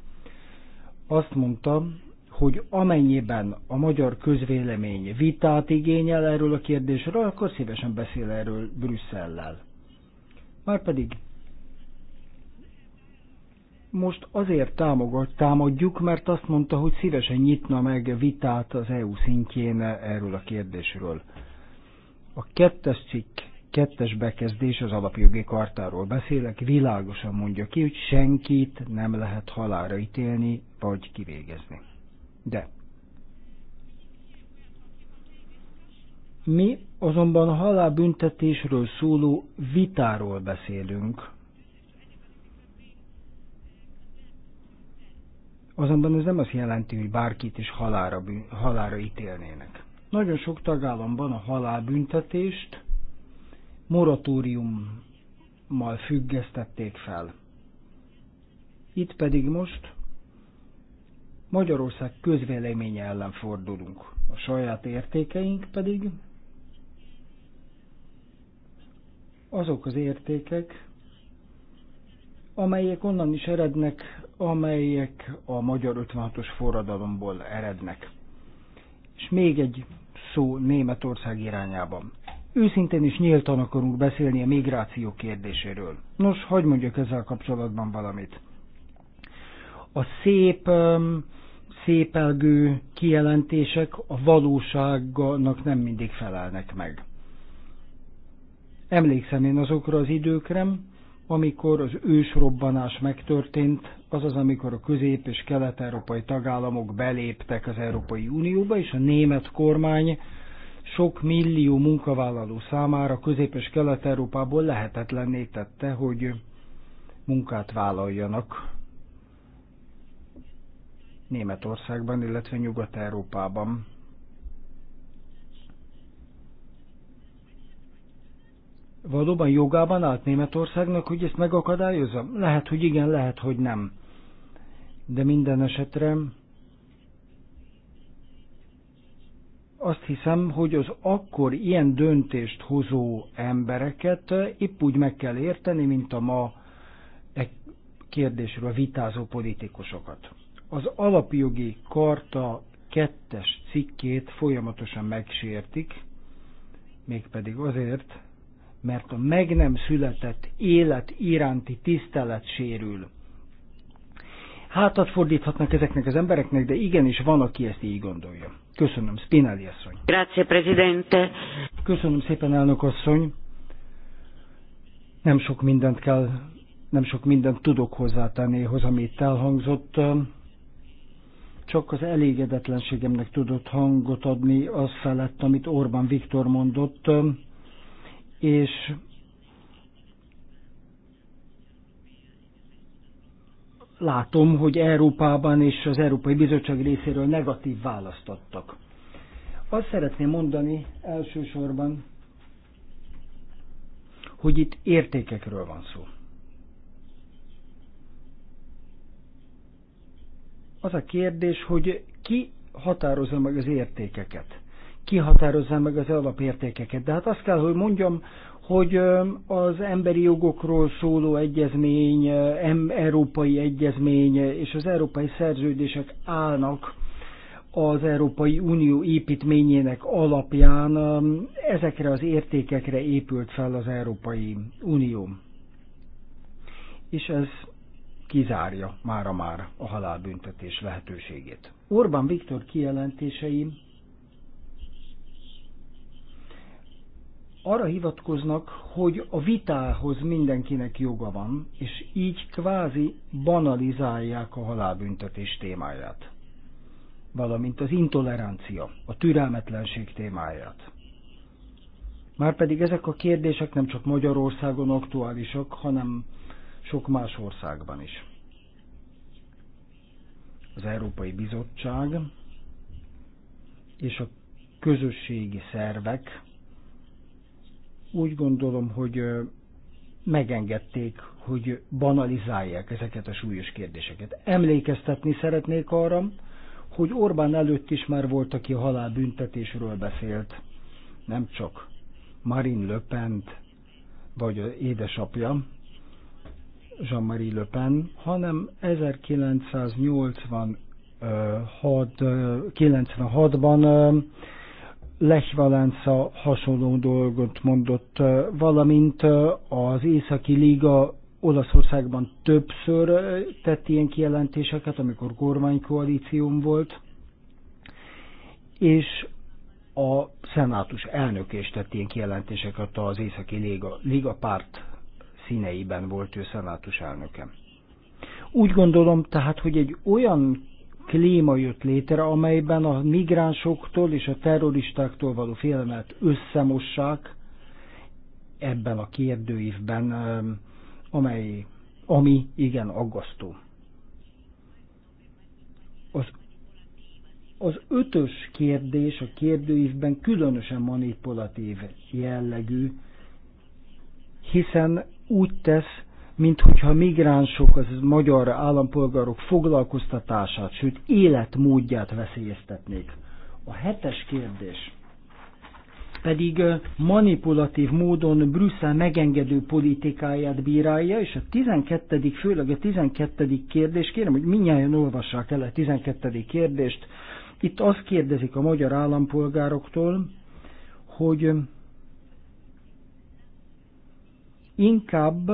Azt mondta, hogy amennyiben a magyar közvélemény vitát igényel erről a kérdésről, akkor szívesen beszél erről Brüsszellel. Márpedig most azért támogat, támadjuk, mert azt mondta, hogy szívesen nyitna meg vitát az EU szintjén erről a kérdésről. A kettes cikk, kettes bekezdés az alapjogi kartáról beszélek, világosan mondja ki, hogy senkit nem lehet halára ítélni vagy kivégezni. De mi azonban a halálbüntetésről szóló vitáról beszélünk. Azonban ez nem azt jelenti, hogy bárkit is halára, halára ítélnének. Nagyon sok tagállamban a halálbüntetést moratóriummal függesztették fel. Itt pedig most Magyarország közvéleménye ellen fordulunk. A saját értékeink pedig azok az értékek, amelyek onnan is erednek, amelyek a magyar 56-os forradalomból erednek. És még egy szó Németország irányában. Őszintén is nyíltan akarunk beszélni a migráció kérdéséről. Nos, hagyd mondjak ezzel kapcsolatban valamit. A szép um, szépelgő kijelentések a valóságnak nem mindig felelnek meg. Emlékszem én azokra az időkre, amikor az ősrobbanás megtörtént, azaz amikor a közép- és kelet-európai tagállamok beléptek az Európai Unióba, és a német kormány sok millió munkavállaló számára közép- és kelet-európából lehetetlenné tette, hogy munkát vállaljanak Németországban, illetve Nyugat-Európában. Valóban jogában állt Németországnak, hogy ezt megakadályozza? Lehet, hogy igen, lehet, hogy nem. De minden esetre azt hiszem, hogy az akkor ilyen döntést hozó embereket épp úgy meg kell érteni, mint a ma e kérdésről vitázó politikusokat az alapjogi karta kettes cikkét folyamatosan megsértik, mégpedig azért, mert a meg nem született élet iránti tisztelet sérül. Hátat fordíthatnak ezeknek az embereknek, de igenis van, aki ezt így gondolja. Köszönöm, Spinelli asszony. Grazie, Presidente. Köszönöm szépen, elnök asszony. Nem sok mindent kell, nem sok mindent tudok hozzátenni, hoz, amit elhangzott csak az elégedetlenségemnek tudott hangot adni az felett, amit Orbán Viktor mondott, és látom, hogy Európában és az Európai Bizottság részéről negatív választ adtak. Azt szeretném mondani elsősorban, hogy itt értékekről van szó. az a kérdés, hogy ki határozza meg az értékeket, ki határozza meg az alapértékeket. De hát azt kell, hogy mondjam, hogy az emberi jogokról szóló egyezmény, európai egyezmény és az európai szerződések állnak az Európai Unió építményének alapján ezekre az értékekre épült fel az Európai Unió. És ez kizárja mára már a halálbüntetés lehetőségét. Orbán Viktor kijelentéseim arra hivatkoznak, hogy a vitához mindenkinek joga van, és így kvázi banalizálják a halálbüntetés témáját, valamint az intolerancia, a türelmetlenség témáját. Márpedig ezek a kérdések nem csak Magyarországon aktuálisak, hanem sok más országban is. Az Európai Bizottság és a közösségi szervek úgy gondolom, hogy megengedték, hogy banalizálják ezeket a súlyos kérdéseket. Emlékeztetni szeretnék arra, hogy Orbán előtt is már volt, aki a halálbüntetésről beszélt, nem csak Marine Le Pen vagy az édesapja, Jean-Marie Le Pen, hanem 1996-ban Lech Valenza hasonló dolgot mondott, valamint az Északi Liga Olaszországban többször tett ilyen kijelentéseket, amikor kormánykoalícióm volt, és a szenátus elnök is tett ilyen kijelentéseket az Északi Liga, Liga párt színeiben volt ő szenátus elnöke. Úgy gondolom tehát, hogy egy olyan kléma jött létre, amelyben a migránsoktól és a terroristáktól való félelmet összemossák ebben a kérdőívben, amely, ami igen aggasztó. Az, az ötös kérdés a kérdőívben különösen manipulatív jellegű, hiszen úgy tesz, hogyha migránsok, az magyar állampolgárok foglalkoztatását, sőt életmódját veszélyeztetnék. A hetes kérdés pedig manipulatív módon Brüsszel megengedő politikáját bírálja, és a 12. főleg a 12. kérdés, kérem, hogy minnyáján olvassák el a 12. kérdést, itt azt kérdezik a magyar állampolgároktól, hogy inkább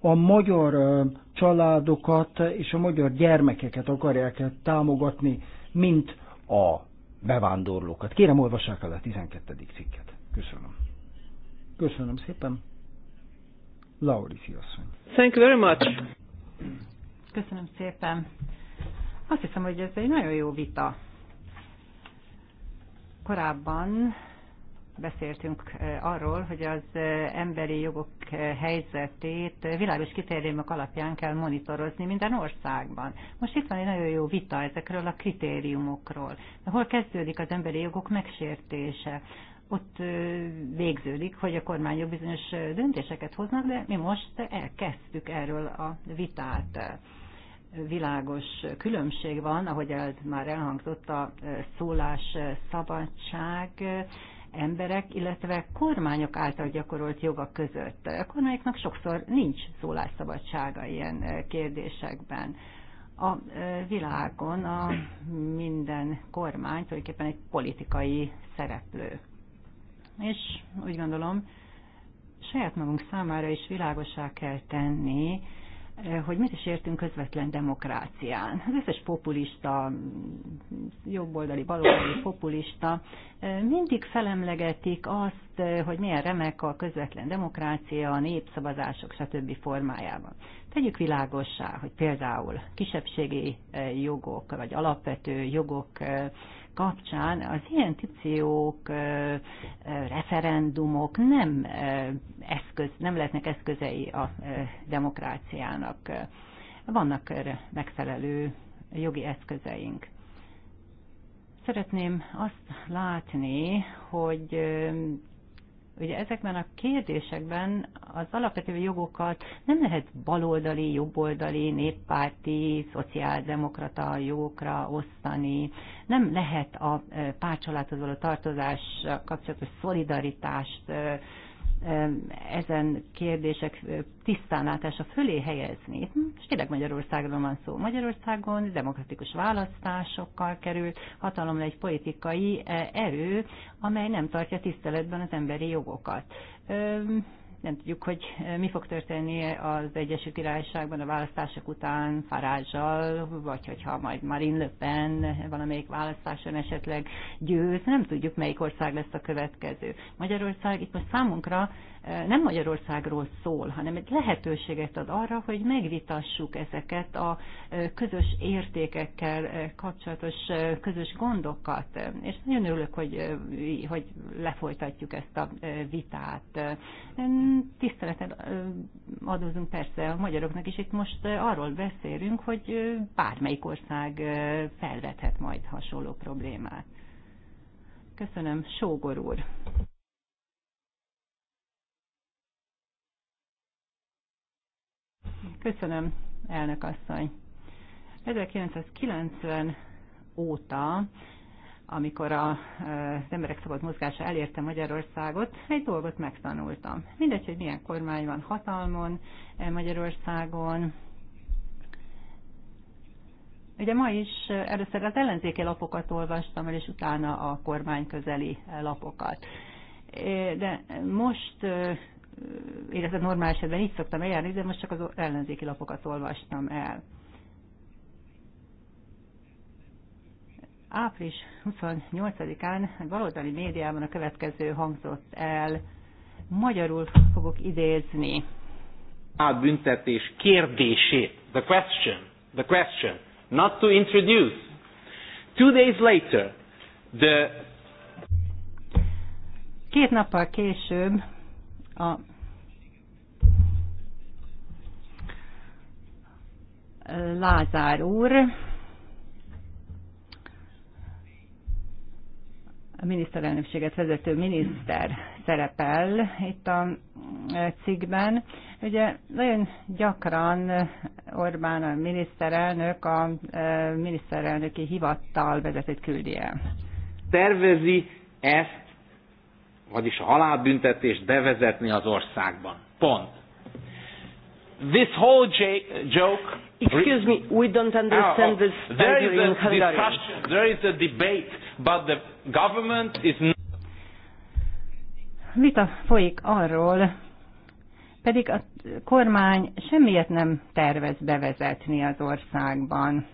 a magyar családokat és a magyar gyermekeket akarják támogatni, mint a bevándorlókat. Kérem, olvassák el a 12. cikket. Köszönöm. Köszönöm szépen. Lauri asszony. Thank you very much. Köszönöm szépen. Azt hiszem, hogy ez egy nagyon jó vita. Korábban beszéltünk arról, hogy az emberi jogok helyzetét világos kritériumok alapján kell monitorozni minden országban. Most itt van egy nagyon jó vita ezekről a kritériumokról. Hol kezdődik az emberi jogok megsértése? Ott végződik, hogy a kormányok bizonyos döntéseket hoznak, de mi most elkezdtük erről a vitát világos különbség van, ahogy ez már elhangzott a szólás szabadság emberek, illetve kormányok által gyakorolt joga között. A kormányoknak sokszor nincs szólásszabadsága ilyen eh, kérdésekben. A eh, világon a minden kormány tulajdonképpen egy politikai szereplő. És úgy gondolom, saját magunk számára is világosá kell tenni, Eh, hogy mit is értünk közvetlen demokrácián. Az összes populista, jobboldali, baloldali populista eh, mindig felemlegetik azt, eh, hogy milyen remek a közvetlen demokrácia, a népszavazások, stb. formájában. Tegyük világossá, hogy például kisebbségi jogok, vagy alapvető jogok kapcsán az ilyen típciók, referendumok nem, eszköz, nem lehetnek eszközei a demokráciának. Vannak erre megfelelő jogi eszközeink. Szeretném azt látni, hogy Ugye ezekben a kérdésekben az alapvető jogokat nem lehet baloldali, jobboldali, néppárti, szociáldemokrata jogokra osztani. Nem lehet a e, pártcsaládhoz való tartozás kapcsolatos szolidaritást e, ezen kérdések tisztánlátása fölé helyezni. És tényleg Magyarországról van szó. Magyarországon demokratikus választásokkal került hatalomra egy politikai e, erő, amely nem tartja tiszteletben az emberi jogokat nem tudjuk, hogy mi fog történni az Egyesült Királyságban a választások után Farázsal, vagy hogyha majd Marine Le Pen valamelyik választáson esetleg győz, nem tudjuk, melyik ország lesz a következő. Magyarország itt most számunkra nem Magyarországról szól, hanem egy lehetőséget ad arra, hogy megvitassuk ezeket a közös értékekkel kapcsolatos közös gondokat. És nagyon örülök, hogy, hogy lefolytatjuk ezt a vitát. Tiszteletet adózunk persze a magyaroknak, és itt most arról beszélünk, hogy bármelyik ország felvethet majd hasonló problémát. Köszönöm, Sógor úr! Köszönöm, elnök asszony. 1990 óta, amikor a, az emberek szabad mozgása elérte Magyarországot, egy dolgot megtanultam. Mindegy, hogy milyen kormány van hatalmon eh, Magyarországon, Ugye ma is eh, először az ellenzéki lapokat olvastam és utána a kormány közeli eh, lapokat. De most illetve normál esetben így szoktam eljárni, de most csak az ellenzéki lapokat olvastam el. Április 28-án baloldali médiában a következő hangzott el, magyarul fogok idézni. A büntetés kérdését, the question, the question, not to introduce. Two days later, the Két nappal később a Lázár úr, a miniszterelnökséget vezető miniszter szerepel itt a cikkben. Ugye nagyon gyakran Orbán a miniszterelnök a e, miniszterelnöki hivattal vezetőt küldi el. Tervezi ezt vagyis a halálbüntetést bevezetni az országban. Pont. This whole joke... Excuse me, we don't understand ah, oh, this there is a discussion. There is a debate, but the government is not... Vita folyik arról, pedig a kormány semmiet nem tervez bevezetni az országban.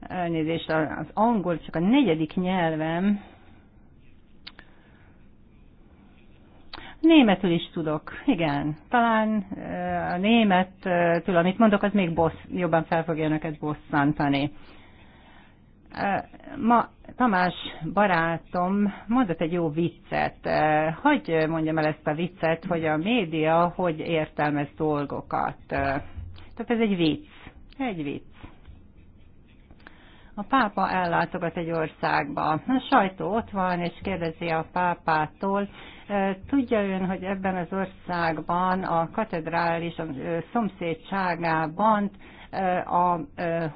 Elnézést, az angol csak a negyedik nyelvem, Németül is tudok, igen. Talán eh, a németül, amit mondok, az még bossz, jobban fel fogja neked bosszantani. Eh, ma Tamás barátom mondott egy jó viccet. Eh, Hagy mondjam el ezt a viccet, hogy a média hogy értelmez dolgokat. Tehát ez egy vicc. Egy vicc a pápa ellátogat egy országba. A sajtó ott van, és kérdezi a pápától, tudja ön, hogy ebben az országban, a katedrális a szomszédságában a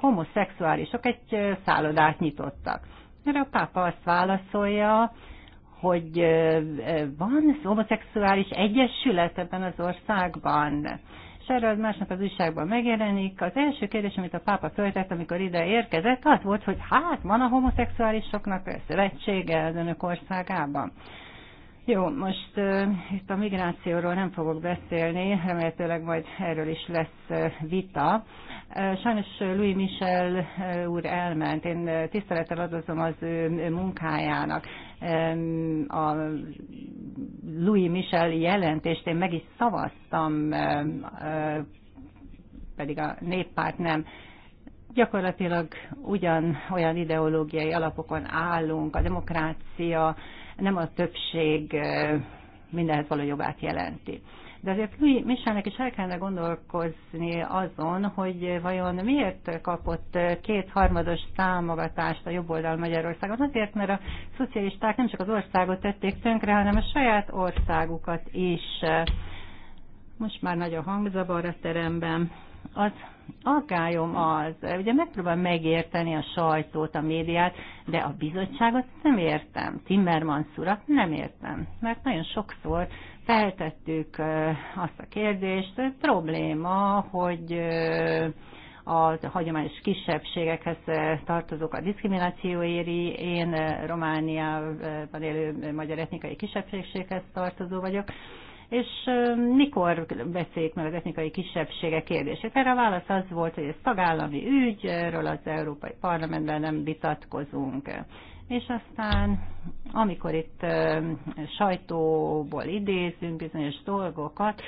homoszexuálisok egy szállodát nyitottak. Mert a pápa azt válaszolja, hogy van homoszexuális egyesület ebben az országban erről másnap az újságban megjelenik. Az első kérdés, amit a pápa föltett, amikor ide érkezett, az volt, hogy hát van a homoszexuálisoknak szövetsége az önök országában. Jó, most uh, itt a migrációról nem fogok beszélni, remélhetőleg majd erről is lesz vita. Sajnos Louis Michel úr elment, én tisztelettel adozom az ő munkájának. A Louis Michel jelentést én meg is szavaztam, pedig a néppárt nem gyakorlatilag ugyan olyan ideológiai alapokon állunk, a demokrácia, nem a többség mindenhez való jogát jelenti. De azért Louis Michelnek is el kellene gondolkozni azon, hogy vajon miért kapott kétharmados támogatást a jobb oldal Magyarországon. Azért, mert a szocialisták nem csak az országot tették tönkre, hanem a saját országukat is. Most már nagy a hangzavar a teremben. Az Akályom az, ugye megpróbálom megérteni a sajtót, a médiát, de a bizottságot nem értem, Timmermans urat nem értem, mert nagyon sokszor feltettük azt a kérdést, hogy probléma, hogy a hagyományos kisebbségekhez tartozók a diszkrimináció éri, én Romániában élő magyar etnikai kisebbségekhez tartozó vagyok, és mikor beszéljük meg az etnikai kisebbségek kérdését? Erre a válasz az volt, hogy ez tagállami ügy, erről az Európai Parlamentben nem vitatkozunk. És aztán, amikor itt sajtóból idézünk bizonyos dolgokat,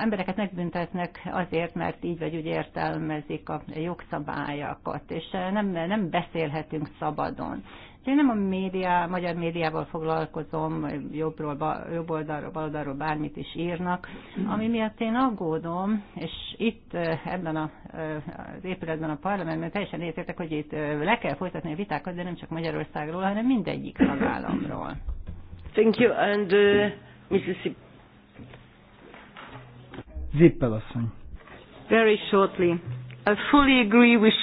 embereket megbüntetnek azért, mert így vagy úgy értelmezik a jogszabályokat, és nem, nem beszélhetünk szabadon. Én nem a média, magyar médiával foglalkozom, jobbról, bal, jobb oldalról, bal oldalról bármit is írnak, ami miatt én aggódom, és itt ebben a, az épületben a parlamentben teljesen értetek, hogy itt le kell folytatni a vitákat, de nem csak Magyarországról, hanem mindegyik tagállamról. Thank you, and uh, Mississippi. Zippel asszony. Very shortly. I fully agree with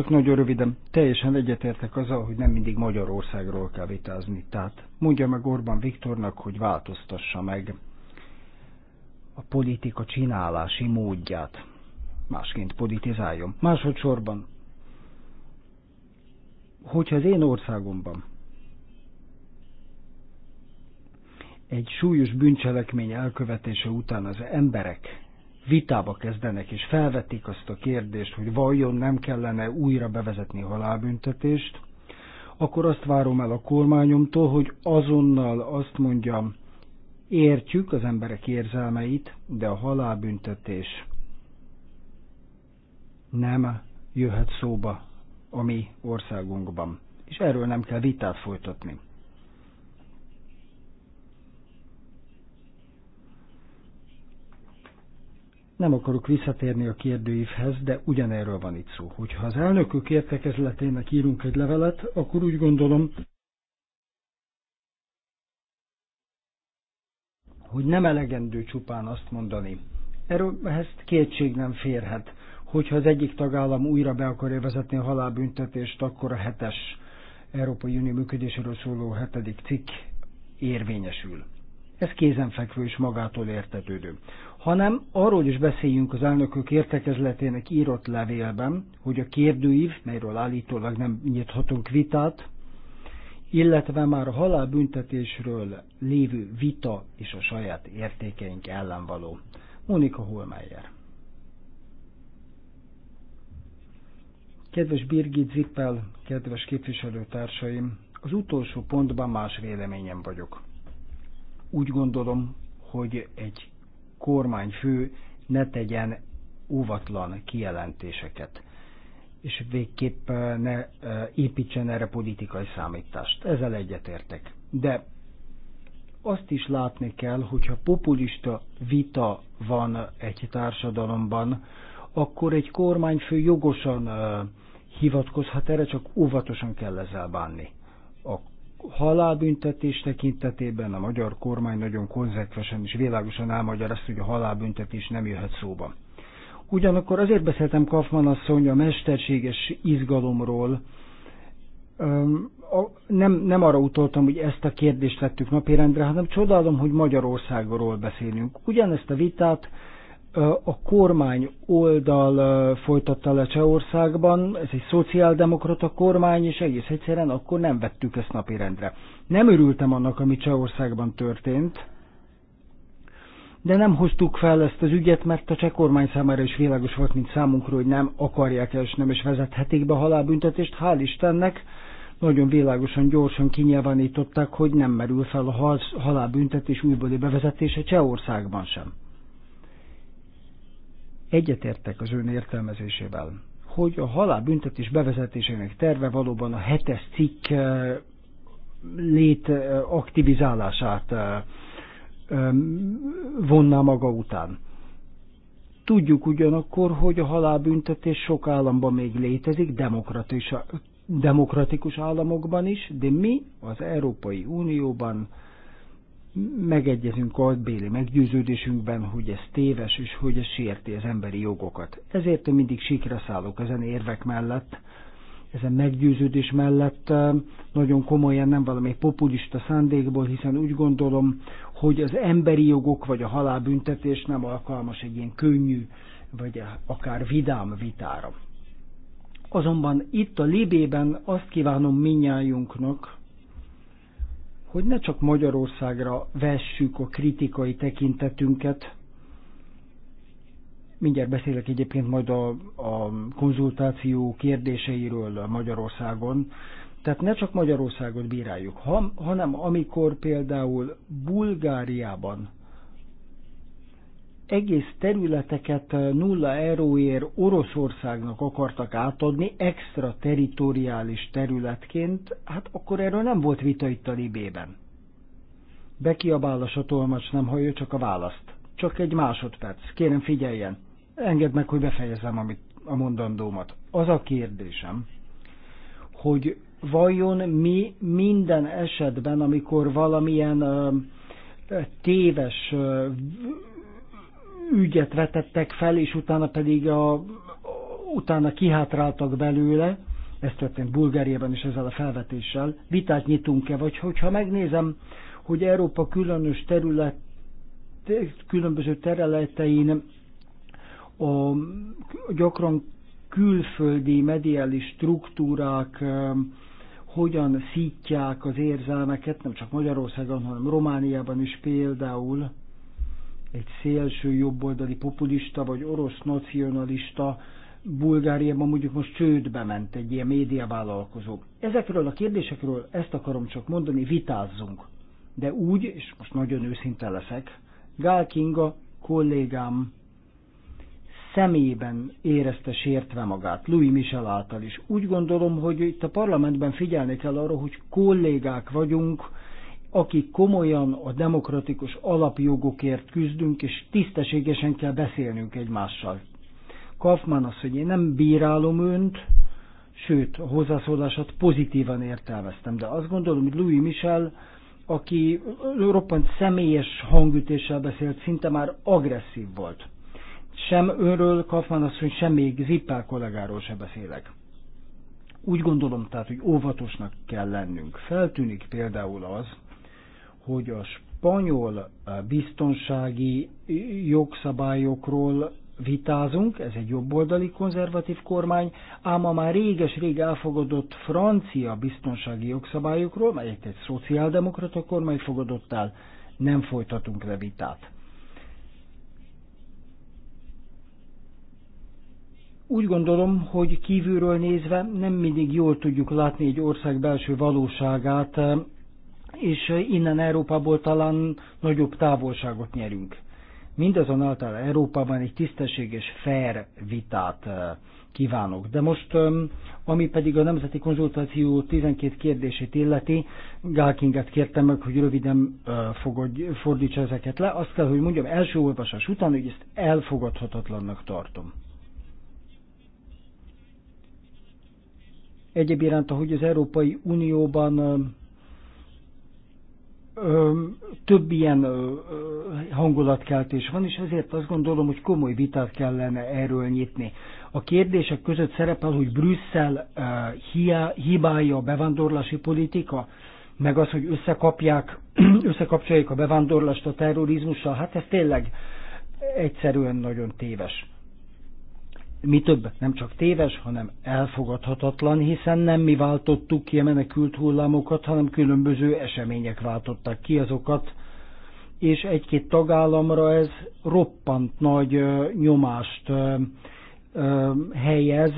csak nagyon röviden, teljesen egyetértek azzal, hogy nem mindig Magyarországról kell vitázni. Tehát mondja meg Orbán Viktornak, hogy változtassa meg a politika csinálási módját. Másként politizáljon. Másodszorban, hogyha az én országomban egy súlyos bűncselekmény elkövetése után az emberek vitába kezdenek, és felvetik azt a kérdést, hogy vajon nem kellene újra bevezetni halálbüntetést, akkor azt várom el a kormányomtól, hogy azonnal azt mondjam, értjük az emberek érzelmeit, de a halálbüntetés nem jöhet szóba a mi országunkban. És erről nem kell vitát folytatni. Nem akarok visszatérni a kérdőívhez, de ugyanerről van itt szó. Hogyha az elnökök értekezletének írunk egy levelet, akkor úgy gondolom, hogy nem elegendő csupán azt mondani. Erről ehhez kétség nem férhet. Hogyha az egyik tagállam újra be akarja vezetni a halálbüntetést, akkor a hetes Európai Unió működéséről szóló hetedik cikk érvényesül. Ez kézenfekvő és magától értetődő hanem arról is beszéljünk az elnökök értekezletének írott levélben, hogy a kérdőív, melyről állítólag nem nyithatunk vitát, illetve már a halálbüntetésről lévő vita és a saját értékeink ellen való. Monika Holmeyer. Kedves Birgit Zippel, kedves képviselőtársaim, az utolsó pontban más véleményem vagyok. Úgy gondolom, hogy egy kormányfő ne tegyen óvatlan kijelentéseket, és végképp eh, ne eh, építsen erre politikai számítást. Ezzel egyetértek. De azt is látni kell, hogyha populista vita van egy társadalomban, akkor egy kormányfő jogosan eh, hivatkozhat erre, csak óvatosan kell ezzel bánni. A halálbüntetés tekintetében a magyar kormány nagyon konzekvesen és világosan elmagyarázta, hogy a halálbüntetés nem jöhet szóba. Ugyanakkor azért beszéltem Kaufmann asszony a mesterséges izgalomról, nem, nem arra utoltam, hogy ezt a kérdést vettük napirendre, hanem csodálom, hogy Magyarországról beszélünk. Ugyanezt a vitát a kormány oldal folytatta le Csehországban, ez egy szociáldemokrata kormány, és egész egyszerűen akkor nem vettük ezt napirendre. Nem örültem annak, ami Csehországban történt, de nem hoztuk fel ezt az ügyet, mert a cseh kormány számára is világos volt, mint számunkra, hogy nem akarják és nem is vezethetik be halálbüntetést, hál' Istennek, nagyon világosan, gyorsan kinyilvánították, hogy nem merül fel a halálbüntetés újbóli bevezetése Csehországban sem. Egyetértek az ön értelmezésével, hogy a halálbüntetés bevezetésének terve valóban a hetes cikk eh, lét eh, aktivizálását eh, vonná maga után. Tudjuk ugyanakkor, hogy a halálbüntetés sok államban még létezik, demokratikus államokban is, de mi az Európai Unióban megegyezünk a béli meggyőződésünkben, hogy ez téves, és hogy ez sérti az emberi jogokat. Ezért én mindig sikra szállok ezen érvek mellett, ezen meggyőződés mellett nagyon komolyan nem valami populista szándékból, hiszen úgy gondolom, hogy az emberi jogok vagy a halálbüntetés nem alkalmas egy ilyen könnyű, vagy akár vidám vitára. Azonban itt a Libében azt kívánom minnyájunknak, hogy ne csak Magyarországra vessük a kritikai tekintetünket, mindjárt beszélek egyébként majd a, a konzultáció kérdéseiről Magyarországon, tehát ne csak Magyarországot bíráljuk, ha, hanem amikor például Bulgáriában egész területeket eh, nulla euróért Oroszországnak akartak átadni extra teritoriális területként, hát akkor erről nem volt vita itt a Libében. Bekiabálás a tolmacs nem hallja csak a választ. Csak egy másodperc, kérem figyeljen. Engedd meg, hogy befejezem amit, a mondandómat. Az a kérdésem, hogy vajon mi minden esetben, amikor valamilyen ö, eh, eh, téves ö, ügyet vetettek fel, és utána pedig a, utána kihátráltak belőle, ez történt Bulgáriában is ezzel a felvetéssel, vitát nyitunk-e, vagy hogyha megnézem, hogy Európa különös terület, különböző területein a gyakran külföldi mediális struktúrák um, hogyan szítják az érzelmeket, nem csak Magyarországon, hanem Romániában is például, egy szélső jobboldali populista vagy orosz nacionalista Bulgáriában mondjuk most csődbe ment egy ilyen médiavállalkozó. Ezekről a kérdésekről ezt akarom csak mondani, vitázzunk. De úgy, és most nagyon őszinte leszek, Gál Kinga kollégám személyében érezte sértve magát, Louis Michel által is. Úgy gondolom, hogy itt a parlamentben figyelni kell arra, hogy kollégák vagyunk, akik komolyan a demokratikus alapjogokért küzdünk, és tisztességesen kell beszélnünk egymással. Kaufmann azt hogy én nem bírálom önt, sőt, a hozzászólását pozitívan értelmeztem, de azt gondolom, hogy Louis Michel, aki roppant személyes hangütéssel beszélt, szinte már agresszív volt. Sem önről, Kaufmann hogy sem még Zippel kollégáról se beszélek. Úgy gondolom tehát, hogy óvatosnak kell lennünk. Feltűnik például az, hogy a spanyol eh, biztonsági eh, jogszabályokról vitázunk, ez egy jobboldali konzervatív kormány, ám a már réges-rég elfogadott francia biztonsági jogszabályokról, melyet egy szociáldemokrata kormány fogadott el, nem folytatunk le vitát. Úgy gondolom, hogy kívülről nézve nem mindig jól tudjuk látni egy ország belső valóságát, eh, és innen Európából talán nagyobb távolságot nyerünk. Mindazonáltal Európában egy tisztességes, fair vitát kívánok. De most, ami pedig a Nemzeti Konzultáció 12 kérdését illeti, Gálkinget kértem meg, hogy röviden fogadj, fordítsa ezeket le. Azt kell, hogy mondjam, első olvasás után, hogy ezt elfogadhatatlannak tartom. Egyéb iránt, ahogy az Európai Unióban több ilyen hangulatkeltés van, és ezért azt gondolom, hogy komoly vitát kellene erről nyitni. A kérdések között szerepel, hogy Brüsszel hibája a bevándorlási politika, meg az, hogy összekapják, összekapcsolják a bevándorlást a terrorizmussal, hát ez tényleg egyszerűen nagyon téves mi több, nem csak téves, hanem elfogadhatatlan, hiszen nem mi váltottuk ki a menekült hullámokat, hanem különböző események váltották ki azokat, és egy-két tagállamra ez roppant nagy nyomást helyez,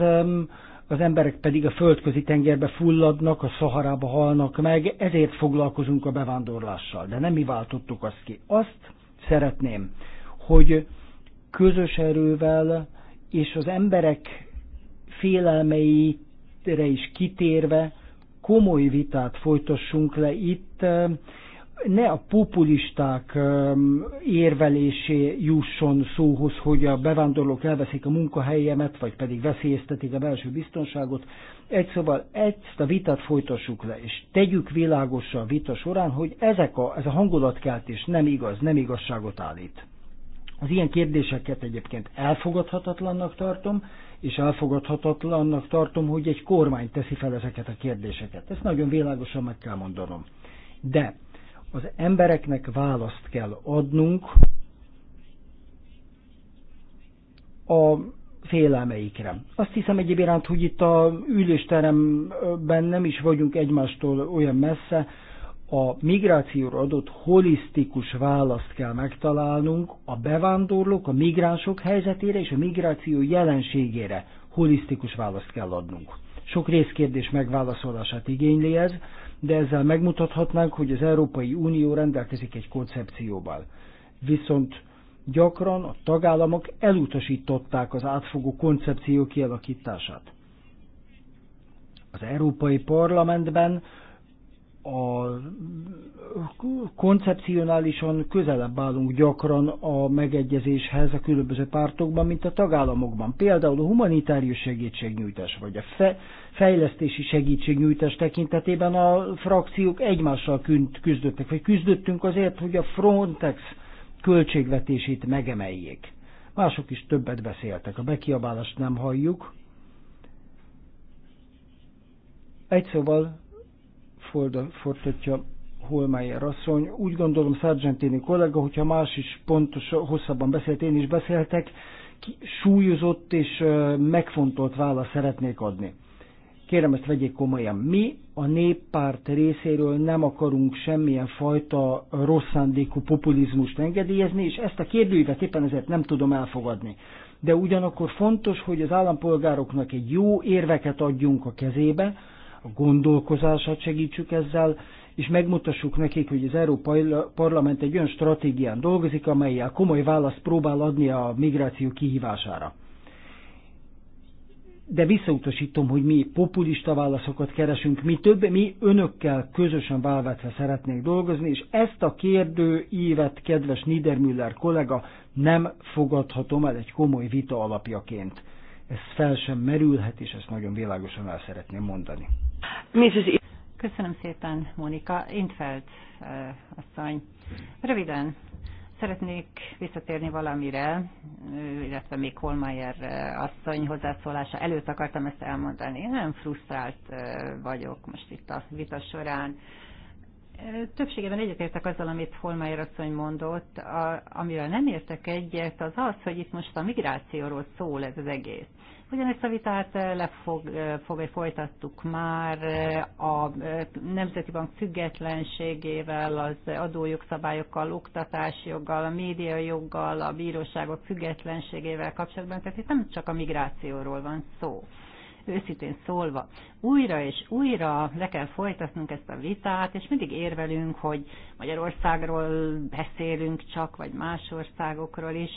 az emberek pedig a földközi tengerbe fulladnak, a szaharába halnak meg, ezért foglalkozunk a bevándorlással, de nem mi váltottuk azt ki. Azt szeretném, hogy közös erővel és az emberek félelmeire is kitérve komoly vitát folytassunk le itt, eh, ne a populisták eh, érvelésé jusson szóhoz, hogy a bevándorlók elveszik a munkahelyemet, vagy pedig veszélyeztetik a belső biztonságot. Egy szóval ezt a vitát folytassuk le, és tegyük világosra a vita során, hogy ezek a, ez a hangulatkeltés nem igaz, nem igazságot állít. Az ilyen kérdéseket egyébként elfogadhatatlannak tartom, és elfogadhatatlannak tartom, hogy egy kormány teszi fel ezeket a kérdéseket. Ezt nagyon világosan meg kell mondanom. De az embereknek választ kell adnunk a félelmeikre. Azt hiszem egyébként, hogy itt a ülésteremben nem is vagyunk egymástól olyan messze, a migrációra adott holisztikus választ kell megtalálnunk a bevándorlók, a migránsok helyzetére és a migráció jelenségére holisztikus választ kell adnunk. Sok részkérdés megválaszolását igényli ez, de ezzel megmutathatnánk, hogy az Európai Unió rendelkezik egy koncepcióval. Viszont gyakran a tagállamok elutasították az átfogó koncepció kialakítását. Az Európai Parlamentben a koncepcionálisan közelebb állunk gyakran a megegyezéshez a különböző pártokban, mint a tagállamokban. Például a humanitárius segítségnyújtás vagy a fe, fejlesztési segítségnyújtás tekintetében a frakciók egymással küzdöttek, vagy küzdöttünk azért, hogy a Frontex költségvetését megemeljék. Mások is többet beszéltek, a bekiabálást nem halljuk. Egy szóval folytatja Holmeyer asszony. Úgy gondolom, Sargentini kollega, hogyha más is pontos, hosszabban beszélt, én is beszéltek, súlyozott és megfontolt választ szeretnék adni. Kérem, ezt vegyék komolyan. Mi a néppárt részéről nem akarunk semmilyen fajta rossz szándékú populizmust engedélyezni, és ezt a kérdőívet éppen ezért nem tudom elfogadni. De ugyanakkor fontos, hogy az állampolgároknak egy jó érveket adjunk a kezébe, a gondolkozását segítsük ezzel, és megmutassuk nekik, hogy az Európai Parlament egy olyan stratégián dolgozik, amelyel komoly választ próbál adni a migráció kihívására. De visszautasítom, hogy mi populista válaszokat keresünk, mi több, mi önökkel közösen válvetve szeretnénk dolgozni, és ezt a kérdő évet, kedves Niedermüller kollega, nem fogadhatom el egy komoly vita alapjaként. Ez fel sem merülhet, és ezt nagyon világosan el szeretném mondani. Köszönöm szépen, Mónika. Intfeld eh, asszony. Röviden, szeretnék visszatérni valamire, eh, illetve még Holmeyer eh, asszony hozzászólása előtt akartam ezt elmondani. Én nem frusztrált vagyok most itt a vita során. Többségében egyetértek azzal, amit Holmeyer asszony mondott. A, amivel nem értek egyet, az az, hogy itt most a migrációról szól ez az egész. Ugyanezt a vitát eh, lefog, fog, eh, folytattuk már eh, a Nemzeti Bank függetlenségével, az adójogszabályokkal, oktatásjoggal, a médiajoggal, a bíróságok függetlenségével kapcsolatban. Tehát itt nem csak a migrációról van szó őszintén szólva, újra és újra le kell folytatnunk ezt a vitát, és mindig érvelünk, hogy Magyarországról beszélünk csak, vagy más országokról is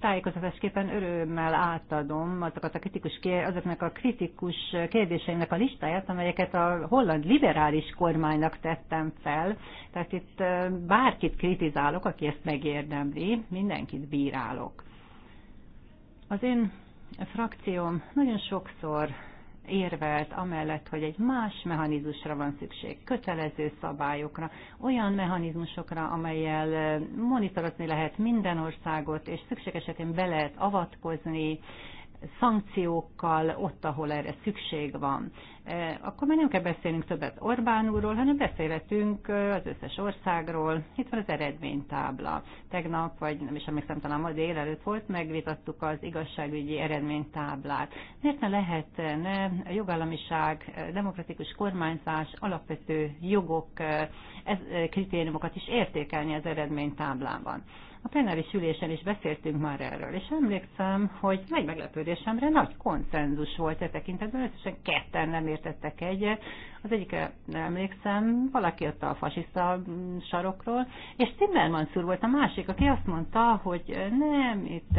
tájékozatásképpen örömmel átadom azokat a kritikus, azoknak a kritikus kérdéseimnek a listáját, amelyeket a holland liberális kormánynak tettem fel. Tehát itt bárkit kritizálok, aki ezt megérdemli, mindenkit bírálok. Az én frakcióm nagyon sokszor érvelt amellett, hogy egy más mechanizmusra van szükség, kötelező szabályokra, olyan mechanizmusokra, amelyel eh, monitorozni lehet minden országot, és szükség esetén be lehet avatkozni, szankciókkal ott, ahol erre szükség van. Eh, akkor már nem kell beszélnünk többet Orbán úrról, hanem beszélhetünk eh, az összes országról. Itt van az eredménytábla. Tegnap, vagy nem is emlékszem, talán ma délelőtt volt, megvitattuk az igazságügyi eredménytáblát. Miért ne lehetne a jogállamiság, eh, demokratikus kormányzás, alapvető jogok ez, kritériumokat is értékelni az eredménytáblában? A plenáris ülésen is beszéltünk már erről, és emlékszem, hogy nagy meglepődésemre nagy konszenzus volt e tekintetben, összesen ketten nem értettek egyet. Az egyikre emlékszem, valaki ott a fasiszta sarokról, és Timmermans úr volt a másik, aki azt mondta, hogy nem, itt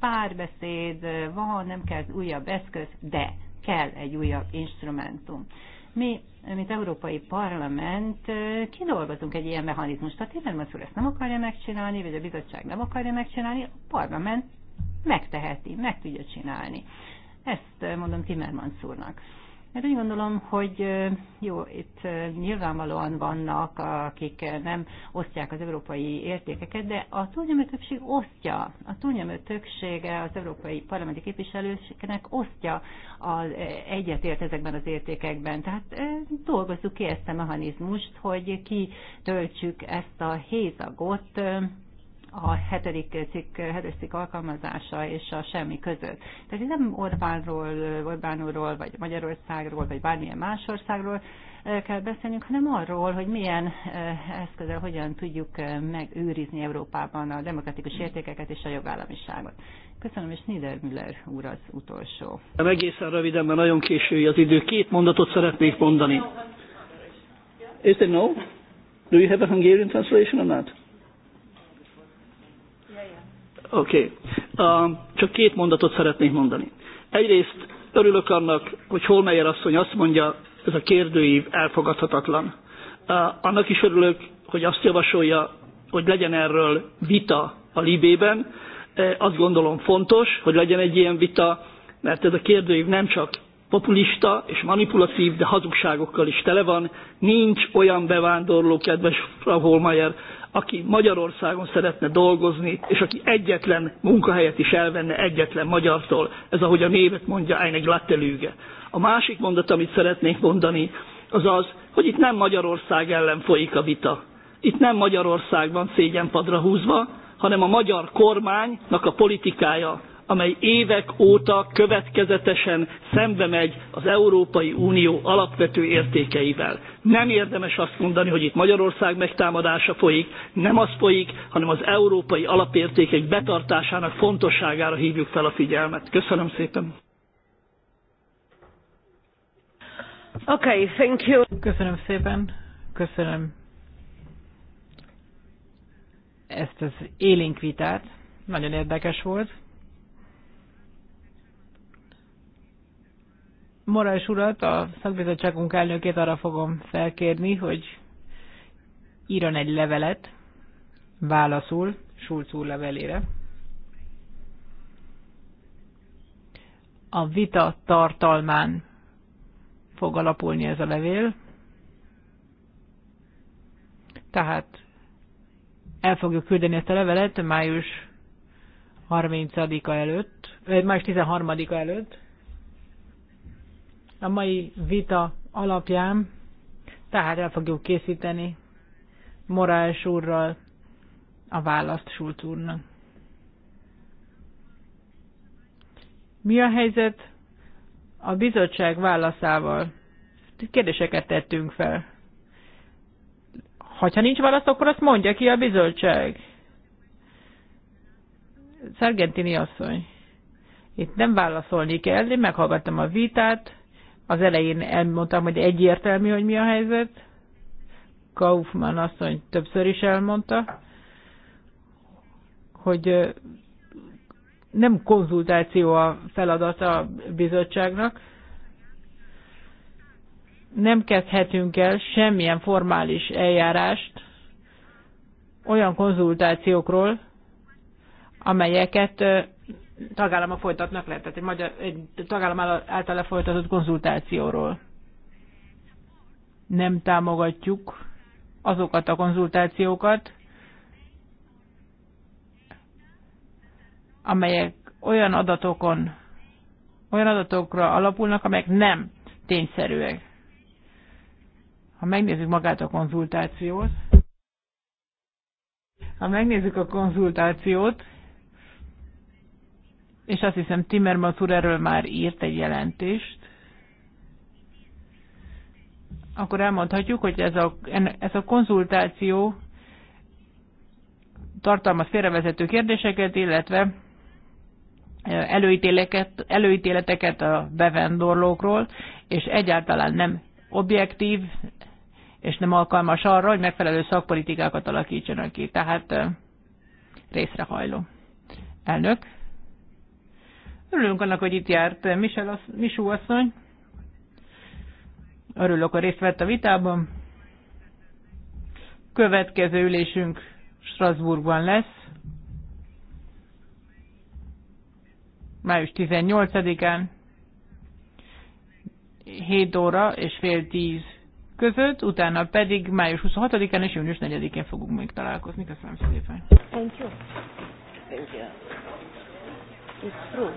párbeszéd van, nem kell újabb eszköz, de kell egy újabb instrumentum. Mi, mint Európai Parlament, kidolgozunk egy ilyen mechanizmust. A Timmermans úr ezt nem akarja megcsinálni, vagy a bizottság nem akarja megcsinálni, a parlament megteheti, meg tudja csinálni. Ezt mondom Timmermans úrnak. Mert hát úgy gondolom, hogy jó, itt nyilvánvalóan vannak, akik nem osztják az európai értékeket, de a túlnyomó többség osztja, a túlnyomó többsége az európai parlamenti képviselőknek osztja az egyetért ezekben az értékekben. Tehát dolgozzuk ki ezt a mechanizmust, hogy kitöltsük ezt a hézagot, a hetedik cikk, hetes cikk alkalmazása és a semmi között. Tehát itt nem Orbánról, Orbánról, vagy Magyarországról, vagy bármilyen más országról e, kell beszélnünk, hanem arról, hogy milyen e, eszközzel hogyan tudjuk e, megőrizni Európában a demokratikus értékeket és a jogállamiságot. Köszönöm, és Niedermüller úr az utolsó. Nem egészen röviden, mert nagyon késői az idő. Két mondatot szeretnék mondani. Is it no? Do you have a Hungarian translation or not? Oké. Okay. Uh, csak két mondatot szeretnék mondani. Egyrészt örülök annak, hogy Holmeyer asszony azt mondja, ez a kérdőív elfogadhatatlan. Uh, annak is örülök, hogy azt javasolja, hogy legyen erről vita a Libében. Uh, azt gondolom fontos, hogy legyen egy ilyen vita, mert ez a kérdőív nem csak populista és manipulatív, de hazugságokkal is tele van. Nincs olyan bevándorló, kedves Frau Holmeier, aki Magyarországon szeretne dolgozni, és aki egyetlen munkahelyet is elvenne egyetlen magyartól. Ez ahogy a névet mondja, egy lattelüge. A másik mondat, amit szeretnék mondani, az az, hogy itt nem Magyarország ellen folyik a vita. Itt nem Magyarország van szégyenpadra húzva, hanem a magyar kormánynak a politikája amely évek óta következetesen szembe megy az Európai Unió alapvető értékeivel. Nem érdemes azt mondani, hogy itt Magyarország megtámadása folyik, nem az folyik, hanem az európai alapértékek betartásának fontosságára hívjuk fel a figyelmet. Köszönöm szépen! Okay, thank you. Köszönöm szépen, köszönöm ezt az élénkvitát, Nagyon érdekes volt. Morás urat, a szakbizottságunk elnökét arra fogom felkérni, hogy írjon egy levelet, válaszul Schulz úr levelére. A vita tartalmán fog alapulni ez a levél, tehát el fogjuk küldeni ezt a levelet május 30-a előtt, eh, május 13-a előtt, a mai vita alapján, tehát el fogjuk készíteni Morales úrral a választ Schulz úrnak. Mi a helyzet a bizottság válaszával? Kérdéseket tettünk fel. Ha nincs válasz, akkor azt mondja ki a bizottság. Szergentini asszony. Itt nem válaszolni kell, én meghallgattam a vitát, az elején elmondtam, hogy egyértelmű, hogy mi a helyzet. Kaufmann asszony többször is elmondta, hogy nem konzultáció a feladata a bizottságnak, nem kezdhetünk el semmilyen formális eljárást olyan konzultációkról, amelyeket tagállama folytatnak le, tehát egy, magyar, egy tagállam által folytatott konzultációról. Nem támogatjuk azokat a konzultációkat, amelyek olyan adatokon, olyan adatokra alapulnak, amelyek nem tényszerűek. Ha megnézzük magát a konzultációt, ha megnézzük a konzultációt, és azt hiszem Timmermans úr erről már írt egy jelentést, akkor elmondhatjuk, hogy ez a, ez a konzultáció tartalmaz félrevezető kérdéseket, illetve előítéleket, előítéleteket a bevendorlókról, és egyáltalán nem objektív, és nem alkalmas arra, hogy megfelelő szakpolitikákat alakítsanak ki. Tehát részrehajló. Elnök, Örülünk annak, hogy itt járt Michel, Misú asszony. Örülök, hogy részt vett a vitában. Következő ülésünk Strasbourgban lesz. Május 18-án 7 óra és fél 10 között, utána pedig május 26-án és június 4-én fogunk még találkozni. Köszönöm szépen. Thank you. Thank you. It's true.